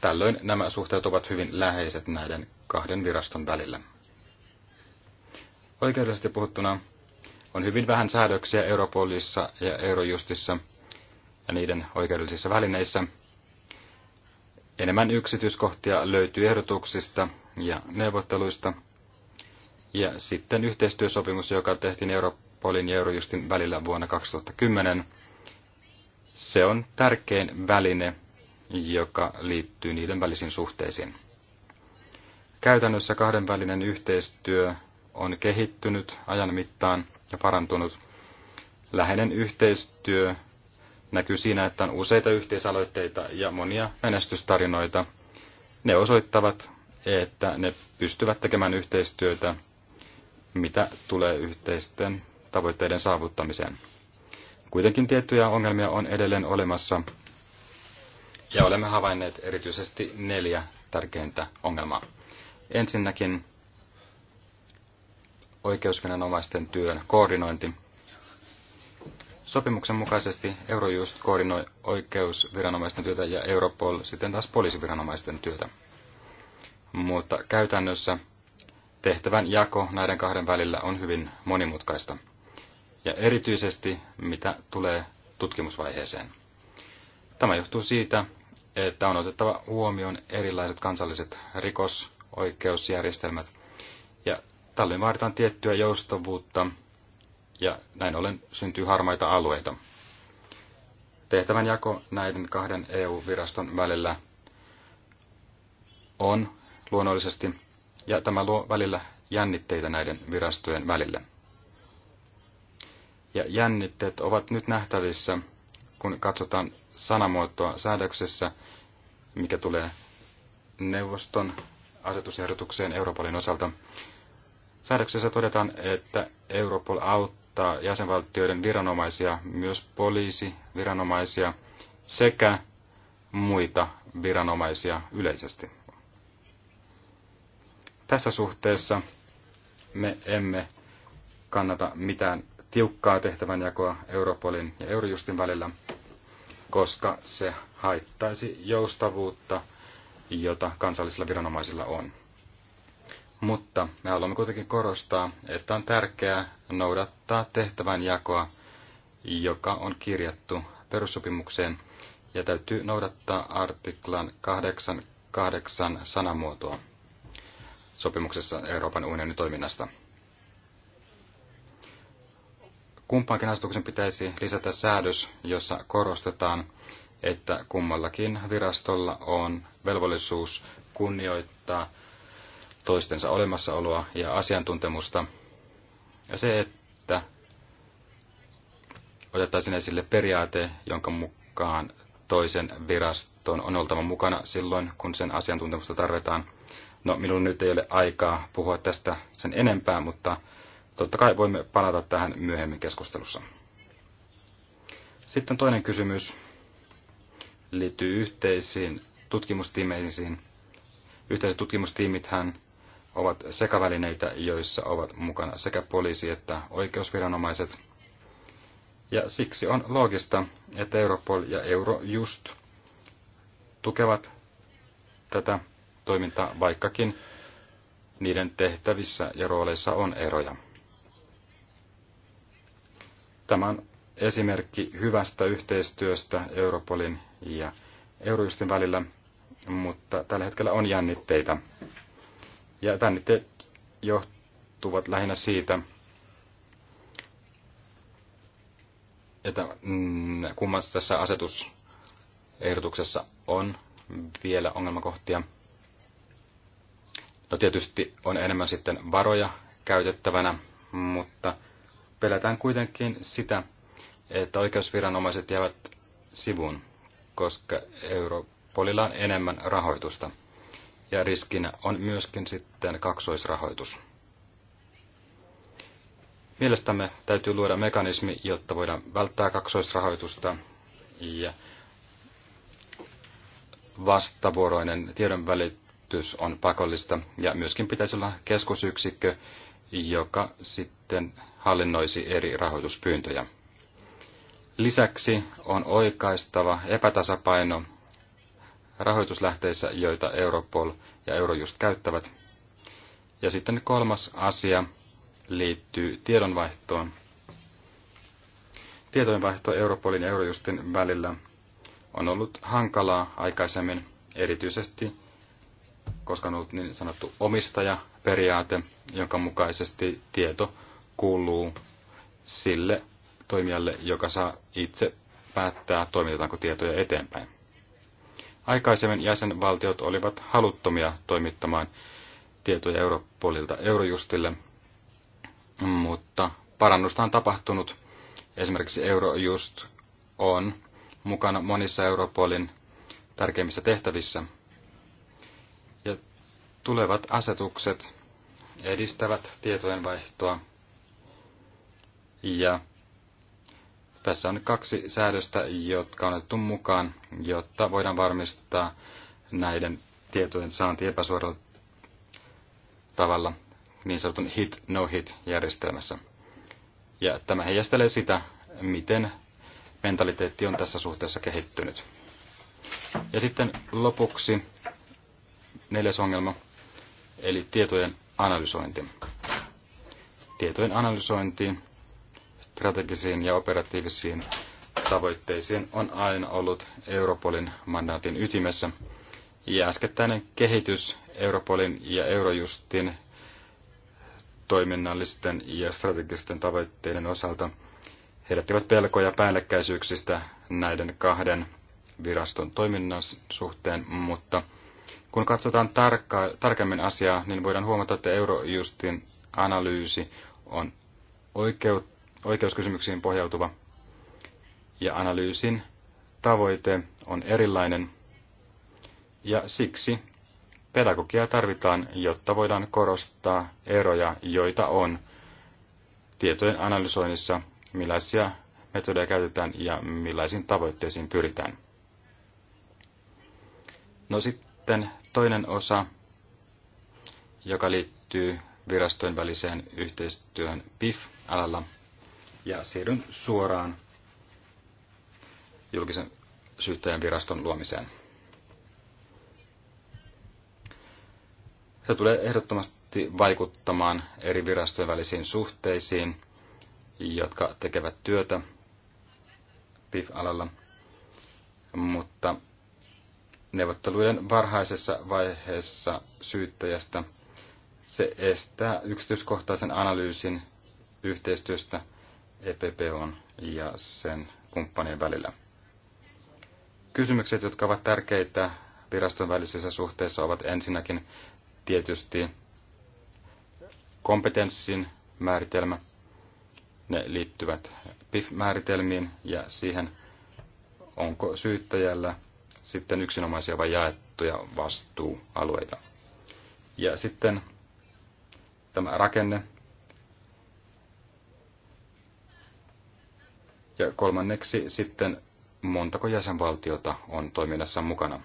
Speaker 1: Tällöin nämä suhteet ovat hyvin läheiset näiden kahden viraston välillä. Oikeudellisesti puhuttuna on hyvin vähän säädöksiä Europolissa ja Eurojustissa ja niiden oikeudellisissa välineissä. Enemmän yksityiskohtia löytyy ehdotuksista ja neuvotteluista. Ja sitten yhteistyösopimus, joka tehtiin Europolin ja Eurojustin välillä vuonna 2010. Se on tärkein väline joka liittyy niiden välisiin suhteisiin. Käytännössä kahdenvälinen yhteistyö on kehittynyt ajan mittaan ja parantunut. Läheinen yhteistyö näkyy siinä, että on useita yhteisaloitteita ja monia menestystarinoita. Ne osoittavat, että ne pystyvät tekemään yhteistyötä, mitä tulee yhteisten tavoitteiden saavuttamiseen. Kuitenkin tiettyjä ongelmia on edelleen olemassa, ja olemme havainneet erityisesti neljä tärkeintä ongelmaa. Ensinnäkin oikeusviranomaisten työn koordinointi. Sopimuksen mukaisesti Eurojust koordinoi oikeusviranomaisten työtä ja Europol sitten taas poliisiviranomaisten työtä. Mutta käytännössä tehtävän jako näiden kahden välillä on hyvin monimutkaista. Ja erityisesti mitä tulee tutkimusvaiheeseen. Tämä johtuu siitä, että on otettava huomioon erilaiset kansalliset rikosoikeusjärjestelmät. Ja tällöin vaaditaan tiettyä joustavuutta ja näin ollen syntyy harmaita alueita. jako näiden kahden EU-viraston välillä on luonnollisesti, ja tämä luo välillä jännitteitä näiden virastojen välillä. Ja jännitteet ovat nyt nähtävissä, kun katsotaan sanamuotoa säädöksessä, mikä tulee neuvoston asetusehdotukseen Europolin osalta. Säädöksessä todetaan, että Europol auttaa jäsenvaltioiden viranomaisia, myös poliisiviranomaisia sekä muita viranomaisia yleisesti. Tässä suhteessa me emme kannata mitään tiukkaa tehtävänjakoa Europolin ja Eurojustin välillä, koska se haittaisi joustavuutta, jota kansallisilla viranomaisilla on. Mutta me haluamme kuitenkin korostaa, että on tärkeää noudattaa tehtävän jakoa, joka on kirjattu perussopimukseen, ja täytyy noudattaa artiklan 8.8 sanamuotoa sopimuksessa Euroopan unionin toiminnasta. Kumpaankin asetuksen pitäisi lisätä säädös, jossa korostetaan, että kummallakin virastolla on velvollisuus kunnioittaa toistensa olemassaoloa ja asiantuntemusta. Ja se, että otettaisiin esille periaate, jonka mukaan toisen viraston on oltava mukana silloin, kun sen asiantuntemusta tarvitaan. No, minulla nyt ei ole aikaa puhua tästä sen enempää, mutta Totta kai voimme palata tähän myöhemmin keskustelussa. Sitten toinen kysymys liittyy yhteisiin tutkimustiimeisiin. Yhteiset tutkimustiimithän ovat sekavälineitä, joissa ovat mukana sekä poliisi että oikeusviranomaiset. Ja siksi on loogista, että Europol ja Eurojust tukevat tätä toimintaa, vaikkakin niiden tehtävissä ja rooleissa on eroja. Tämä on esimerkki hyvästä yhteistyöstä Europolin ja Eurojustin välillä, mutta tällä hetkellä on jännitteitä. Ja jännitteet johtuvat lähinnä siitä, että kummassa tässä asetusehdotuksessa on vielä ongelmakohtia. No tietysti on enemmän sitten varoja käytettävänä, mutta – Pelätään kuitenkin sitä, että oikeusviranomaiset jäävät sivuun, koska Europolilla on enemmän rahoitusta. Ja riskinä on myöskin sitten kaksoisrahoitus. Mielestämme täytyy luoda mekanismi, jotta voidaan välttää kaksoisrahoitusta ja vastavuoroinen tiedonvälitys on pakollista ja myöskin pitäisi olla keskusyksikkö, joka sitten hallinnoisi eri rahoituspyyntöjä. Lisäksi on oikaistava epätasapaino rahoituslähteissä, joita Europol ja Eurojust käyttävät. Ja sitten kolmas asia liittyy tiedonvaihtoon. Tietojenvaihto Europolin ja Eurojustin välillä on ollut hankalaa aikaisemmin, erityisesti koska on ollut niin sanottu omistajaperiaate, jonka mukaisesti tieto kuuluu sille toimijalle, joka saa itse päättää, toimitetaanko tietoja eteenpäin. Aikaisemmin jäsenvaltiot olivat haluttomia toimittamaan tietoja Europolilta Eurojustille, mutta parannusta on tapahtunut. Esimerkiksi Eurojust on mukana monissa Europolin tärkeimmissä tehtävissä. Ja tulevat asetukset edistävät tietojenvaihtoa ja tässä on kaksi säädöstä, jotka on otettu mukaan, jotta voidaan varmistaa näiden tietojen saanti epäsuoralla tavalla niin sanotun hit-no-hit-järjestelmässä. Ja tämä heijastelee sitä, miten mentaliteetti on tässä suhteessa kehittynyt. Ja sitten lopuksi neljäs ongelma, eli tietojen analysointi. Tietojen analysointi strategisiin ja operatiivisiin tavoitteisiin on aina ollut Europolin mandaatin ytimessä. Ja äskettäinen kehitys Europolin ja Eurojustin toiminnallisten ja strategisten tavoitteiden osalta herättivät pelkoja päällekkäisyyksistä näiden kahden viraston toiminnan suhteen, mutta kun katsotaan tarkka, tarkemmin asiaa, niin voidaan huomata, että Eurojustin analyysi on oikeut, oikeuskysymyksiin pohjautuva. Ja analyysin tavoite on erilainen. Ja siksi pedagogia tarvitaan, jotta voidaan korostaa eroja, joita on tietojen analysoinnissa, millaisia metodeja käytetään ja millaisiin tavoitteisiin pyritään. No sitten toinen osa, joka liittyy virastojen väliseen yhteistyön PIF-alalla – ja siirryn suoraan julkisen syyttäjän viraston luomiseen. Se tulee ehdottomasti vaikuttamaan eri virastojen välisiin suhteisiin, jotka tekevät työtä PIF-alalla, mutta neuvotteluiden varhaisessa vaiheessa syyttäjästä se estää yksityiskohtaisen analyysin yhteistyöstä – EPP on ja sen kumppanien välillä. Kysymykset, jotka ovat tärkeitä viraston välisissä suhteissa, ovat ensinnäkin tietysti kompetenssin määritelmä. Ne liittyvät PIF-määritelmiin ja siihen, onko syyttäjällä sitten yksinomaisia vai jaettuja vastuualueita. Ja sitten tämä rakenne, Ja kolmanneksi sitten, montako jäsenvaltiota on toiminnassa mukana.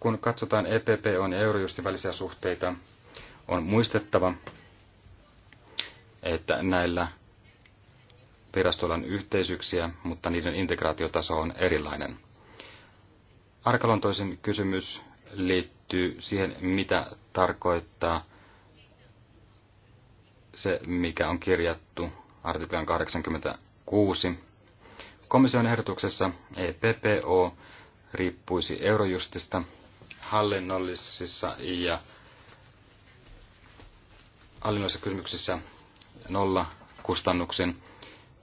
Speaker 1: Kun katsotaan EPP on Eurojustin välisiä suhteita, on muistettava, että näillä virastoilla on yhteisyyksiä, mutta niiden integraatiotaso on erilainen. Arkaluontoisin kysymys liittyy siihen, mitä tarkoittaa se, mikä on kirjattu artiklan 86. Komission ehdotuksessa EPPO riippuisi Eurojustista hallinnollisissa ja hallinnollisissa kysymyksissä nolla kustannuksen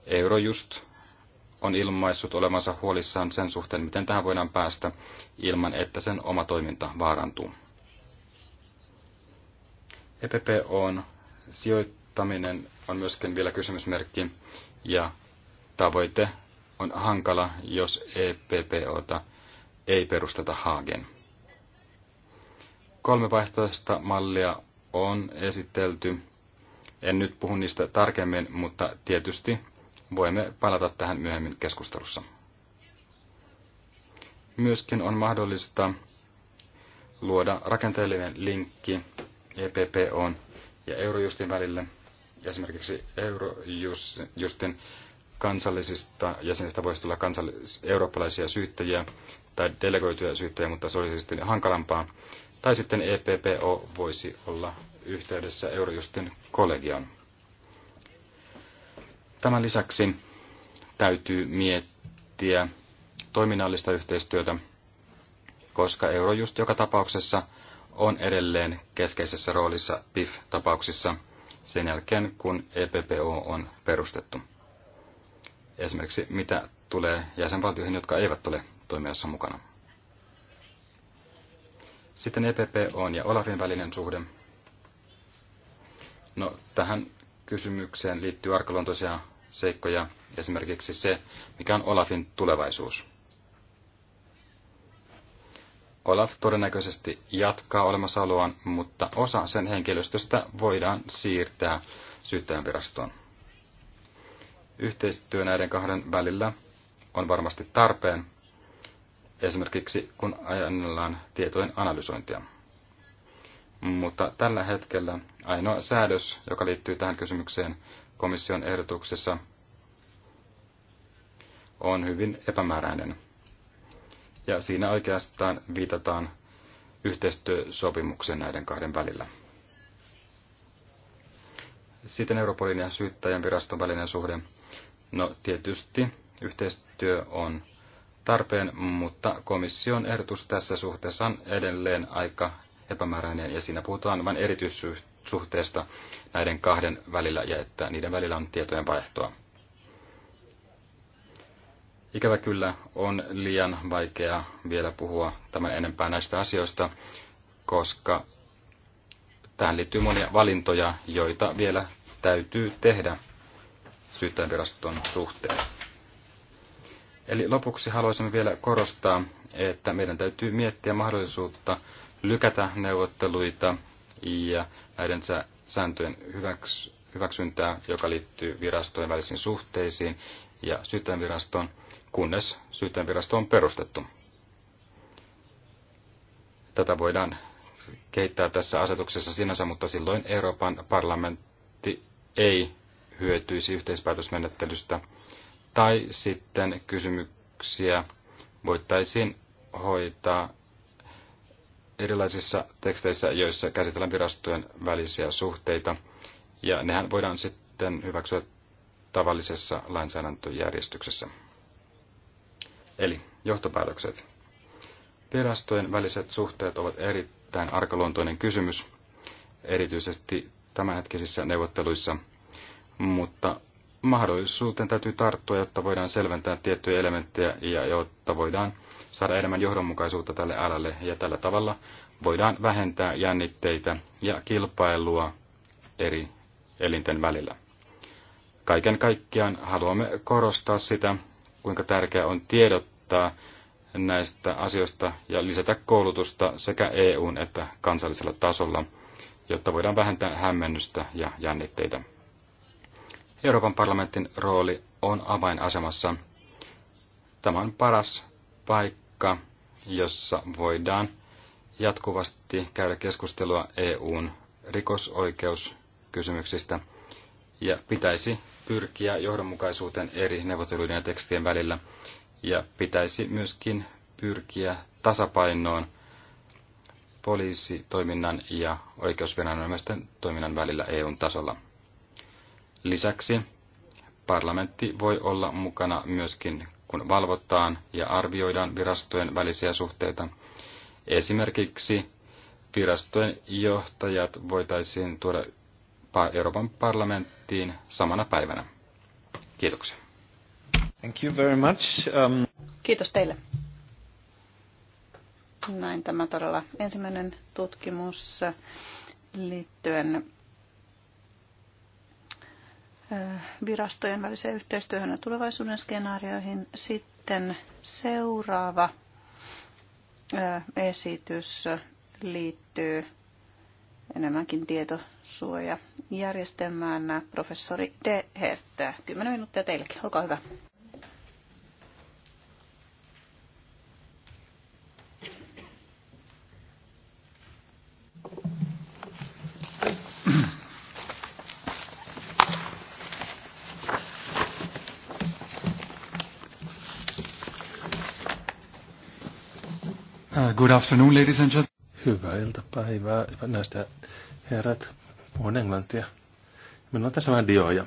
Speaker 1: Eurojust on ilmaissut olemansa huolissaan sen suhteen, miten tähän voidaan päästä ilman, että sen oma toiminta vaarantuu. EPP on sijoittaminen on myöskin vielä kysymysmerkki. Ja tavoite on hankala, jos EPPOta ei perusteta Haagen. Kolme vaihtoista mallia on esitelty. En nyt puhu niistä tarkemmin, mutta tietysti voimme palata tähän myöhemmin keskustelussa. Myöskin on mahdollista luoda rakenteellinen linkki EPPOn ja Eurojustin välille – esimerkiksi Eurojustin kansallisista jäsenistä voisi tulla kansallis- eurooppalaisia syyttäjiä tai delegoituja syyttäjiä, mutta se olisi sitten hankalampaa. Tai sitten EPPO voisi olla yhteydessä Eurojustin kollegion. Tämän lisäksi täytyy miettiä toiminnallista yhteistyötä, koska Eurojust joka tapauksessa on edelleen keskeisessä roolissa PIF-tapauksissa – sen jälkeen, kun EPPO on perustettu. Esimerkiksi mitä tulee jäsenvaltioihin, jotka eivät ole toimijassa mukana. Sitten EPPOn ja Olafin välinen suhde. No, tähän kysymykseen liittyy arkaluontoisia seikkoja, esimerkiksi se, mikä on Olafin tulevaisuus. Olaf todennäköisesti jatkaa olemassaoloaan, mutta osa sen henkilöstöstä voidaan siirtää syyttäjänvirastoon. Yhteistyö näiden kahden välillä on varmasti tarpeen, esimerkiksi kun ajellaan tietojen analysointia. Mutta tällä hetkellä ainoa säädös, joka liittyy tähän kysymykseen komission ehdotuksessa, on hyvin epämääräinen ja siinä oikeastaan viitataan yhteistyösopimuksen näiden kahden välillä. Sitten Europolin ja syyttäjän viraston välinen suhde. No tietysti yhteistyö on tarpeen, mutta komission ehdotus tässä suhteessa on edelleen aika epämääräinen ja siinä puhutaan vain erityissuhteesta näiden kahden välillä ja että niiden välillä on tietojen vaihtoa. Ikävä kyllä on liian vaikea vielä puhua tämän enempää näistä asioista, koska tähän liittyy monia valintoja, joita vielä täytyy tehdä syyttäjänviraston suhteen. Eli lopuksi haluaisimme vielä korostaa, että meidän täytyy miettiä mahdollisuutta lykätä neuvotteluita ja näiden sääntöjen hyväks- hyväksyntää, joka liittyy virastojen välisiin suhteisiin ja syyttäjänviraston viraston kunnes syyttäjänvirasto on perustettu. Tätä voidaan kehittää tässä asetuksessa sinänsä, mutta silloin Euroopan parlamentti ei hyötyisi yhteispäätösmenettelystä. Tai sitten kysymyksiä voitaisiin hoitaa erilaisissa teksteissä, joissa käsitellään virastojen välisiä suhteita, ja nehän voidaan sitten hyväksyä tavallisessa lainsäädäntöjärjestyksessä. Eli johtopäätökset. Virastojen väliset suhteet ovat erittäin arkaluontoinen kysymys, erityisesti tämänhetkisissä neuvotteluissa, mutta mahdollisuuteen täytyy tarttua, jotta voidaan selventää tiettyjä elementtejä ja jotta voidaan saada enemmän johdonmukaisuutta tälle alalle ja tällä tavalla voidaan vähentää jännitteitä ja kilpailua eri elinten välillä. Kaiken kaikkiaan haluamme korostaa sitä, kuinka tärkeää on tiedottaa näistä asioista ja lisätä koulutusta sekä EUn että kansallisella tasolla, jotta voidaan vähentää hämmennystä ja jännitteitä. Euroopan parlamentin rooli on avainasemassa. Tämä on paras paikka, jossa voidaan jatkuvasti käydä keskustelua EUn rikosoikeuskysymyksistä – ja pitäisi pyrkiä johdonmukaisuuteen eri neuvotteluiden ja tekstien välillä ja pitäisi myöskin pyrkiä tasapainoon poliisitoiminnan ja oikeusviranomaisten toiminnan välillä EUn tasolla. Lisäksi parlamentti voi olla mukana myöskin, kun valvotaan ja arvioidaan virastojen välisiä suhteita. Esimerkiksi virastojen johtajat voitaisiin tuoda Euroopan parlamenttiin samana päivänä. Kiitoksia. Thank you very much. Um...
Speaker 2: Kiitos teille. Näin tämä todella ensimmäinen tutkimus liittyen eh, virastojen väliseen yhteistyöhön ja tulevaisuuden skenaarioihin. Sitten seuraava eh, esitys liittyy enemmänkin tieto suojajärjestelmään professori De Herttä. Kymmenen minuuttia teillekin, olkaa hyvä.
Speaker 3: Uh, good afternoon, ladies and gentlemen. Hyvää iltapäivää, näistä herrat. Puhun englantia. Minulla on tässä vähän dioja.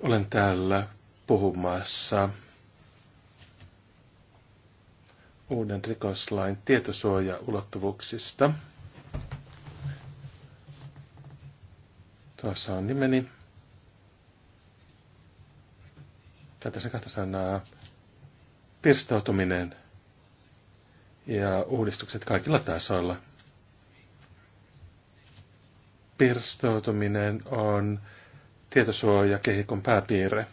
Speaker 3: Olen täällä puhumassa uuden rikoslain tietosuojaulottuvuuksista. Tuossa on nimeni. Käytän sen kahta sanaa. Pirstautuminen – ja uudistukset kaikilla tasoilla. Pirstoutuminen on tietosuojakehikon pääpiirre.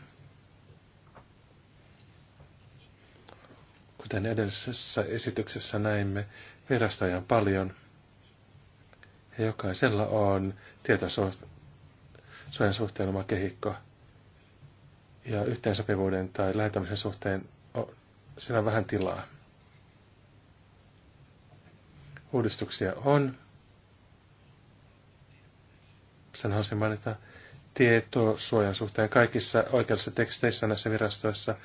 Speaker 3: Kuten edellisessä esityksessä näimme, virastoja on paljon ja jokaisella on tietosuojan suhteen oma kehikko. Ja yhteensopivuuden tai lähettämisen suhteen on, siinä on vähän tilaa. Uudistuksia on. Sen haluaisin mainita tietosuojan suhteen kaikissa oikeissa teksteissä näissä virastoissa,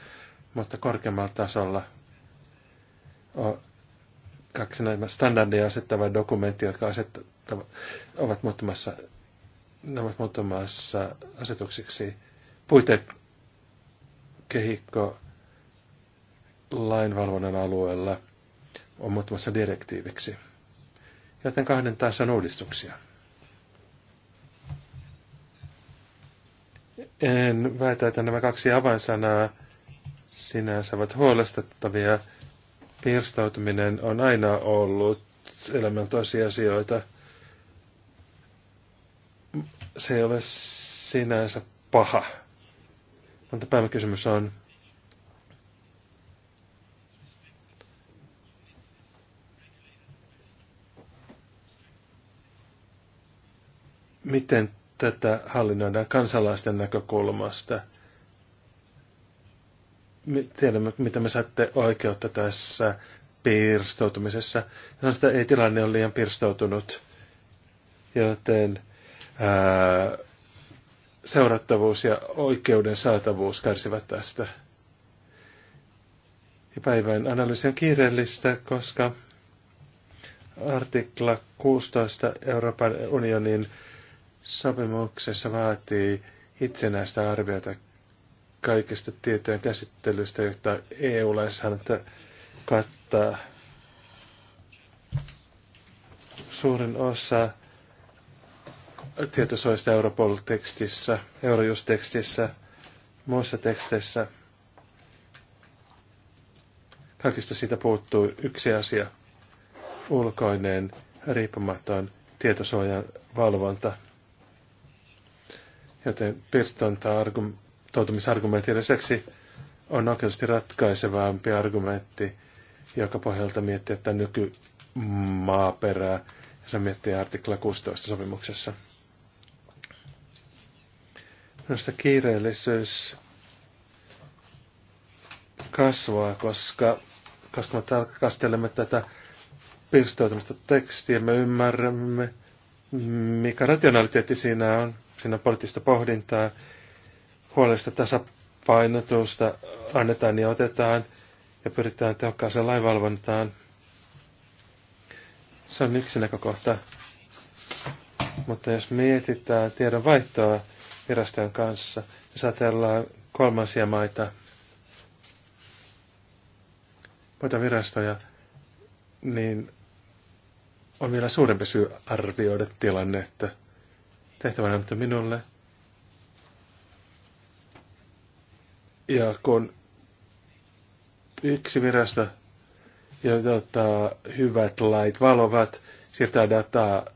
Speaker 3: mutta korkeammalla tasolla on kaksi näitä standardeja asettavaa dokumenttia, jotka asettava, ovat muuttumassa, ne ovat muuttumassa asetuksiksi puitekehikko lainvalvonnan alueella on muuttumassa direktiiviksi joten kahden taas uudistuksia. En väitä, että nämä kaksi avainsanaa sinänsä ovat huolestuttavia. Pirstautuminen on aina ollut elämän tosiasioita. Se ei ole sinänsä paha. Mutta päämäkysymys on, miten tätä hallinnoidaan kansalaisten näkökulmasta. Me tiedämme, mitä me saatte oikeutta tässä pirstoutumisessa. No, sitä ei tilanne ole liian pirstoutunut, joten ää, seurattavuus ja oikeuden saatavuus kärsivät tästä. Ja päivän analyysi on kiireellistä, koska artikla 16 Euroopan unionin sopimuksessa vaatii itsenäistä arviota kaikesta tietojen käsittelystä, jota EU-lainsäädäntö kattaa. Suurin osa tietosuojasta Europol-tekstissä, Eurojust-tekstissä, muissa teksteissä, kaikista siitä puuttuu yksi asia, ulkoinen, riippumaton tietosuojan valvonta – Joten pirstonta argumentoitumisargumentti lisäksi on oikeasti ratkaisevampi argumentti, joka pohjalta miettii, että maaperää ja se miettii artikla 16 sopimuksessa. Minusta kiireellisyys kasvaa, koska, koska me tarkastelemme tätä pirstoutumista tekstiä, me ymmärrämme, mikä rationaliteetti siinä on. Siinä poliittista pohdintaa, huolesta tasapainotusta annetaan ja otetaan ja pyritään tehokkaaseen lainvalvontaan. Se on yksi näkökohta. Mutta jos mietitään tiedon vaihtoa virastojen kanssa, jos ajatellaan kolmansia maita, muita virastoja, niin on vielä suurempi syy arvioida tilannetta tehtävänä annettu minulle. Ja kun yksi virasto, jota hyvät lait valvovat, siirtää dataa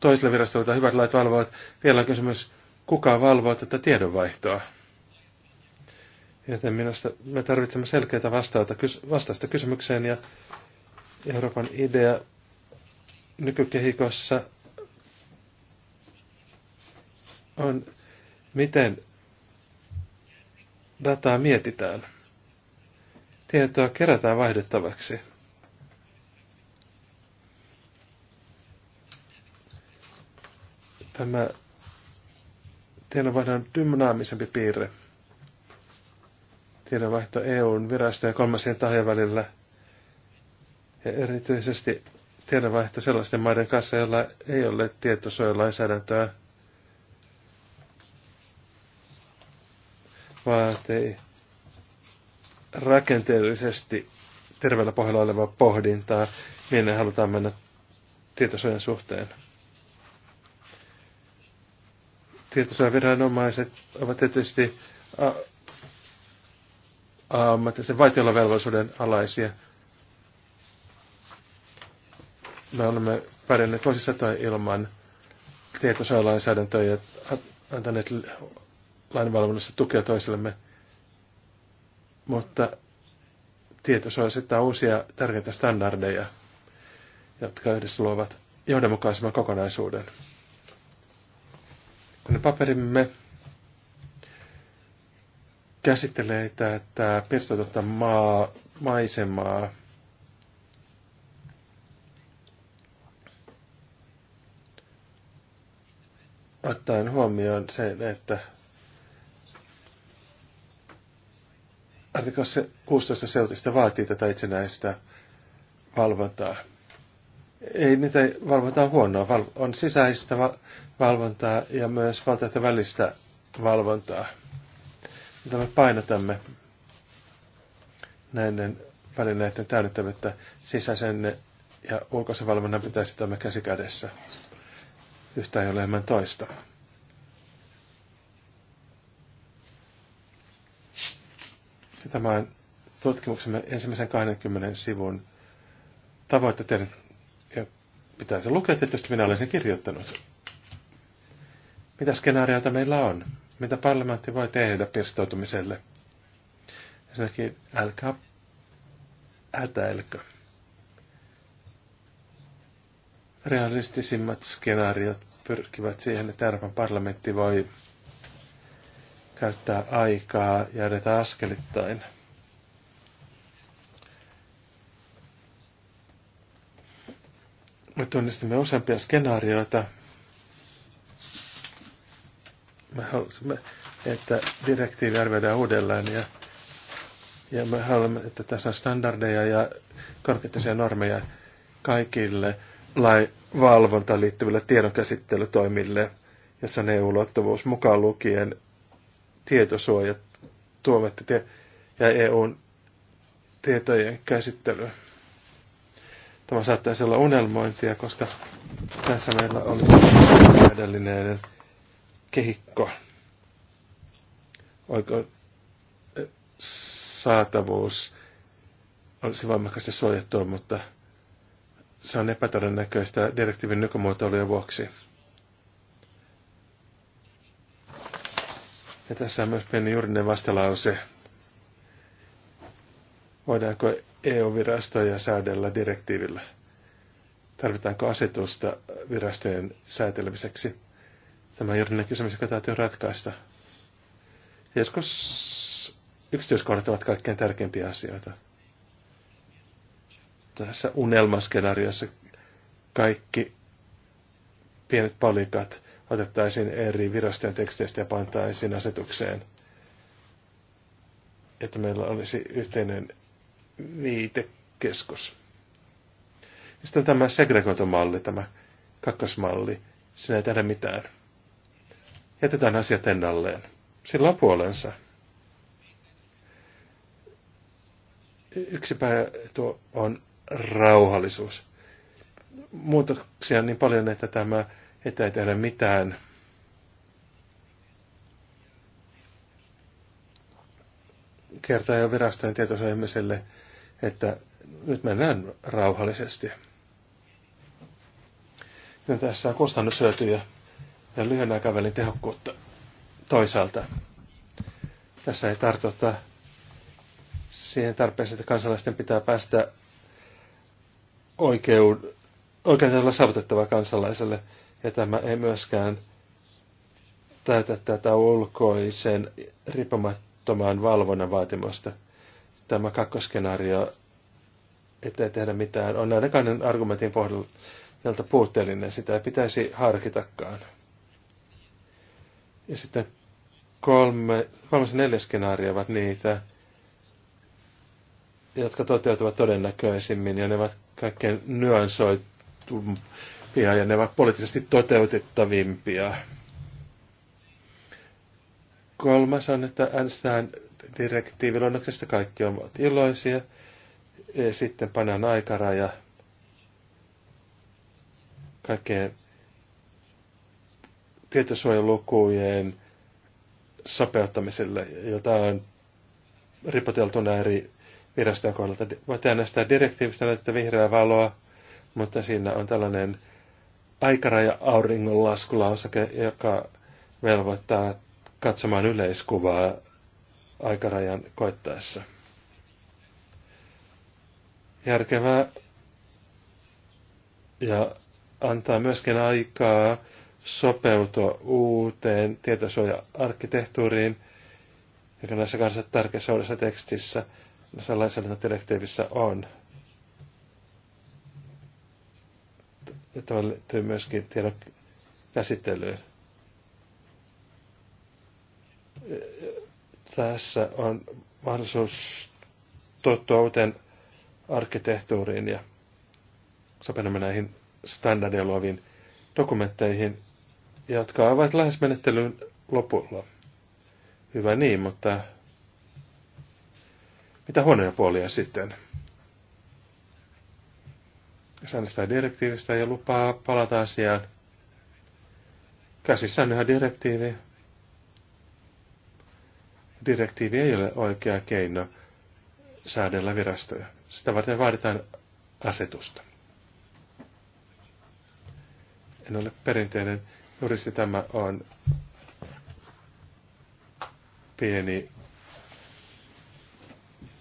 Speaker 3: toiselle virastolle, jota hyvät lait valvovat, vielä on kysymys, kuka valvoo tätä tiedonvaihtoa. Joten minusta me tarvitsemme selkeitä vastausta, vastausta kysymykseen ja Euroopan idea nykykehikossa on, miten dataa mietitään. Tietoa kerätään vaihdettavaksi. Tämä tiedonvaihdon dynaamisempi piirre. Tiedonvaihto EUn virasto ja kolmasien tahojen välillä. Ja erityisesti tiedonvaihto sellaisten maiden kanssa, joilla ei ole tietosuojalainsäädäntöä vaatii rakenteellisesti terveellä pohjalla olevaa pohdintaa, minne halutaan mennä tietosuojan suhteen. viranomaiset ovat tietysti ammatillisen vaitiolovelvollisuuden alaisia. Me olemme pärjänneet vuosisatoja ilman tietosuojalainsäädäntöä ja antaneet lainvalvonnassa tukea toisillemme, mutta tietosuoja asettaa uusia tärkeitä standardeja, jotka yhdessä luovat johdonmukaisemman kokonaisuuden. Kun paperimme käsittelee tätä pirstotonta maa, maisemaa, ottaen huomioon sen, että artikla 16 seutista vaatii tätä itsenäistä valvontaa. Ei niitä valvontaa huonoa, on sisäistä valvontaa ja myös valtioiden välistä valvontaa, mitä me painotamme näiden välineiden täydettävyyttä sisäisen ja ulkoisen valvonnan pitäisi toimia käsikädessä. Yhtä ei ole enemmän toista. Tämä on tutkimuksemme ensimmäisen 20 sivun tavoitte tehdä, ja pitää se lukea, tietysti minä olen sen kirjoittanut. Mitä skenaarioita meillä on? Mitä parlamentti voi tehdä pirstoutumiselle? Ensinnäkin älkää hätäilkö. Realistisimmat skenaariot pyrkivät siihen, että Euroopan parlamentti voi käyttää aikaa ja edetä askelittain. Me tunnistimme useampia skenaarioita. Me halusimme, että direktiivi arvioidaan uudelleen ja, ja me haluamme, että tässä on standardeja ja korkeataisia normeja kaikille lai valvontaan liittyville tiedonkäsittelytoimille, jossa on EU-ulottuvuus mukaan lukien tietosuojat, te ja EUn tietojen käsittely. Tämä saattaisi olla unelmointia, koska tässä meillä oli täydellinen kehikko. Oiko eh, saatavuus olisi voimakkaasti suojattua, mutta se on epätodennäköistä direktiivin nykymuotoilujen vuoksi. Ja tässä on myös pieni juridinen vastalause. Voidaanko EU-virastoja säädellä direktiivillä? Tarvitaanko asetusta virastojen säätelemiseksi? Tämä on juridinen kysymys, joka täytyy ratkaista. Joskus yksityiskohdat ovat kaikkein tärkeimpiä asioita. Tässä unelmaskenaariossa kaikki pienet palikat otettaisiin eri virastojen teksteistä ja pantaisiin asetukseen. Että meillä olisi yhteinen viitekeskus. Ja sitten tämä segregoitumalli, tämä kakkosmalli, sinä ei tehdä mitään. Jätetään asiat ennalleen. Sillä on puolensa. Yksi päivä tuo on rauhallisuus. Muutoksia on niin paljon, että tämä että ei tehdä mitään kertaa jo virastojen tietosuojelmiselle, että nyt mennään rauhallisesti. Ja tässä on kustannushyötyjä ja lyhyen aikavälin tehokkuutta toisaalta. Tässä ei tartuta siihen tarpeeseen, että kansalaisten pitää päästä oikeud- oikeudella saavutettavaa kansalaiselle ja tämä ei myöskään täytä tätä ulkoisen riippumattoman valvonnan vaatimusta. Tämä kakkoskenaario, ettei tehdä mitään, on ainakaan argumentin pohjalta puutteellinen. Sitä ei pitäisi harkitakaan. Ja sitten kolme, kolme ja neljäs skenaaria ovat niitä, jotka toteutuvat todennäköisimmin, ja ne ovat kaikkein nyansoitu, ja ne ovat poliittisesti toteutettavimpia. Kolmas on, että äänestään direktiiviluonnoksesta kaikki ovat iloisia. sitten pannaan aikaraja kaikkeen tietosuojalukujen sopeuttamiselle, jota on ripoteltuna eri virastojen kohdalta. Voit äänestää direktiivistä näyttää vihreää valoa, mutta siinä on tällainen aikaraja auringonlaskulauseke, joka velvoittaa katsomaan yleiskuvaa aikarajan koittaessa. Järkevää ja antaa myöskin aikaa sopeutua uuteen tietosuoja-arkkitehtuuriin, joka näissä kanssa tärkeissä uudessa tekstissä, näissä direktiivissä on. Ja tämä liittyy myöskin tiedon käsittelyyn. Tässä on mahdollisuus tuottua uuteen arkkitehtuuriin ja sopennamme näihin standardia luoviin dokumentteihin, jotka ovat lähes menettelyn lopulla. Hyvä niin, mutta mitä huonoja puolia sitten? Säännöstä direktiivistä ja lupaa palata asiaan. Käsissä on yhä direktiivi. Direktiivi ei ole oikea keino säädellä virastoja. Sitä varten vaaditaan asetusta. En ole perinteinen juristi, tämä on pieni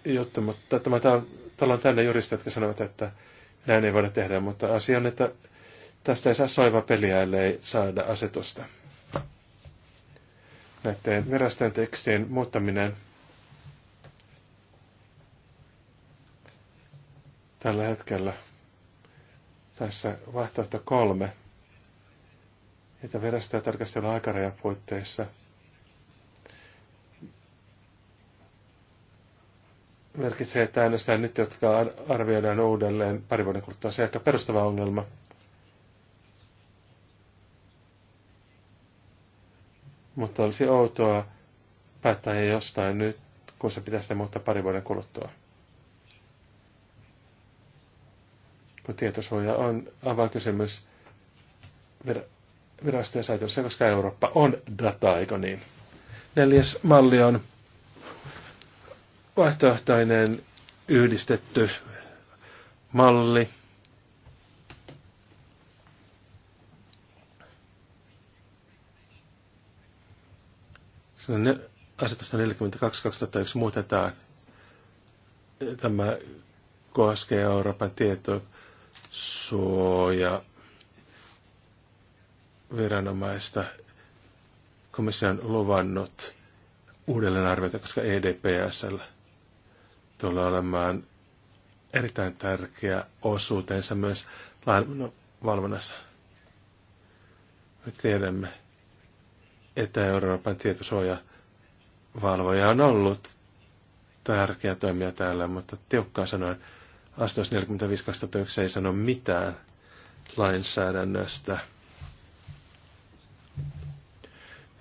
Speaker 3: juttu, mutta tämä, on, täällä on jotka sanovat, että näin ei voida tehdä, mutta asia on, että tästä ei saa soiva peliä, ellei saada asetusta. Näiden virastojen tekstien muuttaminen tällä hetkellä tässä vaihtoehto kolme, että virastoja tarkastellaan aikarajan puitteissa – merkitsee, että äänestetään nyt, jotka arvioidaan uudelleen pari vuoden kuluttua. Se on aika perustava ongelma. Mutta olisi outoa päättää jostain nyt, kun se pitäisi muuttaa pari vuoden kuluttua. Kun tietosuoja on avainkysymys virastojen säätelyssä, koska Eurooppa on dataa, eikö niin? Neljäs malli on vaihtoehtoinen yhdistetty malli. Sen asetusta 42.2001 muutetaan. Tämä koskee Euroopan tietosuoja viranomaista. komission luvannut luvannut arvioita, koska EDPSllä – tulee olemaan erittäin tärkeä osuutensa myös no, valvonnassa. Me tiedämme, että Euroopan tietosuojavalvoja on ollut tärkeä toimija täällä, mutta tiukkaan sanoen Astos 45.2001 ei sano mitään lainsäädännöstä.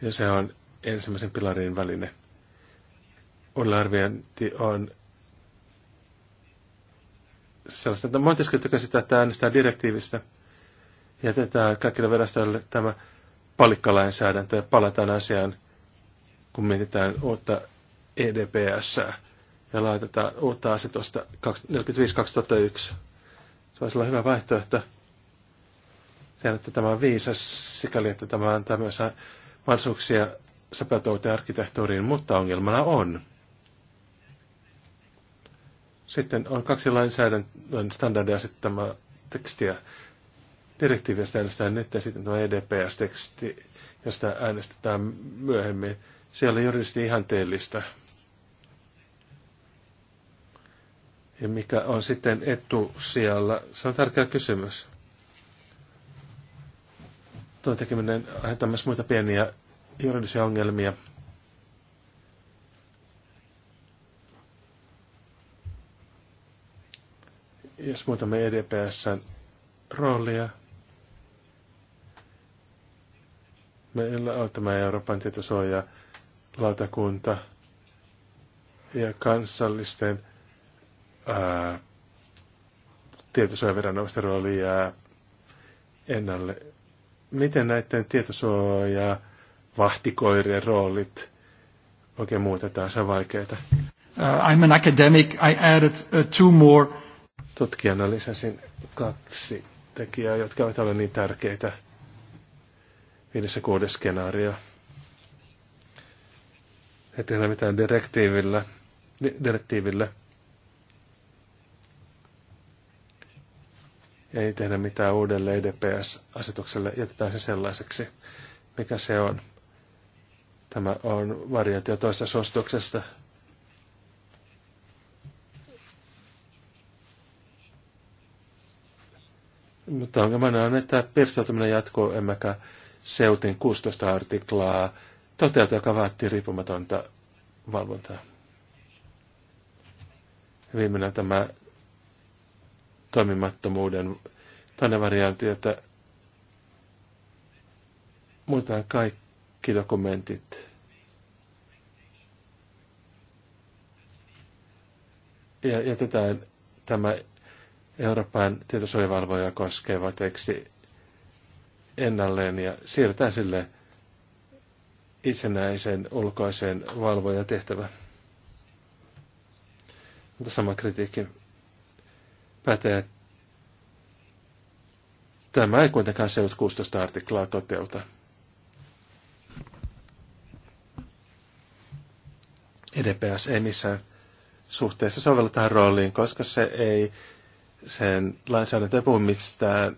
Speaker 3: Ja se on ensimmäisen pilarin väline. Uudella arviointi on sellaista, Montesquieu tykkäsi sitä, äänestää direktiivistä. Jätetään kaikille verastajille tämä palikkalainsäädäntö ja palataan asiaan, kun mietitään uutta EDPS ja laitetaan uutta asetusta 45-2001. Se voisi olla hyvä vaihtoehto. Sen, että tämä on viisas sikäli, että tämä antaa myös mahdollisuuksia sopeutua arkkitehtuuriin, mutta ongelmana on, sitten on kaksi lainsäädännön standardia asettamaa tekstiä. Direktiivistä äänestetään nyt ja sitten tuo EDPS-teksti, josta äänestetään myöhemmin. Siellä ihan ihanteellista. Ja mikä on sitten siellä? Se on tärkeä kysymys. Tuo tekeminen aiheuttaa myös muita pieniä juridisia ongelmia. Jos muutamme EDPSn roolia, meillä on tämä Euroopan tietosuoja lautakunta ja kansallisten tietosuojaviranomaisten rooli jää ennalle. Miten näiden tietosuoja vahtikoirien roolit oikein muutetaan? Se on vaikeaa. Uh,
Speaker 1: I'm an academic.
Speaker 3: I added uh, two more Tutkijana lisäsin kaksi tekijää, jotka ovat olleet niin tärkeitä. Viides ja kuudes skenaario. Ei tehdä mitään direktiivillä. direktiivillä. Ei tehdä mitään uudelle EDPS-asetukselle. Jätetään se sellaiseksi, mikä se on. Tämä on variaatio toista suosituksesta – Mutta ongelmana on, että pirstoutuminen jatkuu, emmekä seutin 16 artiklaa toteuta, joka vaatii riippumatonta valvontaa. Viimeinen tämä toimimattomuuden toinen variantti, että muutetaan kaikki dokumentit ja jätetään tämä Euroopan tietosuojavalvoja koskeva teksti ennalleen ja siirretään sille itsenäisen ulkoisen valvojan tehtävä. Mutta sama kritiikki pätee. Tämä ei kuitenkaan seut 16 artiklaa toteuta. EDPS ei missään suhteessa sovelletaan rooliin, koska se ei sen lainsäädäntö ei puhu mistään,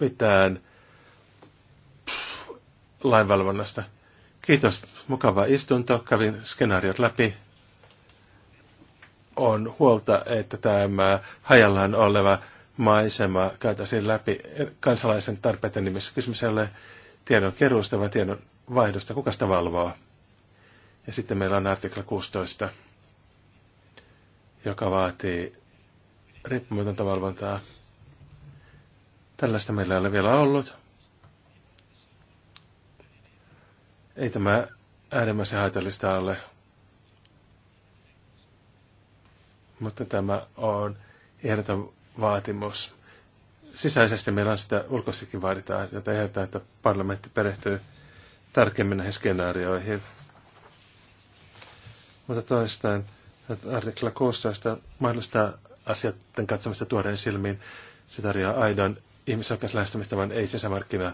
Speaker 3: mitään lainvalvonnasta. Kiitos, mukava istunto. Kävin skenaariot läpi. On huolta, että tämä hajallaan oleva maisema käytäisiin läpi kansalaisen tarpeiden nimissä. Kysymys ei ole tiedon keruusta, vaan tiedon vaihdosta. Kuka sitä valvoo? Ja sitten meillä on artikla 16, joka vaatii riippumatonta valvontaa. Tällaista meillä ei ole vielä ollut. Ei tämä äärimmäisen haitallista ole. Mutta tämä on ehdoton vaatimus. Sisäisesti meillä on sitä ulkoisestikin vaaditaan, jota ehdotetaan, että parlamentti perehtyy tarkemmin näihin skenaarioihin. Mutta toistaan, että artikla 16 mahdollistaa asioiden katsomista tuoreen silmiin. Se tarjoaa aidon vaan ei sisämarkkina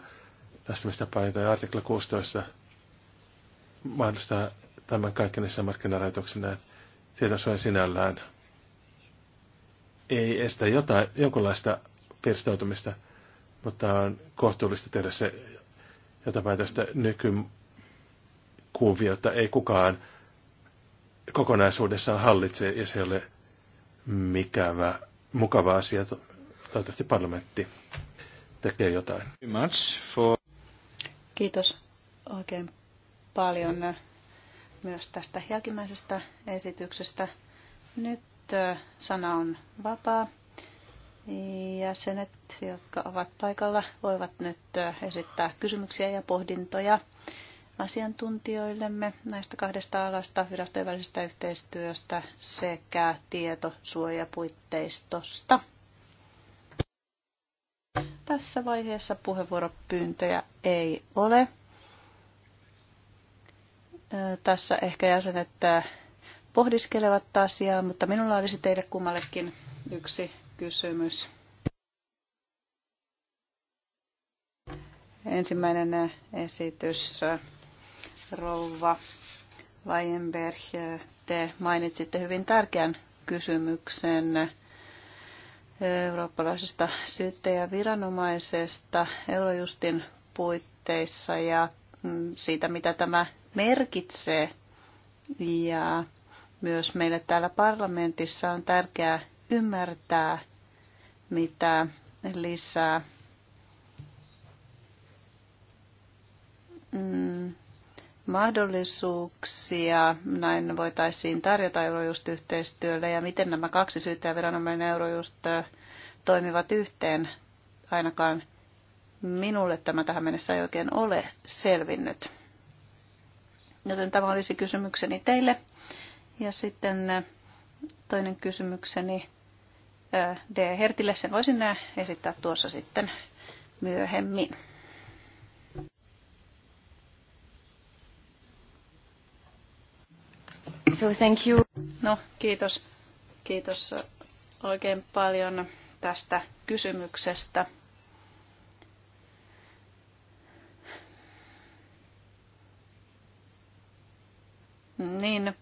Speaker 3: lähestymistapaa, tai artikla 16 mahdollistaa tämän kaiken sisämarkkinarajoituksineen tietosuojan sinällään. Ei estä jotain, jonkunlaista pirstoutumista, mutta on kohtuullista tehdä se päätöstä nykykuviota ei kukaan kokonaisuudessaan hallitse, ja se ei ole mikävä, mukava asia. Toivottavasti parlamentti tekee jotain.
Speaker 2: Kiitos oikein paljon myös tästä jälkimmäisestä esityksestä. Nyt sana on vapaa. Jäsenet, jotka ovat paikalla, voivat nyt esittää kysymyksiä ja pohdintoja asiantuntijoillemme näistä kahdesta alasta, virastojen välisestä yhteistyöstä sekä tietosuojapuitteistosta. Tässä vaiheessa puheenvuoropyyntöjä ei ole. Tässä ehkä jäsenet pohdiskelevat asiaa, mutta minulla olisi teille kummallekin yksi kysymys. Ensimmäinen esitys rouva Weinberg, te mainitsitte hyvin tärkeän kysymyksen eurooppalaisesta syyttäjäviranomaisesta Eurojustin puitteissa ja siitä, mitä tämä merkitsee. Ja myös meille täällä parlamentissa on tärkeää ymmärtää, mitä lisää mm, mahdollisuuksia näin voitaisiin tarjota Eurojust-yhteistyölle ja miten nämä kaksi syyttäjäviranomainen Eurojust toimivat yhteen. Ainakaan minulle tämä tähän mennessä ei oikein ole selvinnyt. Joten tämä olisi kysymykseni teille. Ja sitten toinen kysymykseni D. Hertille, sen voisin esittää tuossa sitten myöhemmin. So thank you. No, kiitos. Kiitos oikein paljon tästä kysymyksestä. Niin,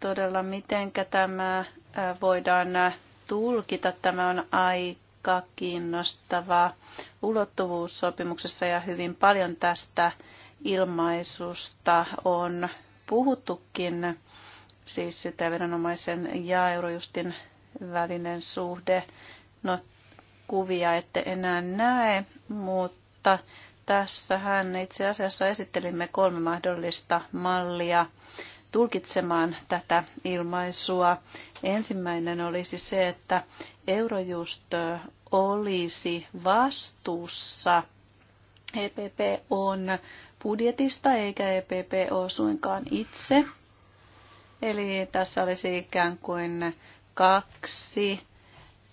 Speaker 2: todella mitenkä tämä voidaan tulkita. Tämä on aika kiinnostava ulottuvuussopimuksessa ja hyvin paljon tästä ilmaisusta on puhuttukin, siis sitä viranomaisen ja eurojustin välinen suhde. No, kuvia ette enää näe, mutta tässähän itse asiassa esittelimme kolme mahdollista mallia tulkitsemaan tätä ilmaisua. Ensimmäinen olisi se, että Eurojust olisi vastuussa EPP on budjetista eikä EPPO suinkaan itse. Eli tässä olisi ikään kuin kaksi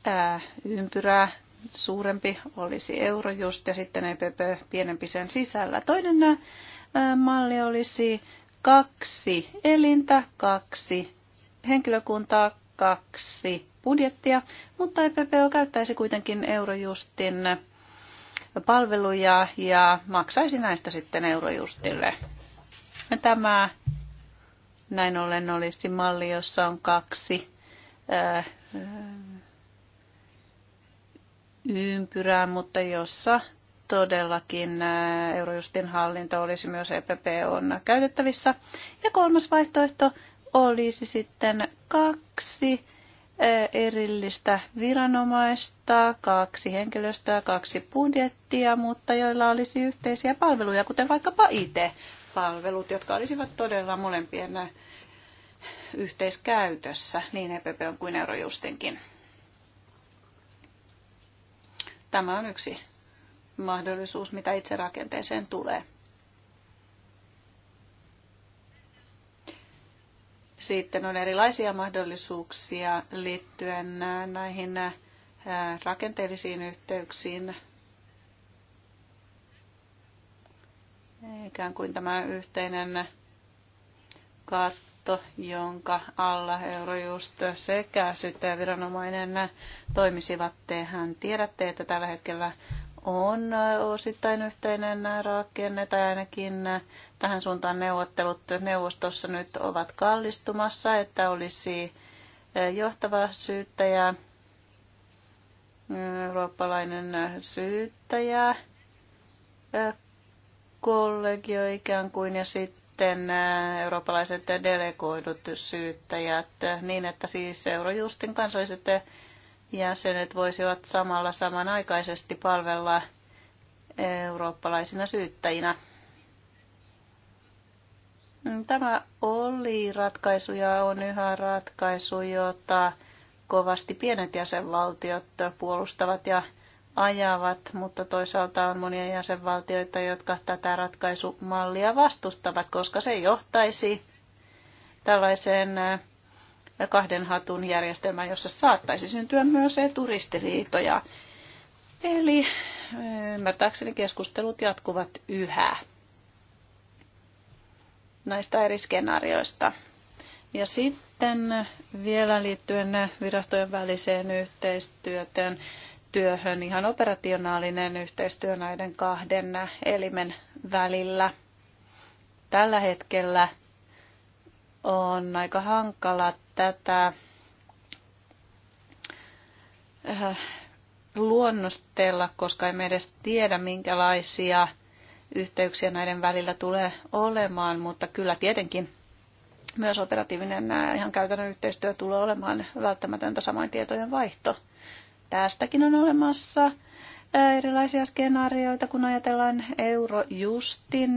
Speaker 2: ää, ympyrää. Suurempi olisi just, ja sitten EPP pienempi sen sisällä. Toinen ää, malli olisi kaksi elintä, kaksi henkilökuntaa, kaksi budjettia, mutta EPPO käyttäisi kuitenkin Eurojustin palveluja ja maksaisi näistä sitten Eurojustille. Tämä näin ollen olisi malli, jossa on kaksi äh, äh, ympyrää, mutta jossa todellakin äh, Eurojustin hallinto olisi myös EPP on käytettävissä. Ja kolmas vaihtoehto olisi sitten kaksi erillistä viranomaista, kaksi henkilöstöä, kaksi budjettia, mutta joilla olisi yhteisiä palveluja, kuten vaikkapa IT-palvelut, jotka olisivat todella molempien yhteiskäytössä, niin EPP on kuin Eurojustinkin. Tämä on yksi mahdollisuus, mitä itse rakenteeseen tulee. Sitten on erilaisia mahdollisuuksia liittyen näihin äh, rakenteellisiin yhteyksiin. Ikään kuin tämä yhteinen katto, jonka alla Eurojust sekä syyttäjäviranomainen toimisivat. Tehän tiedätte, että tällä hetkellä on osittain yhteinen rakenne, tai ainakin tähän suuntaan neuvottelut neuvostossa nyt ovat kallistumassa, että olisi eh, johtava syyttäjä, eh, eurooppalainen syyttäjä, eh, kollegio ikään kuin, ja sitten eurooppalaiset delegoidut syyttäjät, niin että siis Eurojustin kansalliset jäsenet voisivat samalla samanaikaisesti palvella eurooppalaisina syyttäjinä. Tämä oli ratkaisu ja on yhä ratkaisu, jota kovasti pienet jäsenvaltiot puolustavat ja ajavat, mutta toisaalta on monia jäsenvaltioita, jotka tätä ratkaisumallia vastustavat, koska se johtaisi tällaiseen kahden hatun järjestelmä, jossa saattaisi syntyä myös eturistiriitoja. Eli eh, ymmärtääkseni keskustelut jatkuvat yhä näistä eri skenaarioista. Ja sitten vielä liittyen virastojen väliseen yhteistyötön työhön ihan operationaalinen yhteistyö näiden kahden elimen välillä. Tällä hetkellä on aika hankalat tätä äh, luonnostella, koska emme edes tiedä, minkälaisia yhteyksiä näiden välillä tulee olemaan, mutta kyllä tietenkin myös operatiivinen äh, ihan käytännön yhteistyö tulee olemaan välttämätöntä samoin tietojen vaihto. Tästäkin on olemassa äh, erilaisia skenaarioita, kun ajatellaan Eurojustin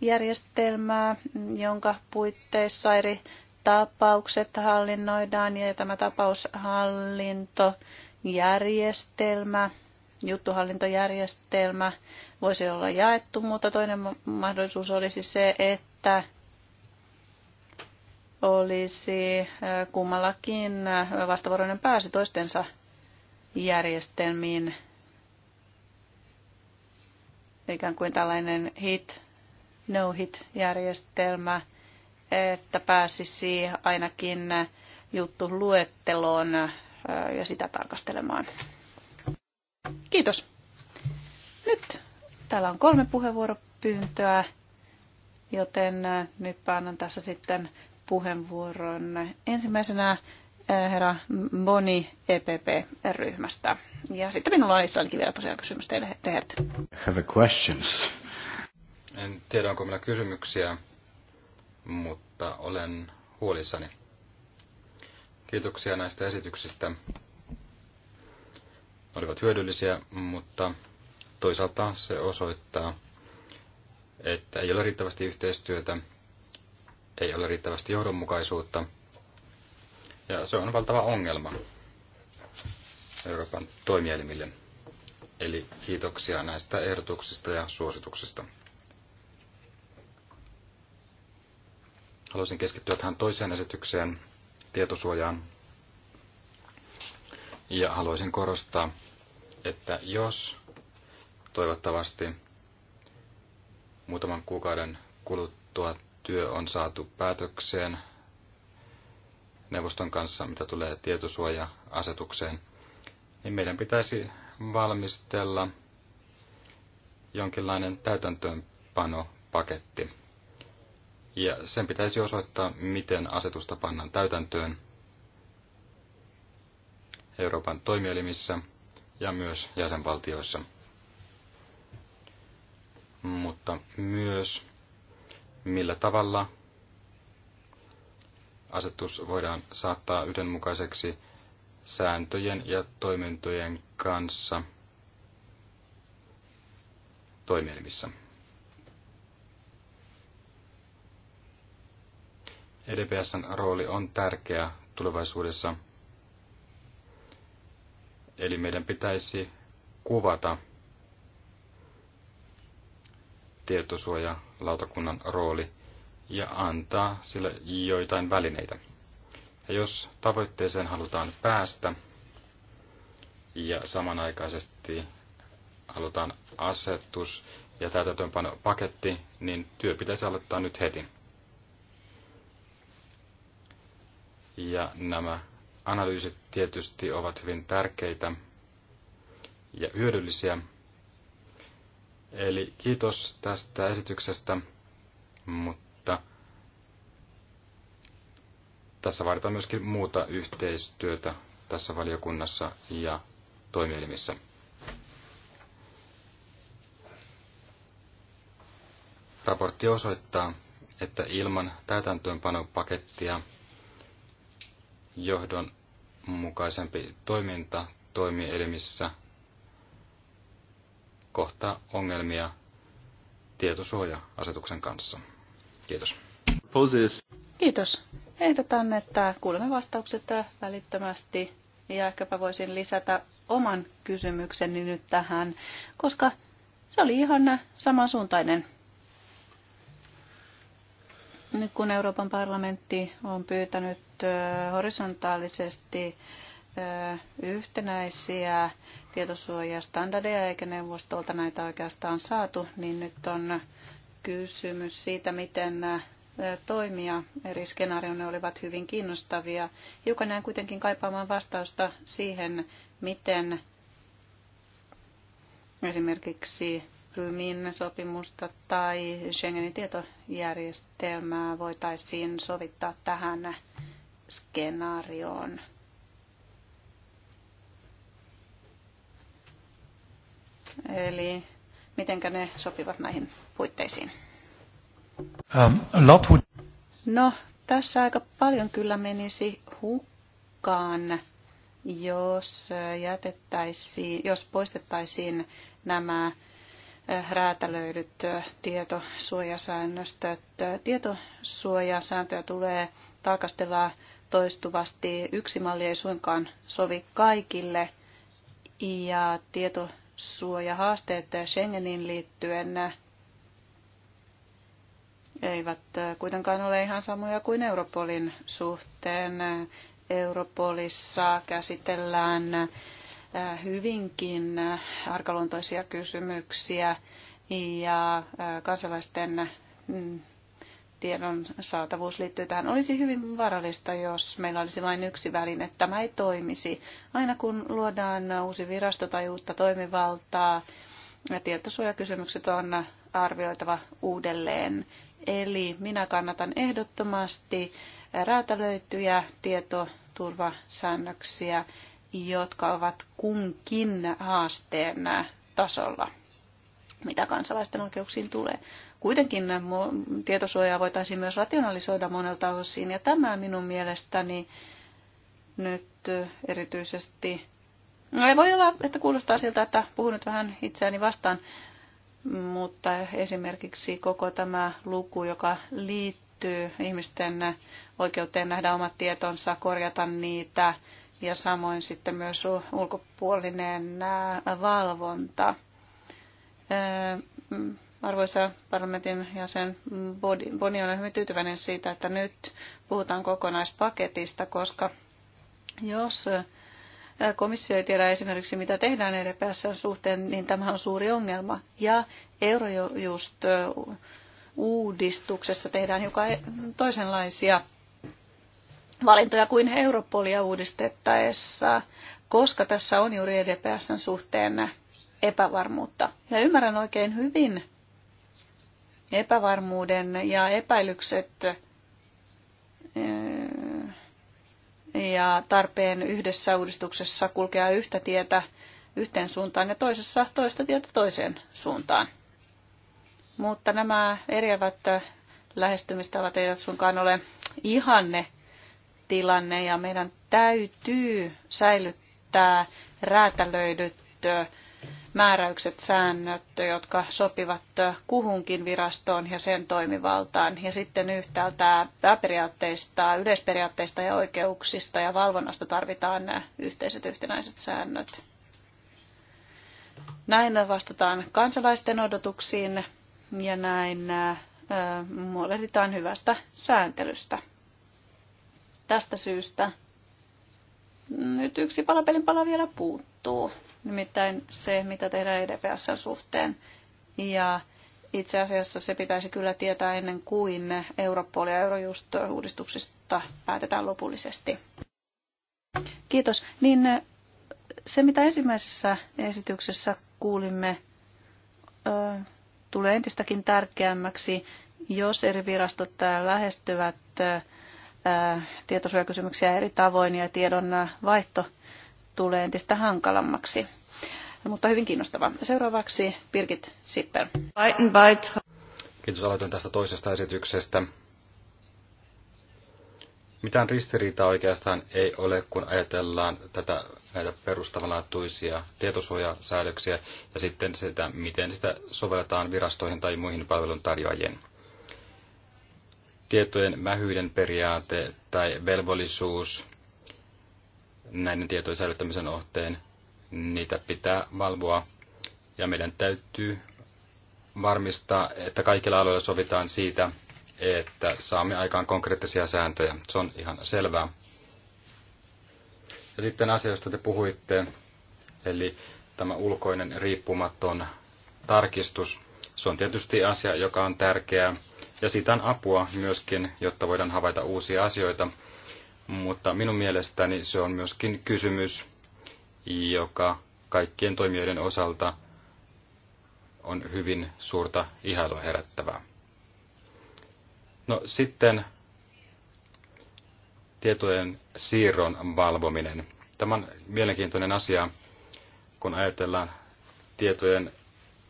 Speaker 2: järjestelmää, jonka puitteissa eri tapaukset hallinnoidaan ja tämä tapaushallintojärjestelmä, juttuhallintojärjestelmä voisi olla jaettu, mutta toinen mahdollisuus olisi se, että olisi kummallakin vastavuoroinen pääsy toistensa järjestelmiin. Ikään kuin tällainen hit, no hit järjestelmä – että pääsisi ainakin juttu luetteloon ja sitä tarkastelemaan. Kiitos. Nyt täällä on kolme puheenvuoropyyntöä, joten nyt annan tässä sitten puheenvuoron ensimmäisenä herra Boni EPP-ryhmästä. Ja sitten minulla on Israelikin vielä tosiaan kysymys teille,
Speaker 1: Have a questions. En tiedä, onko meillä kysymyksiä mutta olen huolissani. Kiitoksia näistä esityksistä. Ne olivat hyödyllisiä, mutta toisaalta se osoittaa, että ei ole riittävästi yhteistyötä, ei ole riittävästi johdonmukaisuutta, ja se on valtava ongelma Euroopan toimielimille. Eli kiitoksia näistä ehdotuksista ja suosituksista. Haluaisin keskittyä tähän toiseen esitykseen, tietosuojaan. Ja haluaisin korostaa, että jos toivottavasti muutaman kuukauden kuluttua työ on saatu päätökseen neuvoston kanssa, mitä tulee tietosuoja-asetukseen, niin meidän pitäisi valmistella jonkinlainen täytäntöönpanopaketti ja sen pitäisi osoittaa, miten asetusta pannaan täytäntöön Euroopan toimielimissä ja myös jäsenvaltioissa. Mutta myös millä tavalla asetus voidaan saattaa yhdenmukaiseksi sääntöjen ja toimintojen kanssa toimielimissä. EDPSn rooli on tärkeä tulevaisuudessa. Eli meidän pitäisi kuvata tietosuojalautakunnan rooli ja antaa sille joitain välineitä. Ja jos tavoitteeseen halutaan päästä ja samanaikaisesti halutaan asetus ja paketti, niin työ pitäisi aloittaa nyt heti. Ja nämä analyysit tietysti ovat hyvin tärkeitä ja hyödyllisiä. Eli kiitos tästä esityksestä, mutta tässä vaaditaan myöskin muuta yhteistyötä tässä valiokunnassa ja toimielimissä. Raportti osoittaa, että ilman täytäntöönpanopakettia – johdonmukaisempi toiminta toimielimissä kohtaa ongelmia tietosuoja-asetuksen kanssa. Kiitos.
Speaker 2: Kiitos. Ehdotan, että kuulemme vastaukset välittömästi ja ehkäpä voisin lisätä oman kysymykseni nyt tähän, koska se oli ihan samansuuntainen nyt kun Euroopan parlamentti on pyytänyt horisontaalisesti yhtenäisiä tietosuojastandardeja, eikä neuvostolta näitä oikeastaan saatu, niin nyt on kysymys siitä, miten toimia. Eri skenaariomme olivat hyvin kiinnostavia. Hiukan näen kuitenkin kaipaamaan vastausta siihen, miten esimerkiksi Prymin sopimusta tai Schengenin tietojärjestelmää voitaisiin sovittaa tähän skenaarioon. Eli miten ne sopivat näihin puitteisiin? Um, No, tässä aika paljon kyllä menisi hukkaan, jos, jätettäisiin, jos poistettaisiin nämä räätälöidyt tietosuojasäännöstöt. Tietosuojasääntöjä tulee tarkastella toistuvasti. Yksi malli ei suinkaan sovi kaikille ja tietosuojahaasteet Schengenin liittyen eivät kuitenkaan ole ihan samoja kuin Europolin suhteen. Europolissa käsitellään Äh, hyvinkin äh, arkaluontoisia kysymyksiä ja äh, kansalaisten mm, tiedon saatavuus liittyy tähän. Olisi hyvin vaarallista, jos meillä olisi vain yksi väline. Tämä ei toimisi. Aina kun luodaan uusi virasto tai uutta toimivaltaa, tietosuojakysymykset on arvioitava uudelleen. Eli minä kannatan ehdottomasti räätälöityjä tietoturvasäännöksiä jotka ovat kunkin haasteen tasolla, mitä kansalaisten oikeuksiin tulee. Kuitenkin tietosuojaa voitaisiin myös rationalisoida monelta osin, ja tämä minun mielestäni nyt erityisesti No, voi olla, että kuulostaa siltä, että puhun nyt vähän itseäni vastaan, mutta esimerkiksi koko tämä luku, joka liittyy ihmisten oikeuteen nähdä omat tietonsa, korjata niitä, ja samoin sitten myös ulkopuolinen valvonta. Mm, arvoisa parlamentin jäsen Boni, olen hyvin tyytyväinen siitä, että nyt puhutaan kokonaispaketista, koska jos komissio ei tiedä esimerkiksi, mitä tehdään EDPSn suhteen, niin tämä on suuri ongelma. Ja Eurojust uudistuksessa tehdään hiukan e- toisenlaisia valintoja kuin Europolia uudistettaessa, koska tässä on juuri EDPSn suhteen epävarmuutta. Ja ymmärrän oikein hyvin epävarmuuden ja epäilykset eh, ja tarpeen yhdessä uudistuksessa kulkea yhtä tietä yhteen suuntaan ja toisessa toista tietä toiseen suuntaan. Mutta nämä eriävät lähestymistavat eivät suinkaan ole ihanne tilanne ja meidän täytyy säilyttää räätälöidyt määräykset, säännöt, jotka sopivat kuhunkin virastoon ja sen toimivaltaan. Ja sitten yhtäältä pääperiaatteista, yleisperiaatteista ja oikeuksista ja valvonnasta tarvitaan nämä yhteiset yhtenäiset säännöt. Näin vastataan kansalaisten odotuksiin ja näin huolehditaan hyvästä sääntelystä tästä syystä nyt yksi palapelin pala vielä puuttuu, nimittäin se, mitä tehdään EDPSn suhteen. Ja itse asiassa se pitäisi kyllä tietää ennen kuin Europol ja Eurojust-uudistuksista päätetään lopullisesti. Kiitos. Niin se, mitä ensimmäisessä esityksessä kuulimme, tulee entistäkin tärkeämmäksi, jos eri virastot lähestyvät Äh, tietosuojakysymyksiä eri tavoin ja tiedon äh, vaihto tulee entistä hankalammaksi. Mutta hyvin kiinnostava. Seuraavaksi Birgit Sipper.
Speaker 1: Kiitos, aloitan tästä toisesta esityksestä. Mitään ristiriitaa oikeastaan ei ole, kun ajatellaan tätä, näitä perustavanlaatuisia tietosuojasäädöksiä ja sitten sitä, miten sitä sovelletaan virastoihin tai muihin palveluntarjoajien. tarjoajien tietojen mähyyden periaate tai velvollisuus näiden tietojen säilyttämisen ohteen, niitä pitää valvoa. Ja meidän täytyy varmistaa, että kaikilla aloilla sovitaan siitä, että saamme aikaan konkreettisia sääntöjä. Se on ihan selvää. Ja sitten asia, josta te puhuitte, eli tämä ulkoinen riippumaton tarkistus. Se on tietysti asia, joka on tärkeää ja siitä on apua myöskin, jotta voidaan havaita uusia asioita. Mutta minun mielestäni se on myöskin kysymys, joka kaikkien toimijoiden osalta on hyvin suurta ihailua herättävää. No sitten tietojen siirron valvominen. Tämä on mielenkiintoinen asia, kun ajatellaan tietojen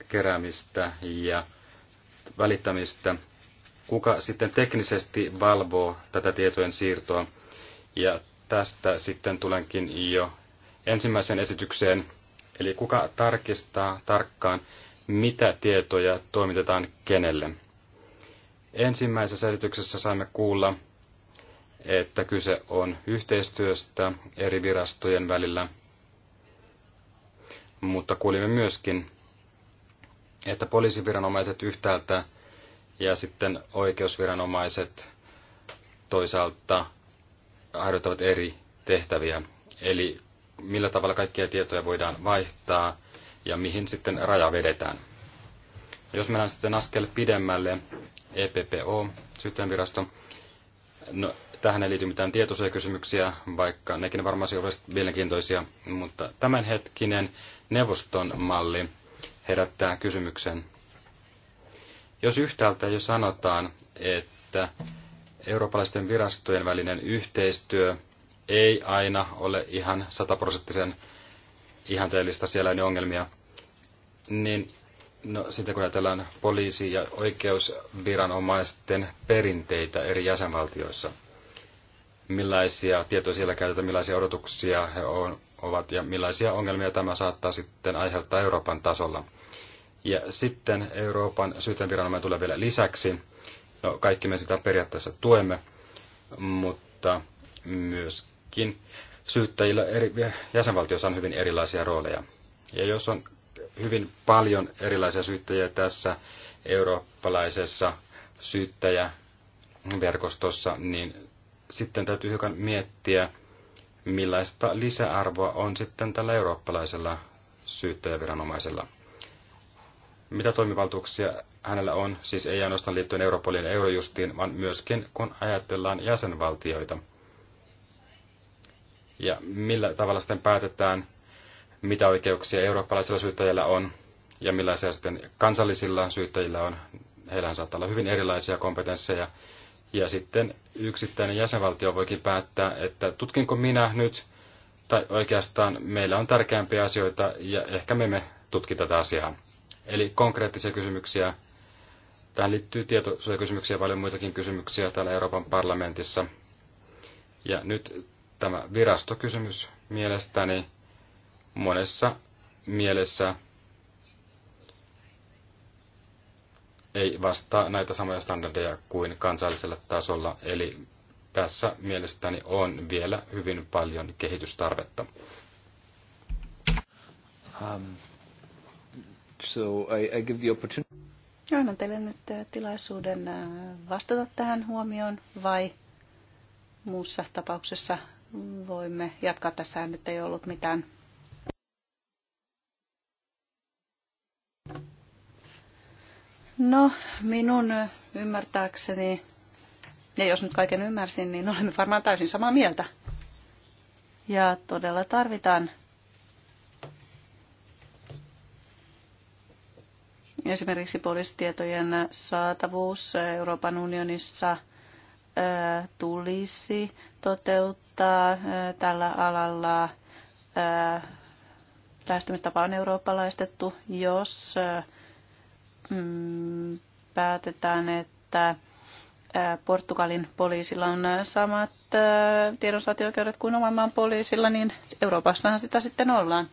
Speaker 1: keräämistä ja välittämistä kuka sitten teknisesti valvoo tätä tietojen siirtoa. Ja tästä sitten tulenkin jo ensimmäiseen esitykseen, eli kuka tarkistaa tarkkaan, mitä tietoja toimitetaan kenelle. Ensimmäisessä esityksessä saimme kuulla, että kyse on yhteistyöstä eri virastojen välillä, mutta kuulimme myöskin, että poliisiviranomaiset yhtäältä ja sitten oikeusviranomaiset toisaalta harjoittavat eri tehtäviä. Eli millä tavalla kaikkia tietoja voidaan vaihtaa ja mihin sitten raja vedetään. Jos mennään sitten askel pidemmälle, EPPO, syyttäjänvirasto, no, tähän ei liity mitään tietosuojakysymyksiä, vaikka nekin varmasti olisivat mielenkiintoisia, mutta tämänhetkinen neuvoston malli herättää kysymyksen jos yhtäältä jo sanotaan, että eurooppalaisten virastojen välinen yhteistyö ei aina ole ihan sataprosenttisen ihanteellista, siellä on ongelmia, niin no, sitten kun ajatellaan poliisi- ja oikeusviranomaisten perinteitä eri jäsenvaltioissa, millaisia tietoja siellä käytetään, millaisia odotuksia he on, ovat ja millaisia ongelmia tämä saattaa sitten aiheuttaa Euroopan tasolla. Ja sitten Euroopan syytteen tulee vielä lisäksi. No, kaikki me sitä periaatteessa tuemme, mutta myöskin syyttäjillä eri, jäsenvaltioissa on hyvin erilaisia rooleja. Ja jos on hyvin paljon erilaisia syyttäjiä tässä eurooppalaisessa syyttäjäverkostossa, niin sitten täytyy hiukan miettiä, millaista lisäarvoa on sitten tällä eurooppalaisella syyttäjäviranomaisella mitä toimivaltuuksia hänellä on, siis ei ainoastaan liittyen Europolin Eurojustiin, vaan myöskin kun ajatellaan jäsenvaltioita. Ja millä tavalla sitten päätetään, mitä oikeuksia eurooppalaisilla syyttäjillä on ja millaisia sitten kansallisilla syyttäjillä on. Heillähän saattaa olla hyvin erilaisia kompetensseja. Ja sitten yksittäinen jäsenvaltio voikin päättää, että tutkinko minä nyt, tai oikeastaan meillä on tärkeämpiä asioita ja ehkä me emme tutki tätä asiaa. Eli konkreettisia kysymyksiä. Tähän liittyy tietosuojakysymyksiä ja paljon muitakin kysymyksiä täällä Euroopan parlamentissa. Ja nyt tämä virastokysymys mielestäni monessa mielessä ei vastaa näitä samoja standardeja kuin kansallisella tasolla, eli tässä mielestäni on vielä hyvin paljon kehitystarvetta. Um, So I, I give the opportunity.
Speaker 2: Annan teille nyt äh, tilaisuuden äh, vastata tähän huomioon vai muussa tapauksessa voimme jatkaa. Tässä nyt ei ollut mitään No, minun äh, ymmärtääkseni, ja jos nyt kaiken ymmärsin, niin olemme varmaan täysin samaa mieltä. Ja todella tarvitaan Esimerkiksi poliisitietojen saatavuus Euroopan unionissa tulisi toteuttaa tällä alalla. Lähestymistapa on eurooppalaistettu, jos mm, päätetään, että Portugalin poliisilla on samat tiedonsaantioikeudet kuin oman maan poliisilla, niin Euroopassahan sitä sitten ollaan.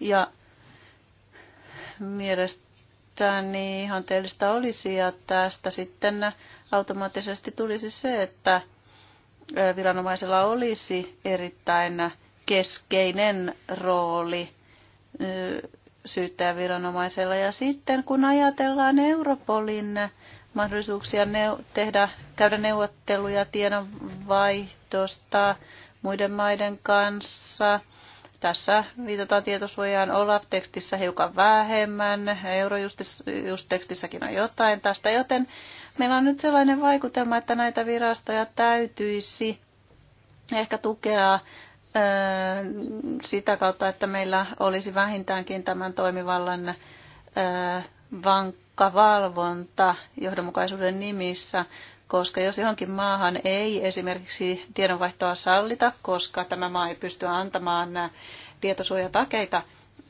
Speaker 2: Ja mielestäni käyttää, niin ihan teellistä olisi ja tästä sitten automaattisesti tulisi se, että viranomaisella olisi erittäin keskeinen rooli syyttäjäviranomaisella. Ja sitten kun ajatellaan Europolin mahdollisuuksia neu- tehdä, käydä neuvotteluja tiedonvaihtosta muiden maiden kanssa, tässä viitataan tietosuojaan Olaf-tekstissä hiukan vähemmän, Eurojust-tekstissäkin on jotain tästä, joten meillä on nyt sellainen vaikutelma, että näitä virastoja täytyisi ehkä tukea sitä kautta, että meillä olisi vähintäänkin tämän toimivallan vankka valvonta johdonmukaisuuden nimissä koska jos johonkin maahan ei esimerkiksi tiedonvaihtoa sallita, koska tämä maa ei pysty antamaan äh, tietosuojatakeita,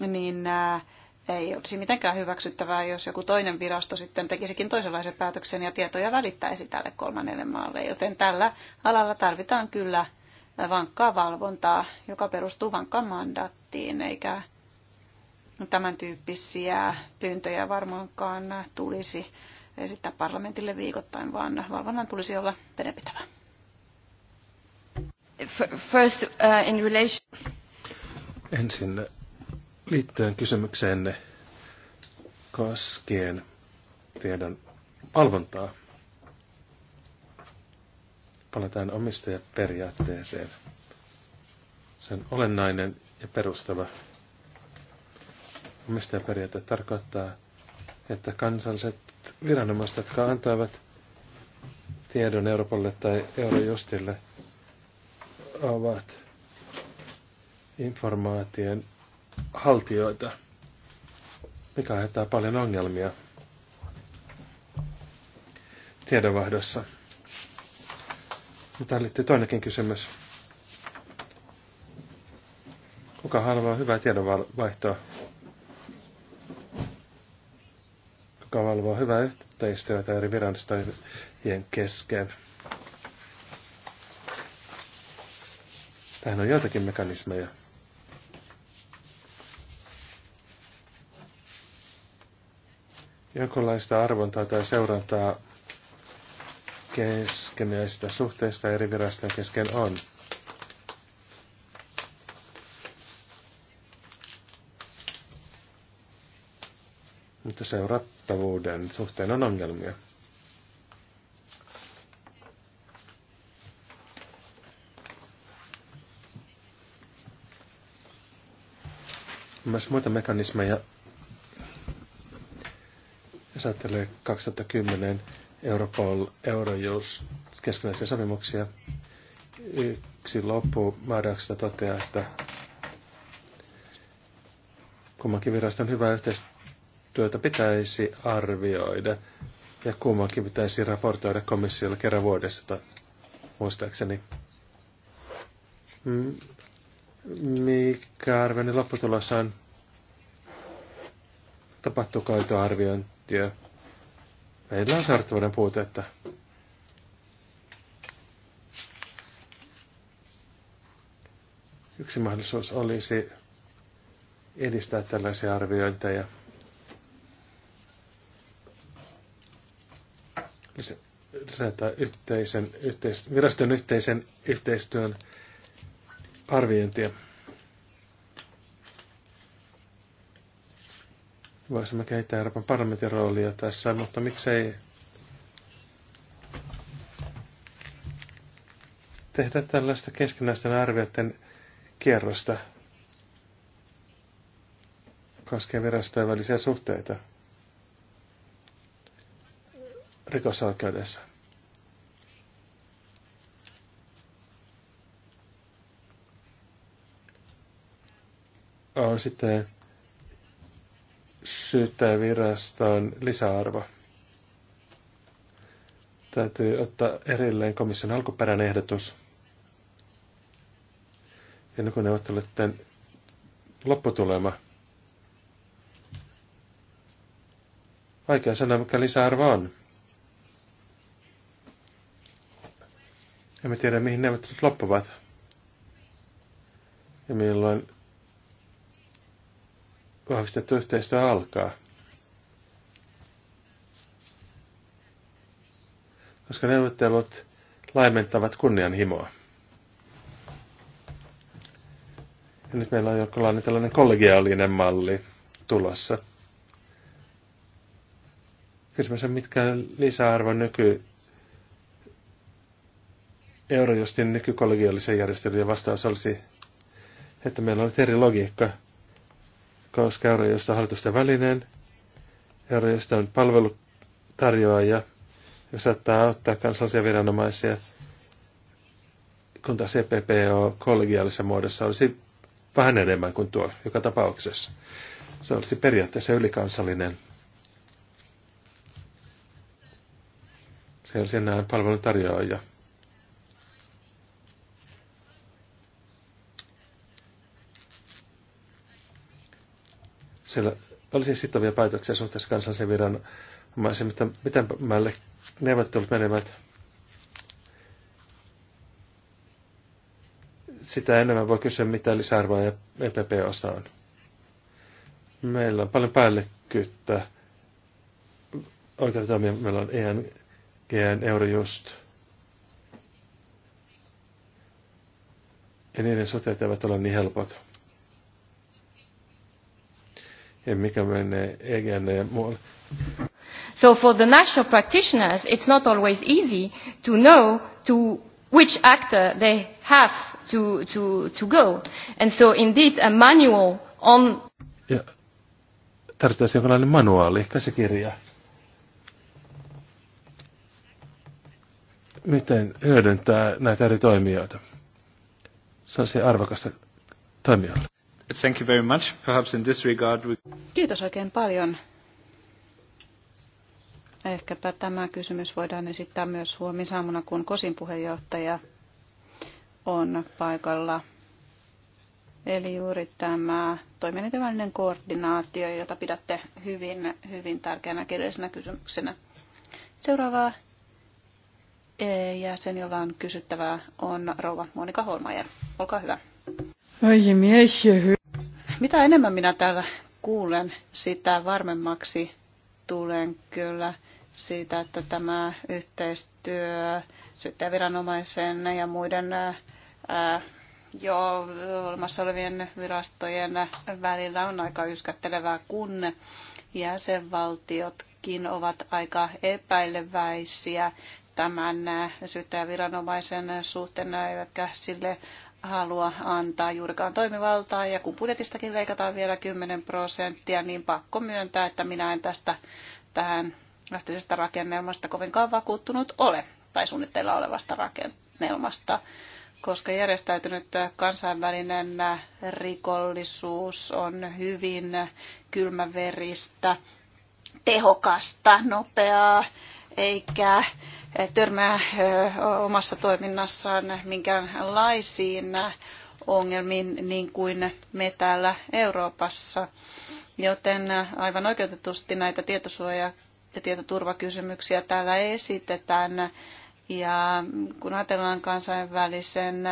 Speaker 2: niin äh, ei olisi mitenkään hyväksyttävää, jos joku toinen virasto sitten tekisikin toisenlaisen päätöksen ja tietoja välittäisi tälle kolmannelle maalle. Joten tällä alalla tarvitaan kyllä äh, vankkaa valvontaa, joka perustuu vankkaan mandaattiin, eikä tämän tyyppisiä pyyntöjä varmaankaan tulisi esittää parlamentille viikoittain, vaan valvonnan tulisi olla vedenpitävä.
Speaker 1: First, uh, in relation...
Speaker 3: Ensin liittyen kysymykseenne koskien tiedon valvontaa. Palataan omistajaperiaatteeseen. Se on olennainen ja perustava. Omistajaperiaate tarkoittaa, että kansalliset viranomaiset, jotka antavat tiedon Europolle tai Eurojustille, ovat informaation haltijoita, mikä aiheuttaa paljon ongelmia tiedonvaihdossa. Tähän liittyy toinenkin kysymys. Kuka haluaa hyvää tiedonvaihtoa? joka valvoa hyvää yhteistyötä eri virastojen kesken. Tähän on joitakin mekanismeja. Jonkinlaista arvontaa tai seurantaa keskenäisistä suhteista eri virastojen kesken on. seurattavuuden suhteen on ongelmia. myös muita mekanismeja. Jos ajattelee 2010 Europol, Eurojust, keskinäisiä sopimuksia, yksi määräyksestä toteaa, että kummankin viraston hyvä yhteistyö työtä pitäisi arvioida ja kummankin pitäisi raportoida komissiolle kerran vuodessa, muistaakseni. Mm, mikä arvioinnin lopputulos on? kaitoarviointia. Meillä on sarttuvuuden puutetta. Yksi mahdollisuus olisi edistää tällaisia arviointeja. lisätä yhteisen, yhteis, viraston yhteisen yhteistyön arviointia. Voisimme kehittää Euroopan parlamentin roolia tässä, mutta miksei tehdä tällaista keskinäisten arvioiden kierrosta koskien virastojen välisiä suhteita rikosoikeudessa. On sitten syyttäjäviraston lisäarvo. Täytyy ottaa erilleen komission alkuperäinen ehdotus. Ja niin kun ovat lopputulema. Vaikea sanoa, mikä lisäarvo on. Emme tiedä, mihin neuvottelut loppuvat. Ja milloin vahvistettu yhteistyö alkaa. Koska neuvottelut laimentavat kunnianhimoa. Ja nyt meillä on jokinlainen tällainen kollegiaalinen malli tulossa. Kysymys on, mitkä lisäarvo nyky Eurojustin nykykollegiallisen järjestelyjen vastaus olisi, että meillä on eri logiikka, koska Eurojust on hallitusten välineen, Eurojust on palvelutarjoaja, joka saattaa auttaa kansallisia viranomaisia, kun taas EPPO kollegiaalisessa muodossa olisi vähän enemmän kuin tuo joka tapauksessa. Se olisi periaatteessa ylikansallinen. Se olisi enää palveluntarjoaja. siellä olisi sitovia päätöksiä suhteessa kansallisen viranomaisiin, mutta miten mälle neuvottelut menevät. Sitä enemmän voi kysyä, mitä lisäarvoa ja e EPP on. Meillä on paljon päällekkyyttä. Oikein toimia meillä on ENGN, Eurojust. Ja niiden suhteet eivät ole niin helpot mikä menee EGN muualle.
Speaker 1: So for the national practitioners, it's not always easy to know to which actor they have to, to, to go. And so indeed a manual on...
Speaker 3: Ja tarvittaisiin jonkinlainen manuaali, käsikirja. Miten hyödyntää näitä eri toimijoita? Se on se arvokasta
Speaker 1: toimijoille. Thank you very much. Perhaps in this regard we...
Speaker 2: Kiitos oikein paljon. Ehkäpä tämä kysymys voidaan esittää myös huomisaamuna, kun KOSin puheenjohtaja on paikalla. Eli juuri tämä toimijoiden koordinaatio, jota pidätte hyvin, hyvin tärkeänä kirjallisena kysymyksenä. Seuraava jäsen, jolla on kysyttävää, on rouva Monika Holmajer. Olkaa hyvä. Mitä enemmän minä täällä kuulen, sitä varmemmaksi tulen kyllä siitä, että tämä yhteistyö syyttäjäviranomaisen ja muiden ää, jo olemassa olevien virastojen välillä on aika yskättelevää, kun jäsenvaltiotkin ovat aika epäileväisiä tämän syyttäjäviranomaisen suhteen, eivätkä sille halua antaa juurikaan toimivaltaa ja kun budjetistakin leikataan vielä 10 prosenttia, niin pakko myöntää, että minä en tästä tähän lastisesta rakennelmasta kovinkaan vakuuttunut ole tai suunnitteilla olevasta rakennelmasta, koska järjestäytynyt kansainvälinen rikollisuus on hyvin kylmäveristä, tehokasta, nopeaa, eikä törmää omassa toiminnassaan minkäänlaisiin ongelmiin niin kuin me täällä Euroopassa. Joten aivan oikeutetusti näitä tietosuoja- ja tietoturvakysymyksiä täällä esitetään. Ja kun ajatellaan kansainvälisen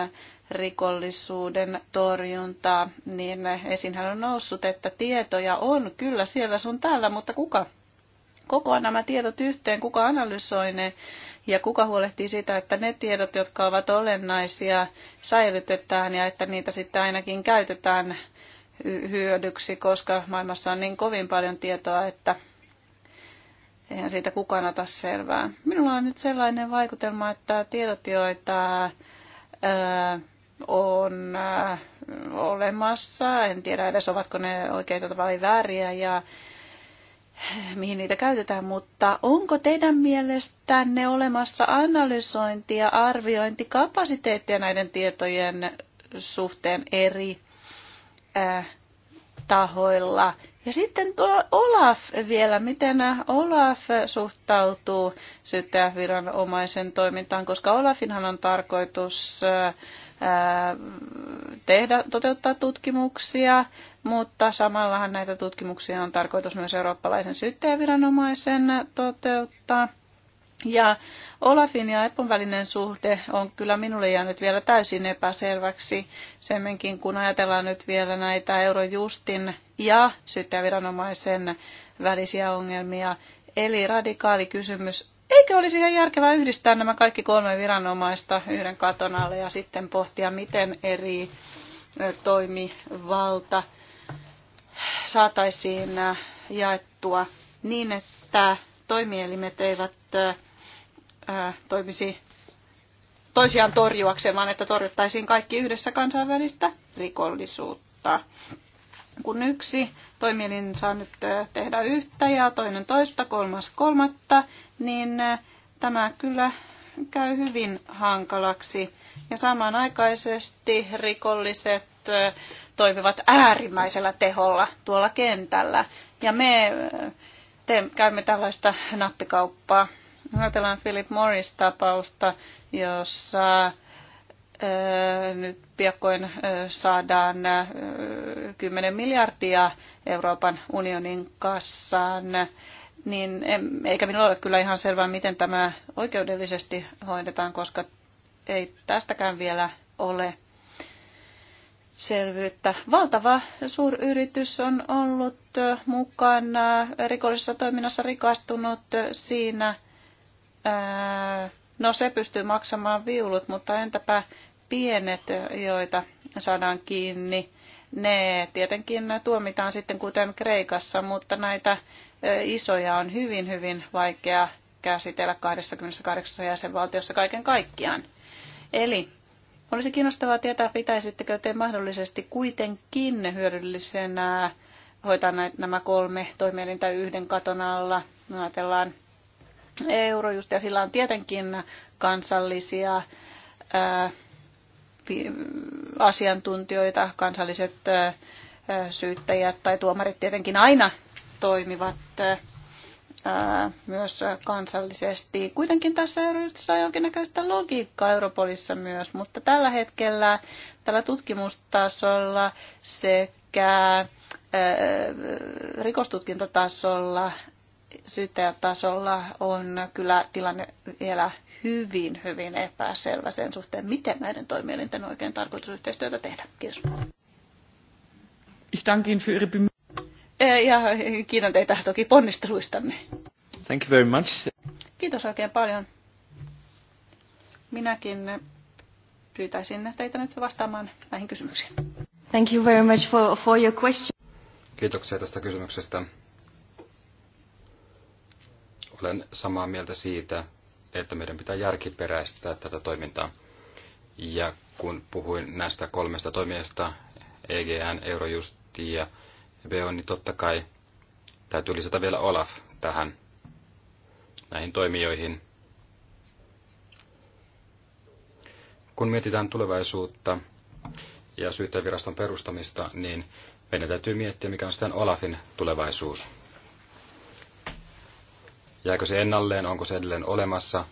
Speaker 2: rikollisuuden torjuntaa, niin esiinhän on noussut, että tietoja on kyllä siellä sun täällä, mutta kuka kokoaa nämä tiedot yhteen, kuka analysoi ne, ja kuka huolehtii siitä, että ne tiedot, jotka ovat olennaisia, säilytetään ja että niitä sitten ainakin käytetään hyödyksi, koska maailmassa on niin kovin paljon tietoa, että eihän siitä kukaan ota selvää. Minulla on nyt sellainen vaikutelma, että tiedot, joita on olemassa, en tiedä edes ovatko ne oikeita vai vääriä, ja mihin niitä käytetään, mutta onko teidän mielestänne olemassa analysointi ja arviointikapasiteettia näiden tietojen suhteen eri äh, tahoilla? Ja sitten tuo Olaf vielä, miten Olaf suhtautuu syyttäjäviranomaisen toimintaan, koska Olafinhan on tarkoitus äh, äh, tehdä, toteuttaa tutkimuksia, mutta samallahan näitä tutkimuksia on tarkoitus myös eurooppalaisen syyttäjäviranomaisen toteuttaa. Ja Olafin ja Epon välinen suhde on kyllä minulle jäänyt vielä täysin epäselväksi, semminkin kun ajatellaan nyt vielä näitä Eurojustin ja syyttäjäviranomaisen välisiä ongelmia. Eli radikaali kysymys, eikö olisi ihan järkevää yhdistää nämä kaikki kolme viranomaista yhden katon alle ja sitten pohtia, miten eri toimivalta saataisiin äh, jaettua niin, että toimielimet eivät äh, äh, toimisi toisiaan torjuakseen, vaan että torjuttaisiin kaikki yhdessä kansainvälistä rikollisuutta. Kun yksi toimielin saa nyt tehdä yhtä ja toinen toista, kolmas kolmatta, niin tämä kyllä käy hyvin hankalaksi. Ja samanaikaisesti rikolliset toimivat äärimmäisellä teholla tuolla kentällä. Ja me te, käymme tällaista nappikauppaa. Ajatellaan Philip Morris-tapausta, jossa nyt piakkoin saadaan 10 miljardia Euroopan unionin kassaan, niin eikä minulla ole kyllä ihan selvää, miten tämä oikeudellisesti hoidetaan, koska ei tästäkään vielä ole selvyyttä. Valtava suuryritys on ollut mukana rikollisessa toiminnassa rikastunut siinä. No se pystyy maksamaan viulut, mutta entäpä pienet, joita saadaan kiinni? Ne tietenkin tuomitaan sitten kuten Kreikassa, mutta näitä isoja on hyvin, hyvin vaikea käsitellä 28 jäsenvaltiossa kaiken kaikkiaan. Eli olisi kiinnostavaa tietää, pitäisittekö te mahdollisesti kuitenkin hyödyllisenä hoitaa nämä kolme toimielintä yhden katon alla. No, ajatellaan just, ja sillä on tietenkin kansallisia ää, asiantuntijoita, kansalliset ää, syyttäjät tai tuomarit tietenkin aina toimivat myös kansallisesti, Kuitenkin tässä yrityksessä on jonkinnäköistä logiikkaa Europolissa myös, mutta tällä hetkellä tällä tutkimustasolla sekä rikostutkintatasolla, syyttäjätasolla on kyllä tilanne vielä hyvin, hyvin epäselvä sen suhteen, miten näiden toimielinten oikein tarkoitusyhteistyötä tehdä. Kiitos.
Speaker 1: Ich danke Ihnen für Ihre Bemühungen.
Speaker 2: Eh, ja kiitän teitä toki ponnisteluistanne.
Speaker 1: Thank you very much.
Speaker 2: Kiitos oikein paljon. Minäkin pyytäisin teitä nyt vastaamaan näihin kysymyksiin. Thank you very much for, for your question.
Speaker 1: Kiitoksia tästä kysymyksestä. Olen samaa mieltä siitä, että meidän pitää järkiperäistää tätä toimintaa. Ja kun puhuin näistä kolmesta toimijasta, EGN, Eurojust ja VO, niin totta kai täytyy lisätä vielä Olaf tähän näihin toimijoihin. Kun mietitään tulevaisuutta ja syyttäjäviraston perustamista, niin meidän täytyy miettiä, mikä on sitten Olafin tulevaisuus. Jääkö se ennalleen, onko se edelleen olemassa,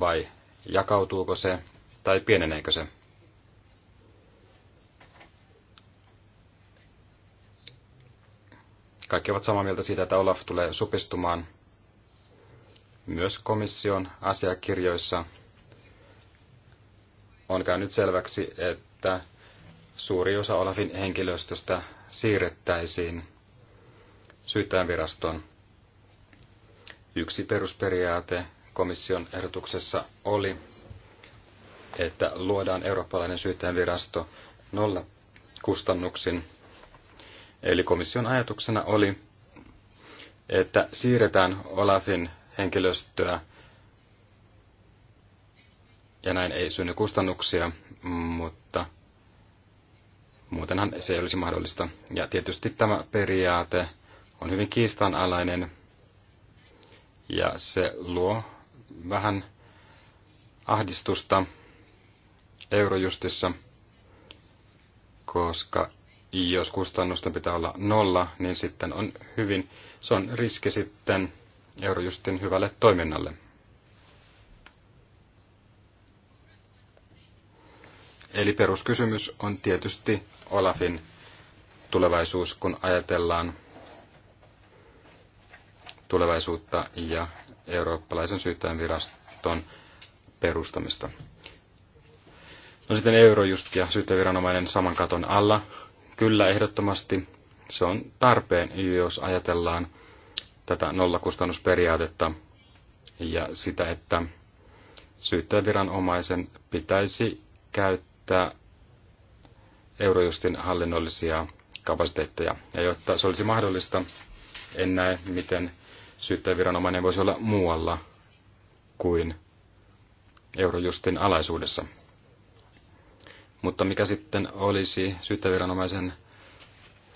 Speaker 1: vai jakautuuko se, tai pieneneekö se? Kaikki ovat samaa mieltä siitä, että Olaf tulee supistumaan myös komission asiakirjoissa. On käynyt selväksi, että suuri osa Olafin henkilöstöstä siirrettäisiin syyttäjänvirastoon. Yksi perusperiaate komission ehdotuksessa oli, että luodaan eurooppalainen syyttäjänvirasto nolla kustannuksin Eli komission ajatuksena oli, että siirretään Olafin henkilöstöä ja näin ei synny kustannuksia, mutta muutenhan se ei olisi mahdollista. Ja tietysti tämä periaate on hyvin kiistanalainen ja se luo vähän ahdistusta Eurojustissa, koska jos kustannusten pitää olla nolla, niin sitten on hyvin, se on riski sitten Eurojustin hyvälle toiminnalle. Eli peruskysymys on tietysti Olafin tulevaisuus, kun ajatellaan tulevaisuutta ja eurooppalaisen syyttäjän viraston perustamista. No sitten Eurojust ja syyttäjäviranomainen saman katon alla Kyllä, ehdottomasti se on tarpeen, jos ajatellaan tätä nollakustannusperiaatetta ja sitä, että syyttäjäviranomaisen pitäisi käyttää Eurojustin hallinnollisia kapasiteetteja. Ja jotta se olisi mahdollista, en näe, miten syyttäjäviranomainen voisi olla muualla kuin Eurojustin alaisuudessa. Mutta mikä sitten olisi syyttäviranomaisen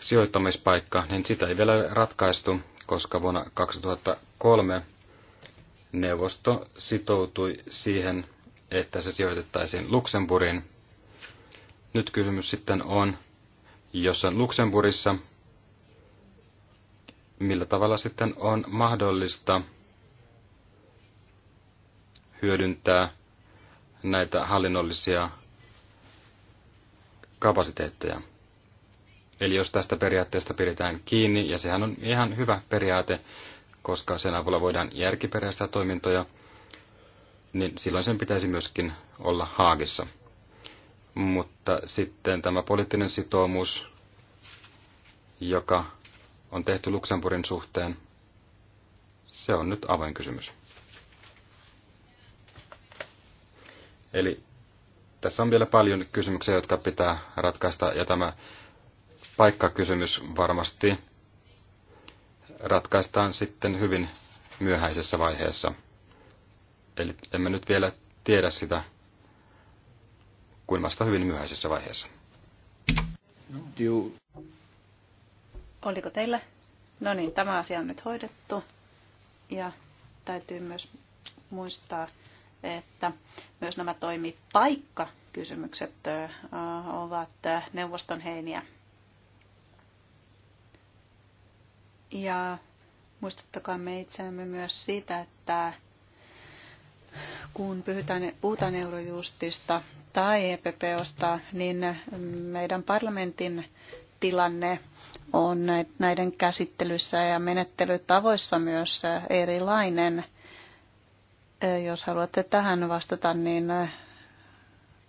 Speaker 1: sijoittamispaikka, niin sitä ei vielä ratkaistu, koska vuonna 2003 neuvosto sitoutui siihen, että se sijoitettaisiin Luxemburgiin. Nyt kysymys sitten on, jos on Luxemburgissa, millä tavalla sitten on mahdollista hyödyntää näitä hallinnollisia kapasiteetteja. Eli jos tästä periaatteesta pidetään kiinni, ja sehän on ihan hyvä periaate, koska sen avulla voidaan järkiperäistää toimintoja, niin silloin sen pitäisi myöskin olla haagissa. Mutta sitten tämä poliittinen sitoumus, joka on tehty Luxemburgin suhteen, se on nyt avainkysymys. Eli tässä on vielä paljon kysymyksiä, jotka pitää ratkaista, ja tämä paikkakysymys varmasti ratkaistaan sitten hyvin myöhäisessä vaiheessa. Eli emme nyt vielä tiedä sitä kuin vasta hyvin myöhäisessä vaiheessa.
Speaker 2: Oliko teillä? No niin, tämä asia on nyt hoidettu. Ja täytyy myös muistaa, että myös nämä toimipaikkakysymykset ovat neuvoston heiniä. Ja muistuttakaa me itseämme myös siitä, että kun puhutaan, puhutaan eurojustista tai EPPOsta, niin meidän parlamentin tilanne on näiden käsittelyssä ja menettelytavoissa myös erilainen – jos haluatte tähän vastata, niin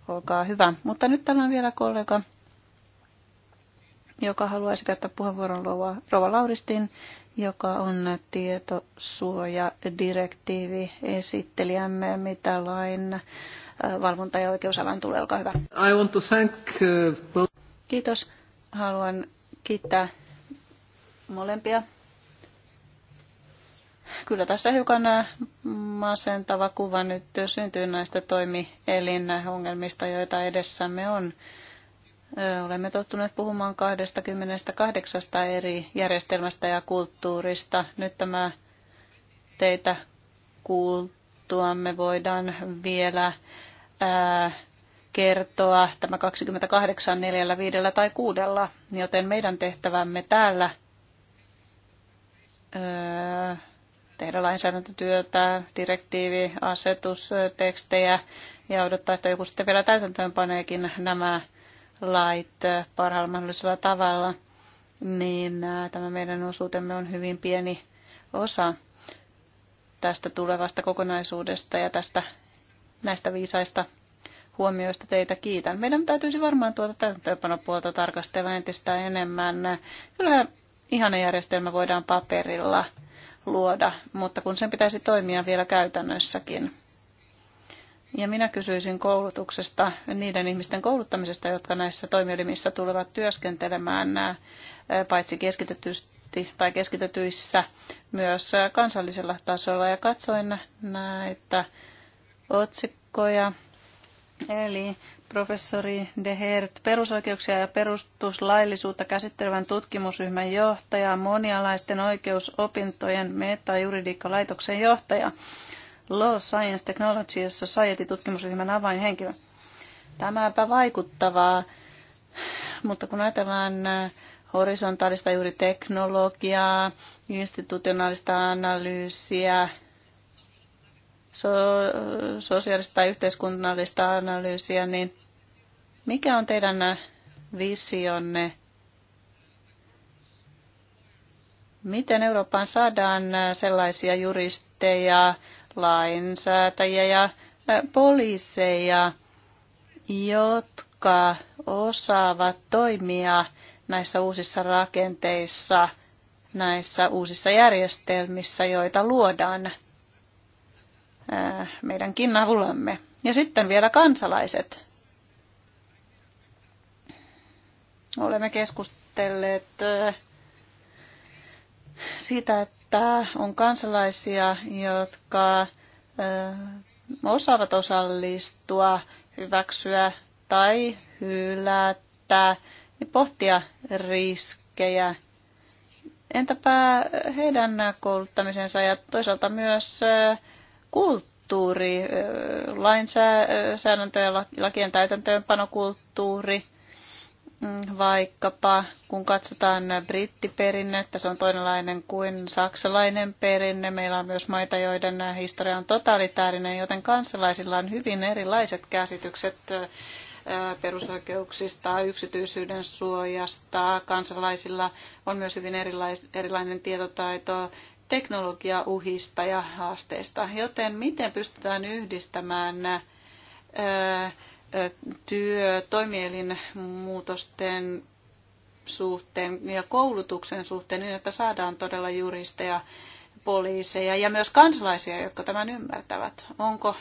Speaker 2: olkaa hyvä. Mutta nyt täällä on vielä kollega, joka haluaisi käyttää puheenvuoron Rova, Rova Lauristin, joka on tietosuojadirektiivi esittelijämme, mitä lain valvonta- ja oikeusalan tulee. Olkaa hyvä. I want to thank, uh, Kiitos. Haluan kiittää molempia kyllä tässä hiukan äh, masentava kuva nyt syntyy näistä toimielin ongelmista, joita edessämme on. Olemme tottuneet puhumaan 28 eri järjestelmästä ja kulttuurista. Nyt tämä teitä kuultuamme voidaan vielä ää, äh, kertoa tämä 28, 4, 5 tai 6, joten meidän tehtävämme täällä ää, tehdä lainsäädäntötyötä, direktiivi, asetus, tekstejä ja odottaa, että joku sitten vielä täytäntöönpaneekin nämä lait parhaalla mahdollisella tavalla, niin äh, tämä meidän osuutemme on hyvin pieni osa tästä tulevasta kokonaisuudesta ja tästä näistä viisaista huomioista teitä kiitän. Meidän täytyisi varmaan tuota täytäntöönpanopuolta tarkastella entistä enemmän. Kyllähän ihana järjestelmä voidaan paperilla luoda, mutta kun sen pitäisi toimia vielä käytännössäkin. Ja minä kysyisin koulutuksesta, niiden ihmisten kouluttamisesta, jotka näissä toimielimissä tulevat työskentelemään paitsi keskitetysti tai keskitetyissä myös kansallisella tasolla. Ja katsoin näitä otsikkoja. Eli professori De Hert, perusoikeuksia ja perustuslaillisuutta käsittelevän tutkimusryhmän johtaja, monialaisten oikeusopintojen meta laitoksen johtaja, Law Science Technology Society-tutkimusryhmän avainhenkilö. Tämäpä vaikuttavaa, mutta kun ajatellaan äh, horisontaalista juuri teknologiaa, institutionaalista analyysiä, so- sosiaalista tai yhteiskunnallista analyysiä, niin mikä on teidän visionne? Miten Eurooppaan saadaan sellaisia juristeja, lainsäätäjiä ja poliiseja, jotka osaavat toimia näissä uusissa rakenteissa, näissä uusissa järjestelmissä, joita luodaan Äh, meidänkin avullamme. Ja sitten vielä kansalaiset. Olemme keskustelleet äh, siitä, että on kansalaisia, jotka äh, osaavat osallistua, hyväksyä tai hylätä, niin pohtia riskejä. Entäpä heidän kouluttamisensa ja toisaalta myös kulttuuri, lainsäädäntö ja lakien täytäntöönpanokulttuuri, mm, vaikkapa kun katsotaan brittiperinnettä, se on toinenlainen kuin saksalainen perinne. Meillä on myös maita, joiden historia on totalitaarinen, joten kansalaisilla on hyvin erilaiset käsitykset perusoikeuksista, yksityisyyden suojasta. Kansalaisilla on myös hyvin erilainen tietotaito teknologiauhista ja haasteista. Joten miten pystytään yhdistämään työ muutosten suhteen ja koulutuksen suhteen niin, että saadaan todella juristeja, poliiseja ja myös kansalaisia, jotka tämän ymmärtävät. Onko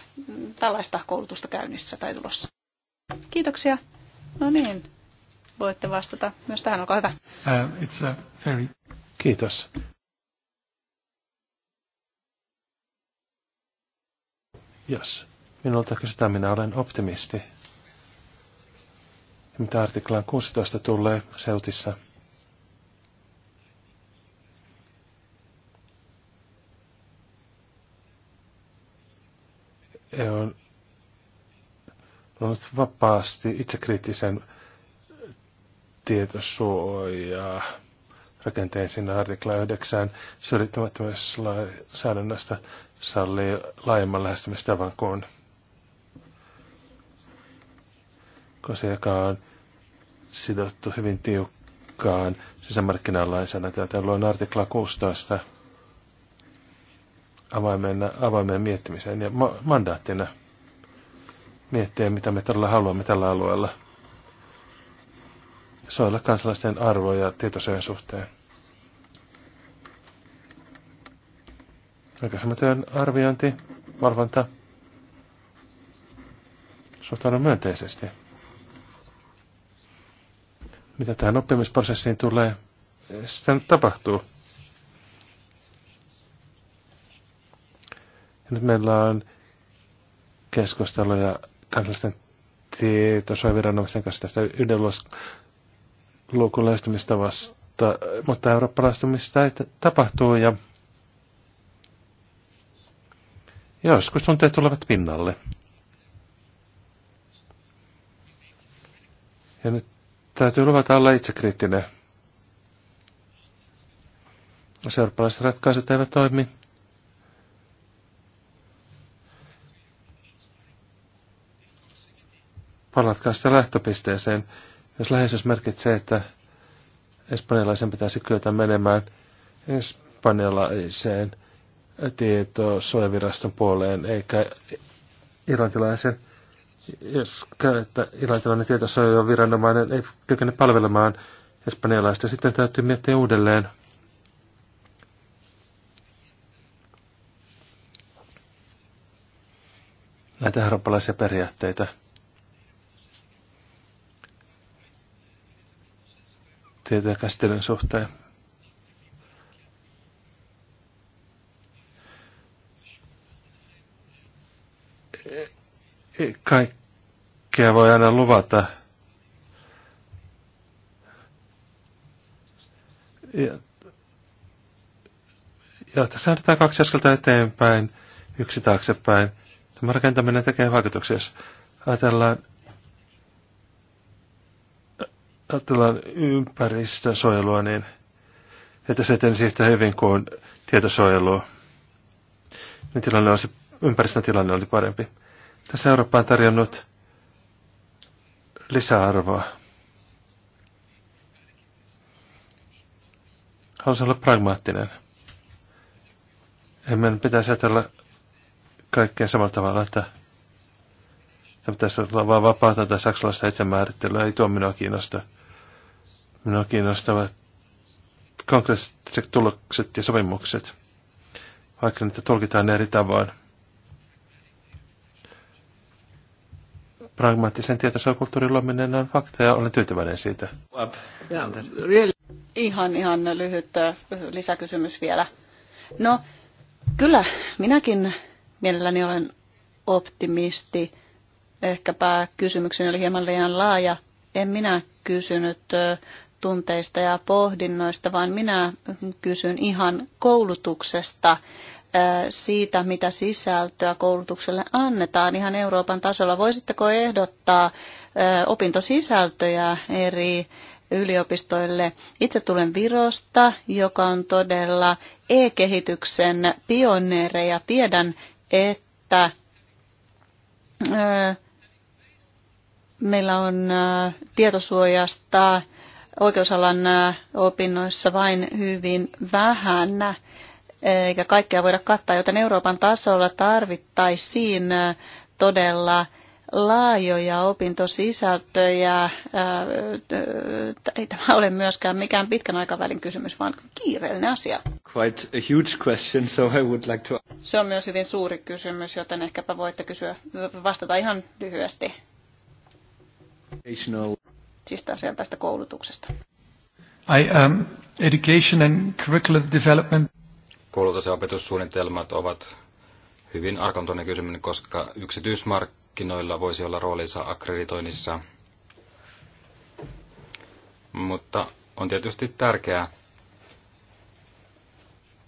Speaker 2: tällaista koulutusta käynnissä tai tulossa? Kiitoksia. No niin, voitte vastata myös tähän, olkaa hyvä. Uh, it's
Speaker 3: a very... Kiitos. Jos minulta kysytään, minä olen optimisti. Ja mitä artiklaan 16 tulee seutissa? E on ollut vapaasti itsekriittisen tietosuojaa rakenteisiin artikla 9 syrjittämättömyyslainsäädännöstä sallii laajemman lähestymistavan kuin se, joka on sidottu hyvin tiukkaan sisämarkkinalainsäädäntöön. Täällä on artikla 16 avaimeen, avaimeen miettimiseen ja ma- mandaattina miettiä, mitä me todella haluamme tällä alueella – soilla kansalaisten arvoja tietosuojan suhteen. Oikeusamatyön arviointi, valvonta, suhtaudun myönteisesti. Mitä tähän oppimisprosessiin tulee, sitä nyt tapahtuu. Ja nyt meillä on keskusteluja kansallisten tietosuojaviranomaisten kanssa tästä yhden luukun vasta, mutta eurooppalaistumista ei tapahtuu ja joskus tunteet tulevat pinnalle. Ja nyt täytyy luvata olla itsekriittinen. Jos eurooppalaiset ratkaisut eivät toimi, palatkaa sitä lähtöpisteeseen. Jos läheisyys merkitsee, että espanjalaisen pitäisi kyetä menemään espanjalaiseen tietosuojaviraston puoleen, eikä irlantilaisen, jos että irlantilainen tietosuojaviranomainen ei kykene palvelemaan espanjalaista, sitten täytyy miettiä uudelleen, näitä eurooppalaisia periaatteita. tietojen käsittelyn suhteen. Kaikkea voi aina luvata. Ja, ja tässä annetaan kaksi askelta eteenpäin, yksi taaksepäin. Tämä rakentaminen tekee vaikutuksia, ajatellaan katsellaan ympäristösuojelua, niin että se etenisi yhtä hyvin kuin tietosuojelua. Niin tilanne olisi, ympäristön tilanne oli parempi. Tässä Eurooppa on tarjonnut lisäarvoa. Haluaisin olla pragmaattinen. Emme pitäisi ajatella kaikkeen samalla tavalla, että se pitäisi olla vaan vapaata tai saksalaista itsemäärittelyä, ei tuo minua kiinnostaa. Minua kiinnostavat konkreettiset tulokset ja sopimukset, vaikka niitä tulkitaan eri tavoin. pragmaattisen tietosuojakulttuurin luominen on fakta ja olen tyytyväinen siitä.
Speaker 2: ihan, ihan lyhyt lisäkysymys vielä. No, kyllä minäkin mielelläni olen optimisti. Ehkäpä kysymykseni oli hieman liian laaja. En minä kysynyt tunteista ja pohdinnoista, vaan minä kysyn ihan koulutuksesta siitä, mitä sisältöä koulutukselle annetaan ihan Euroopan tasolla. Voisitteko ehdottaa opintosisältöjä eri yliopistoille. Itse tulen Virosta, joka on todella e-kehityksen pioneereja. Tiedän, että meillä on tietosuojasta oikeusalan opinnoissa vain hyvin vähän, eikä kaikkea voida kattaa, joten Euroopan tasolla tarvittaisiin todella laajoja opintosisältöjä. Ei tämä ole myöskään mikään pitkän aikavälin kysymys, vaan kiireellinen asia.
Speaker 1: Quite a huge question, so I would like to...
Speaker 2: Se on myös hyvin suuri kysymys, joten ehkäpä voitte kysyä, vastata ihan lyhyesti siis tästä koulutuksesta? I, um, education and curriculum development. Koulutus-
Speaker 1: ja opetussuunnitelmat ovat hyvin arkantoinen kysymys, koska yksityismarkkinoilla voisi olla roolinsa akkreditoinnissa. Mutta on tietysti tärkeää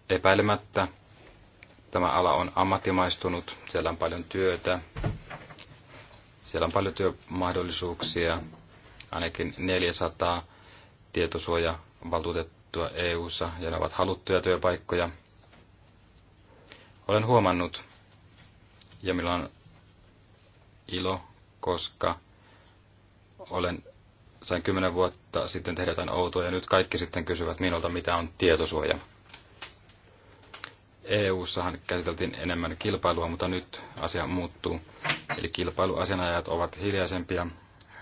Speaker 1: epäilemättä. Tämä ala on ammattimaistunut, siellä on paljon työtä, siellä on paljon työmahdollisuuksia ainakin 400 tietosuojavaltuutettua EU-ssa ja ne ovat haluttuja työpaikkoja. Olen huomannut ja minulla on ilo, koska olen, sain kymmenen vuotta sitten tehdä jotain outoa ja nyt kaikki sitten kysyvät minulta, mitä on tietosuoja. EU-ssahan käsiteltiin enemmän kilpailua, mutta nyt asia muuttuu. Eli kilpailuasianajat ovat hiljaisempia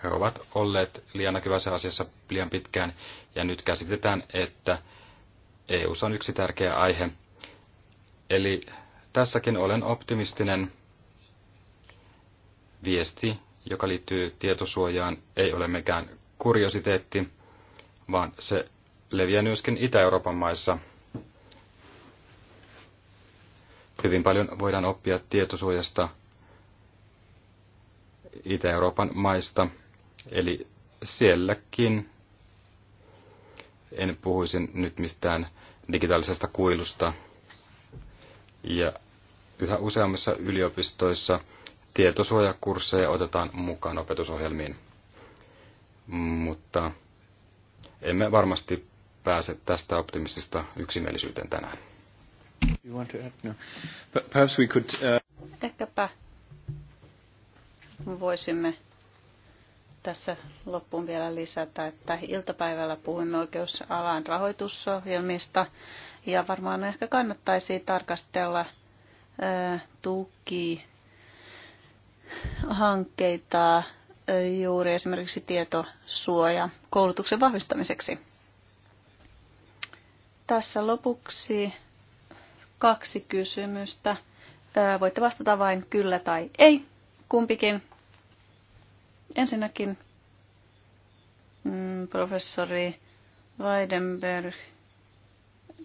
Speaker 1: he ovat olleet liian näkyvässä asiassa liian pitkään ja nyt käsitetään, että EU on yksi tärkeä aihe. Eli tässäkin olen optimistinen. Viesti, joka liittyy tietosuojaan, ei ole mikään kuriositeetti, vaan se leviää myöskin Itä-Euroopan maissa. Hyvin paljon voidaan oppia tietosuojasta Itä-Euroopan maista – Eli sielläkin en puhuisi nyt mistään digitaalisesta kuilusta. Ja yhä useammissa yliopistoissa tietosuojakursseja otetaan mukaan opetusohjelmiin. Mutta emme varmasti pääse tästä optimistista yksimielisyyteen tänään. No. Uh, Ehkäpä
Speaker 2: voisimme tässä loppuun vielä lisätä, että iltapäivällä puhuimme oikeusalan rahoitusohjelmista ja varmaan ehkä kannattaisi tarkastella tukihankkeita juuri esimerkiksi tietosuoja koulutuksen vahvistamiseksi. Tässä lopuksi kaksi kysymystä. Voitte vastata vain kyllä tai ei, kumpikin. Ensinnäkin mm, professori Weidenberg,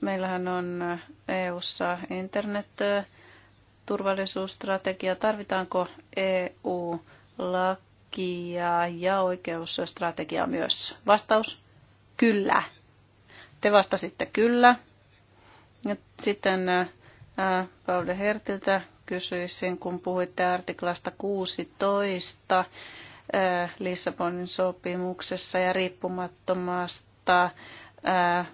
Speaker 2: meillähän on EU-ssa internet-turvallisuusstrategia. Tarvitaanko EU-lakia ja oikeusstrategiaa myös? Vastaus, kyllä. Te vastasitte kyllä. Ja sitten äh, Paul Hertiltä kysyisin, kun puhuitte artiklasta 16 Äh, Lissabonin sopimuksessa ja riippumattomasta äh,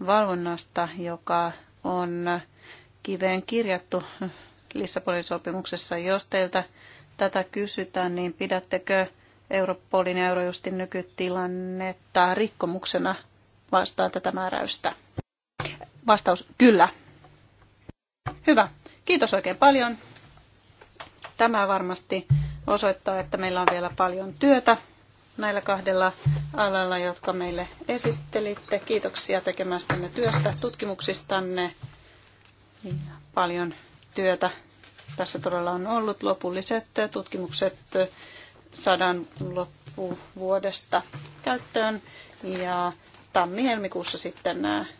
Speaker 2: valvonnasta, joka on kiveen kirjattu Lissabonin sopimuksessa. Jos teiltä tätä kysytään, niin pidättekö Europolin ja Eurojustin nykytilannetta rikkomuksena vastaan tätä määräystä? Vastaus kyllä. Hyvä. Kiitos oikein paljon. Tämä varmasti osoittaa, että meillä on vielä paljon työtä näillä kahdella alalla, jotka meille esittelitte. Kiitoksia tekemästänne työstä, tutkimuksistanne. Paljon työtä tässä todella on ollut. Lopulliset tutkimukset saadaan loppuvuodesta käyttöön ja tammi-helmikuussa sitten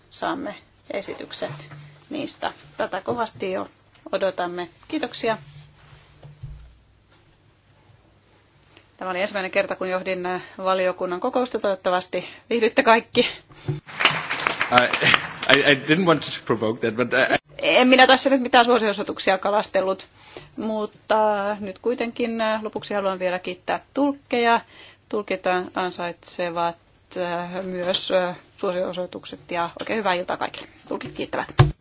Speaker 2: saamme esitykset niistä. Tätä kovasti jo odotamme. Kiitoksia. Tämä oli ensimmäinen kerta, kun johdin äh, valiokunnan kokousta. Toivottavasti viihdytte kaikki.
Speaker 1: I, I didn't want to provoke that, but I... Uh,
Speaker 2: en minä tässä nyt mitään suosiosoituksia kalastellut, mutta äh, nyt kuitenkin äh, lopuksi haluan vielä kiittää tulkkeja. Tulkit ansaitsevat myös suosiosoitukset ja oikein hyvää iltaa kaikille. Tulkit kiittävät.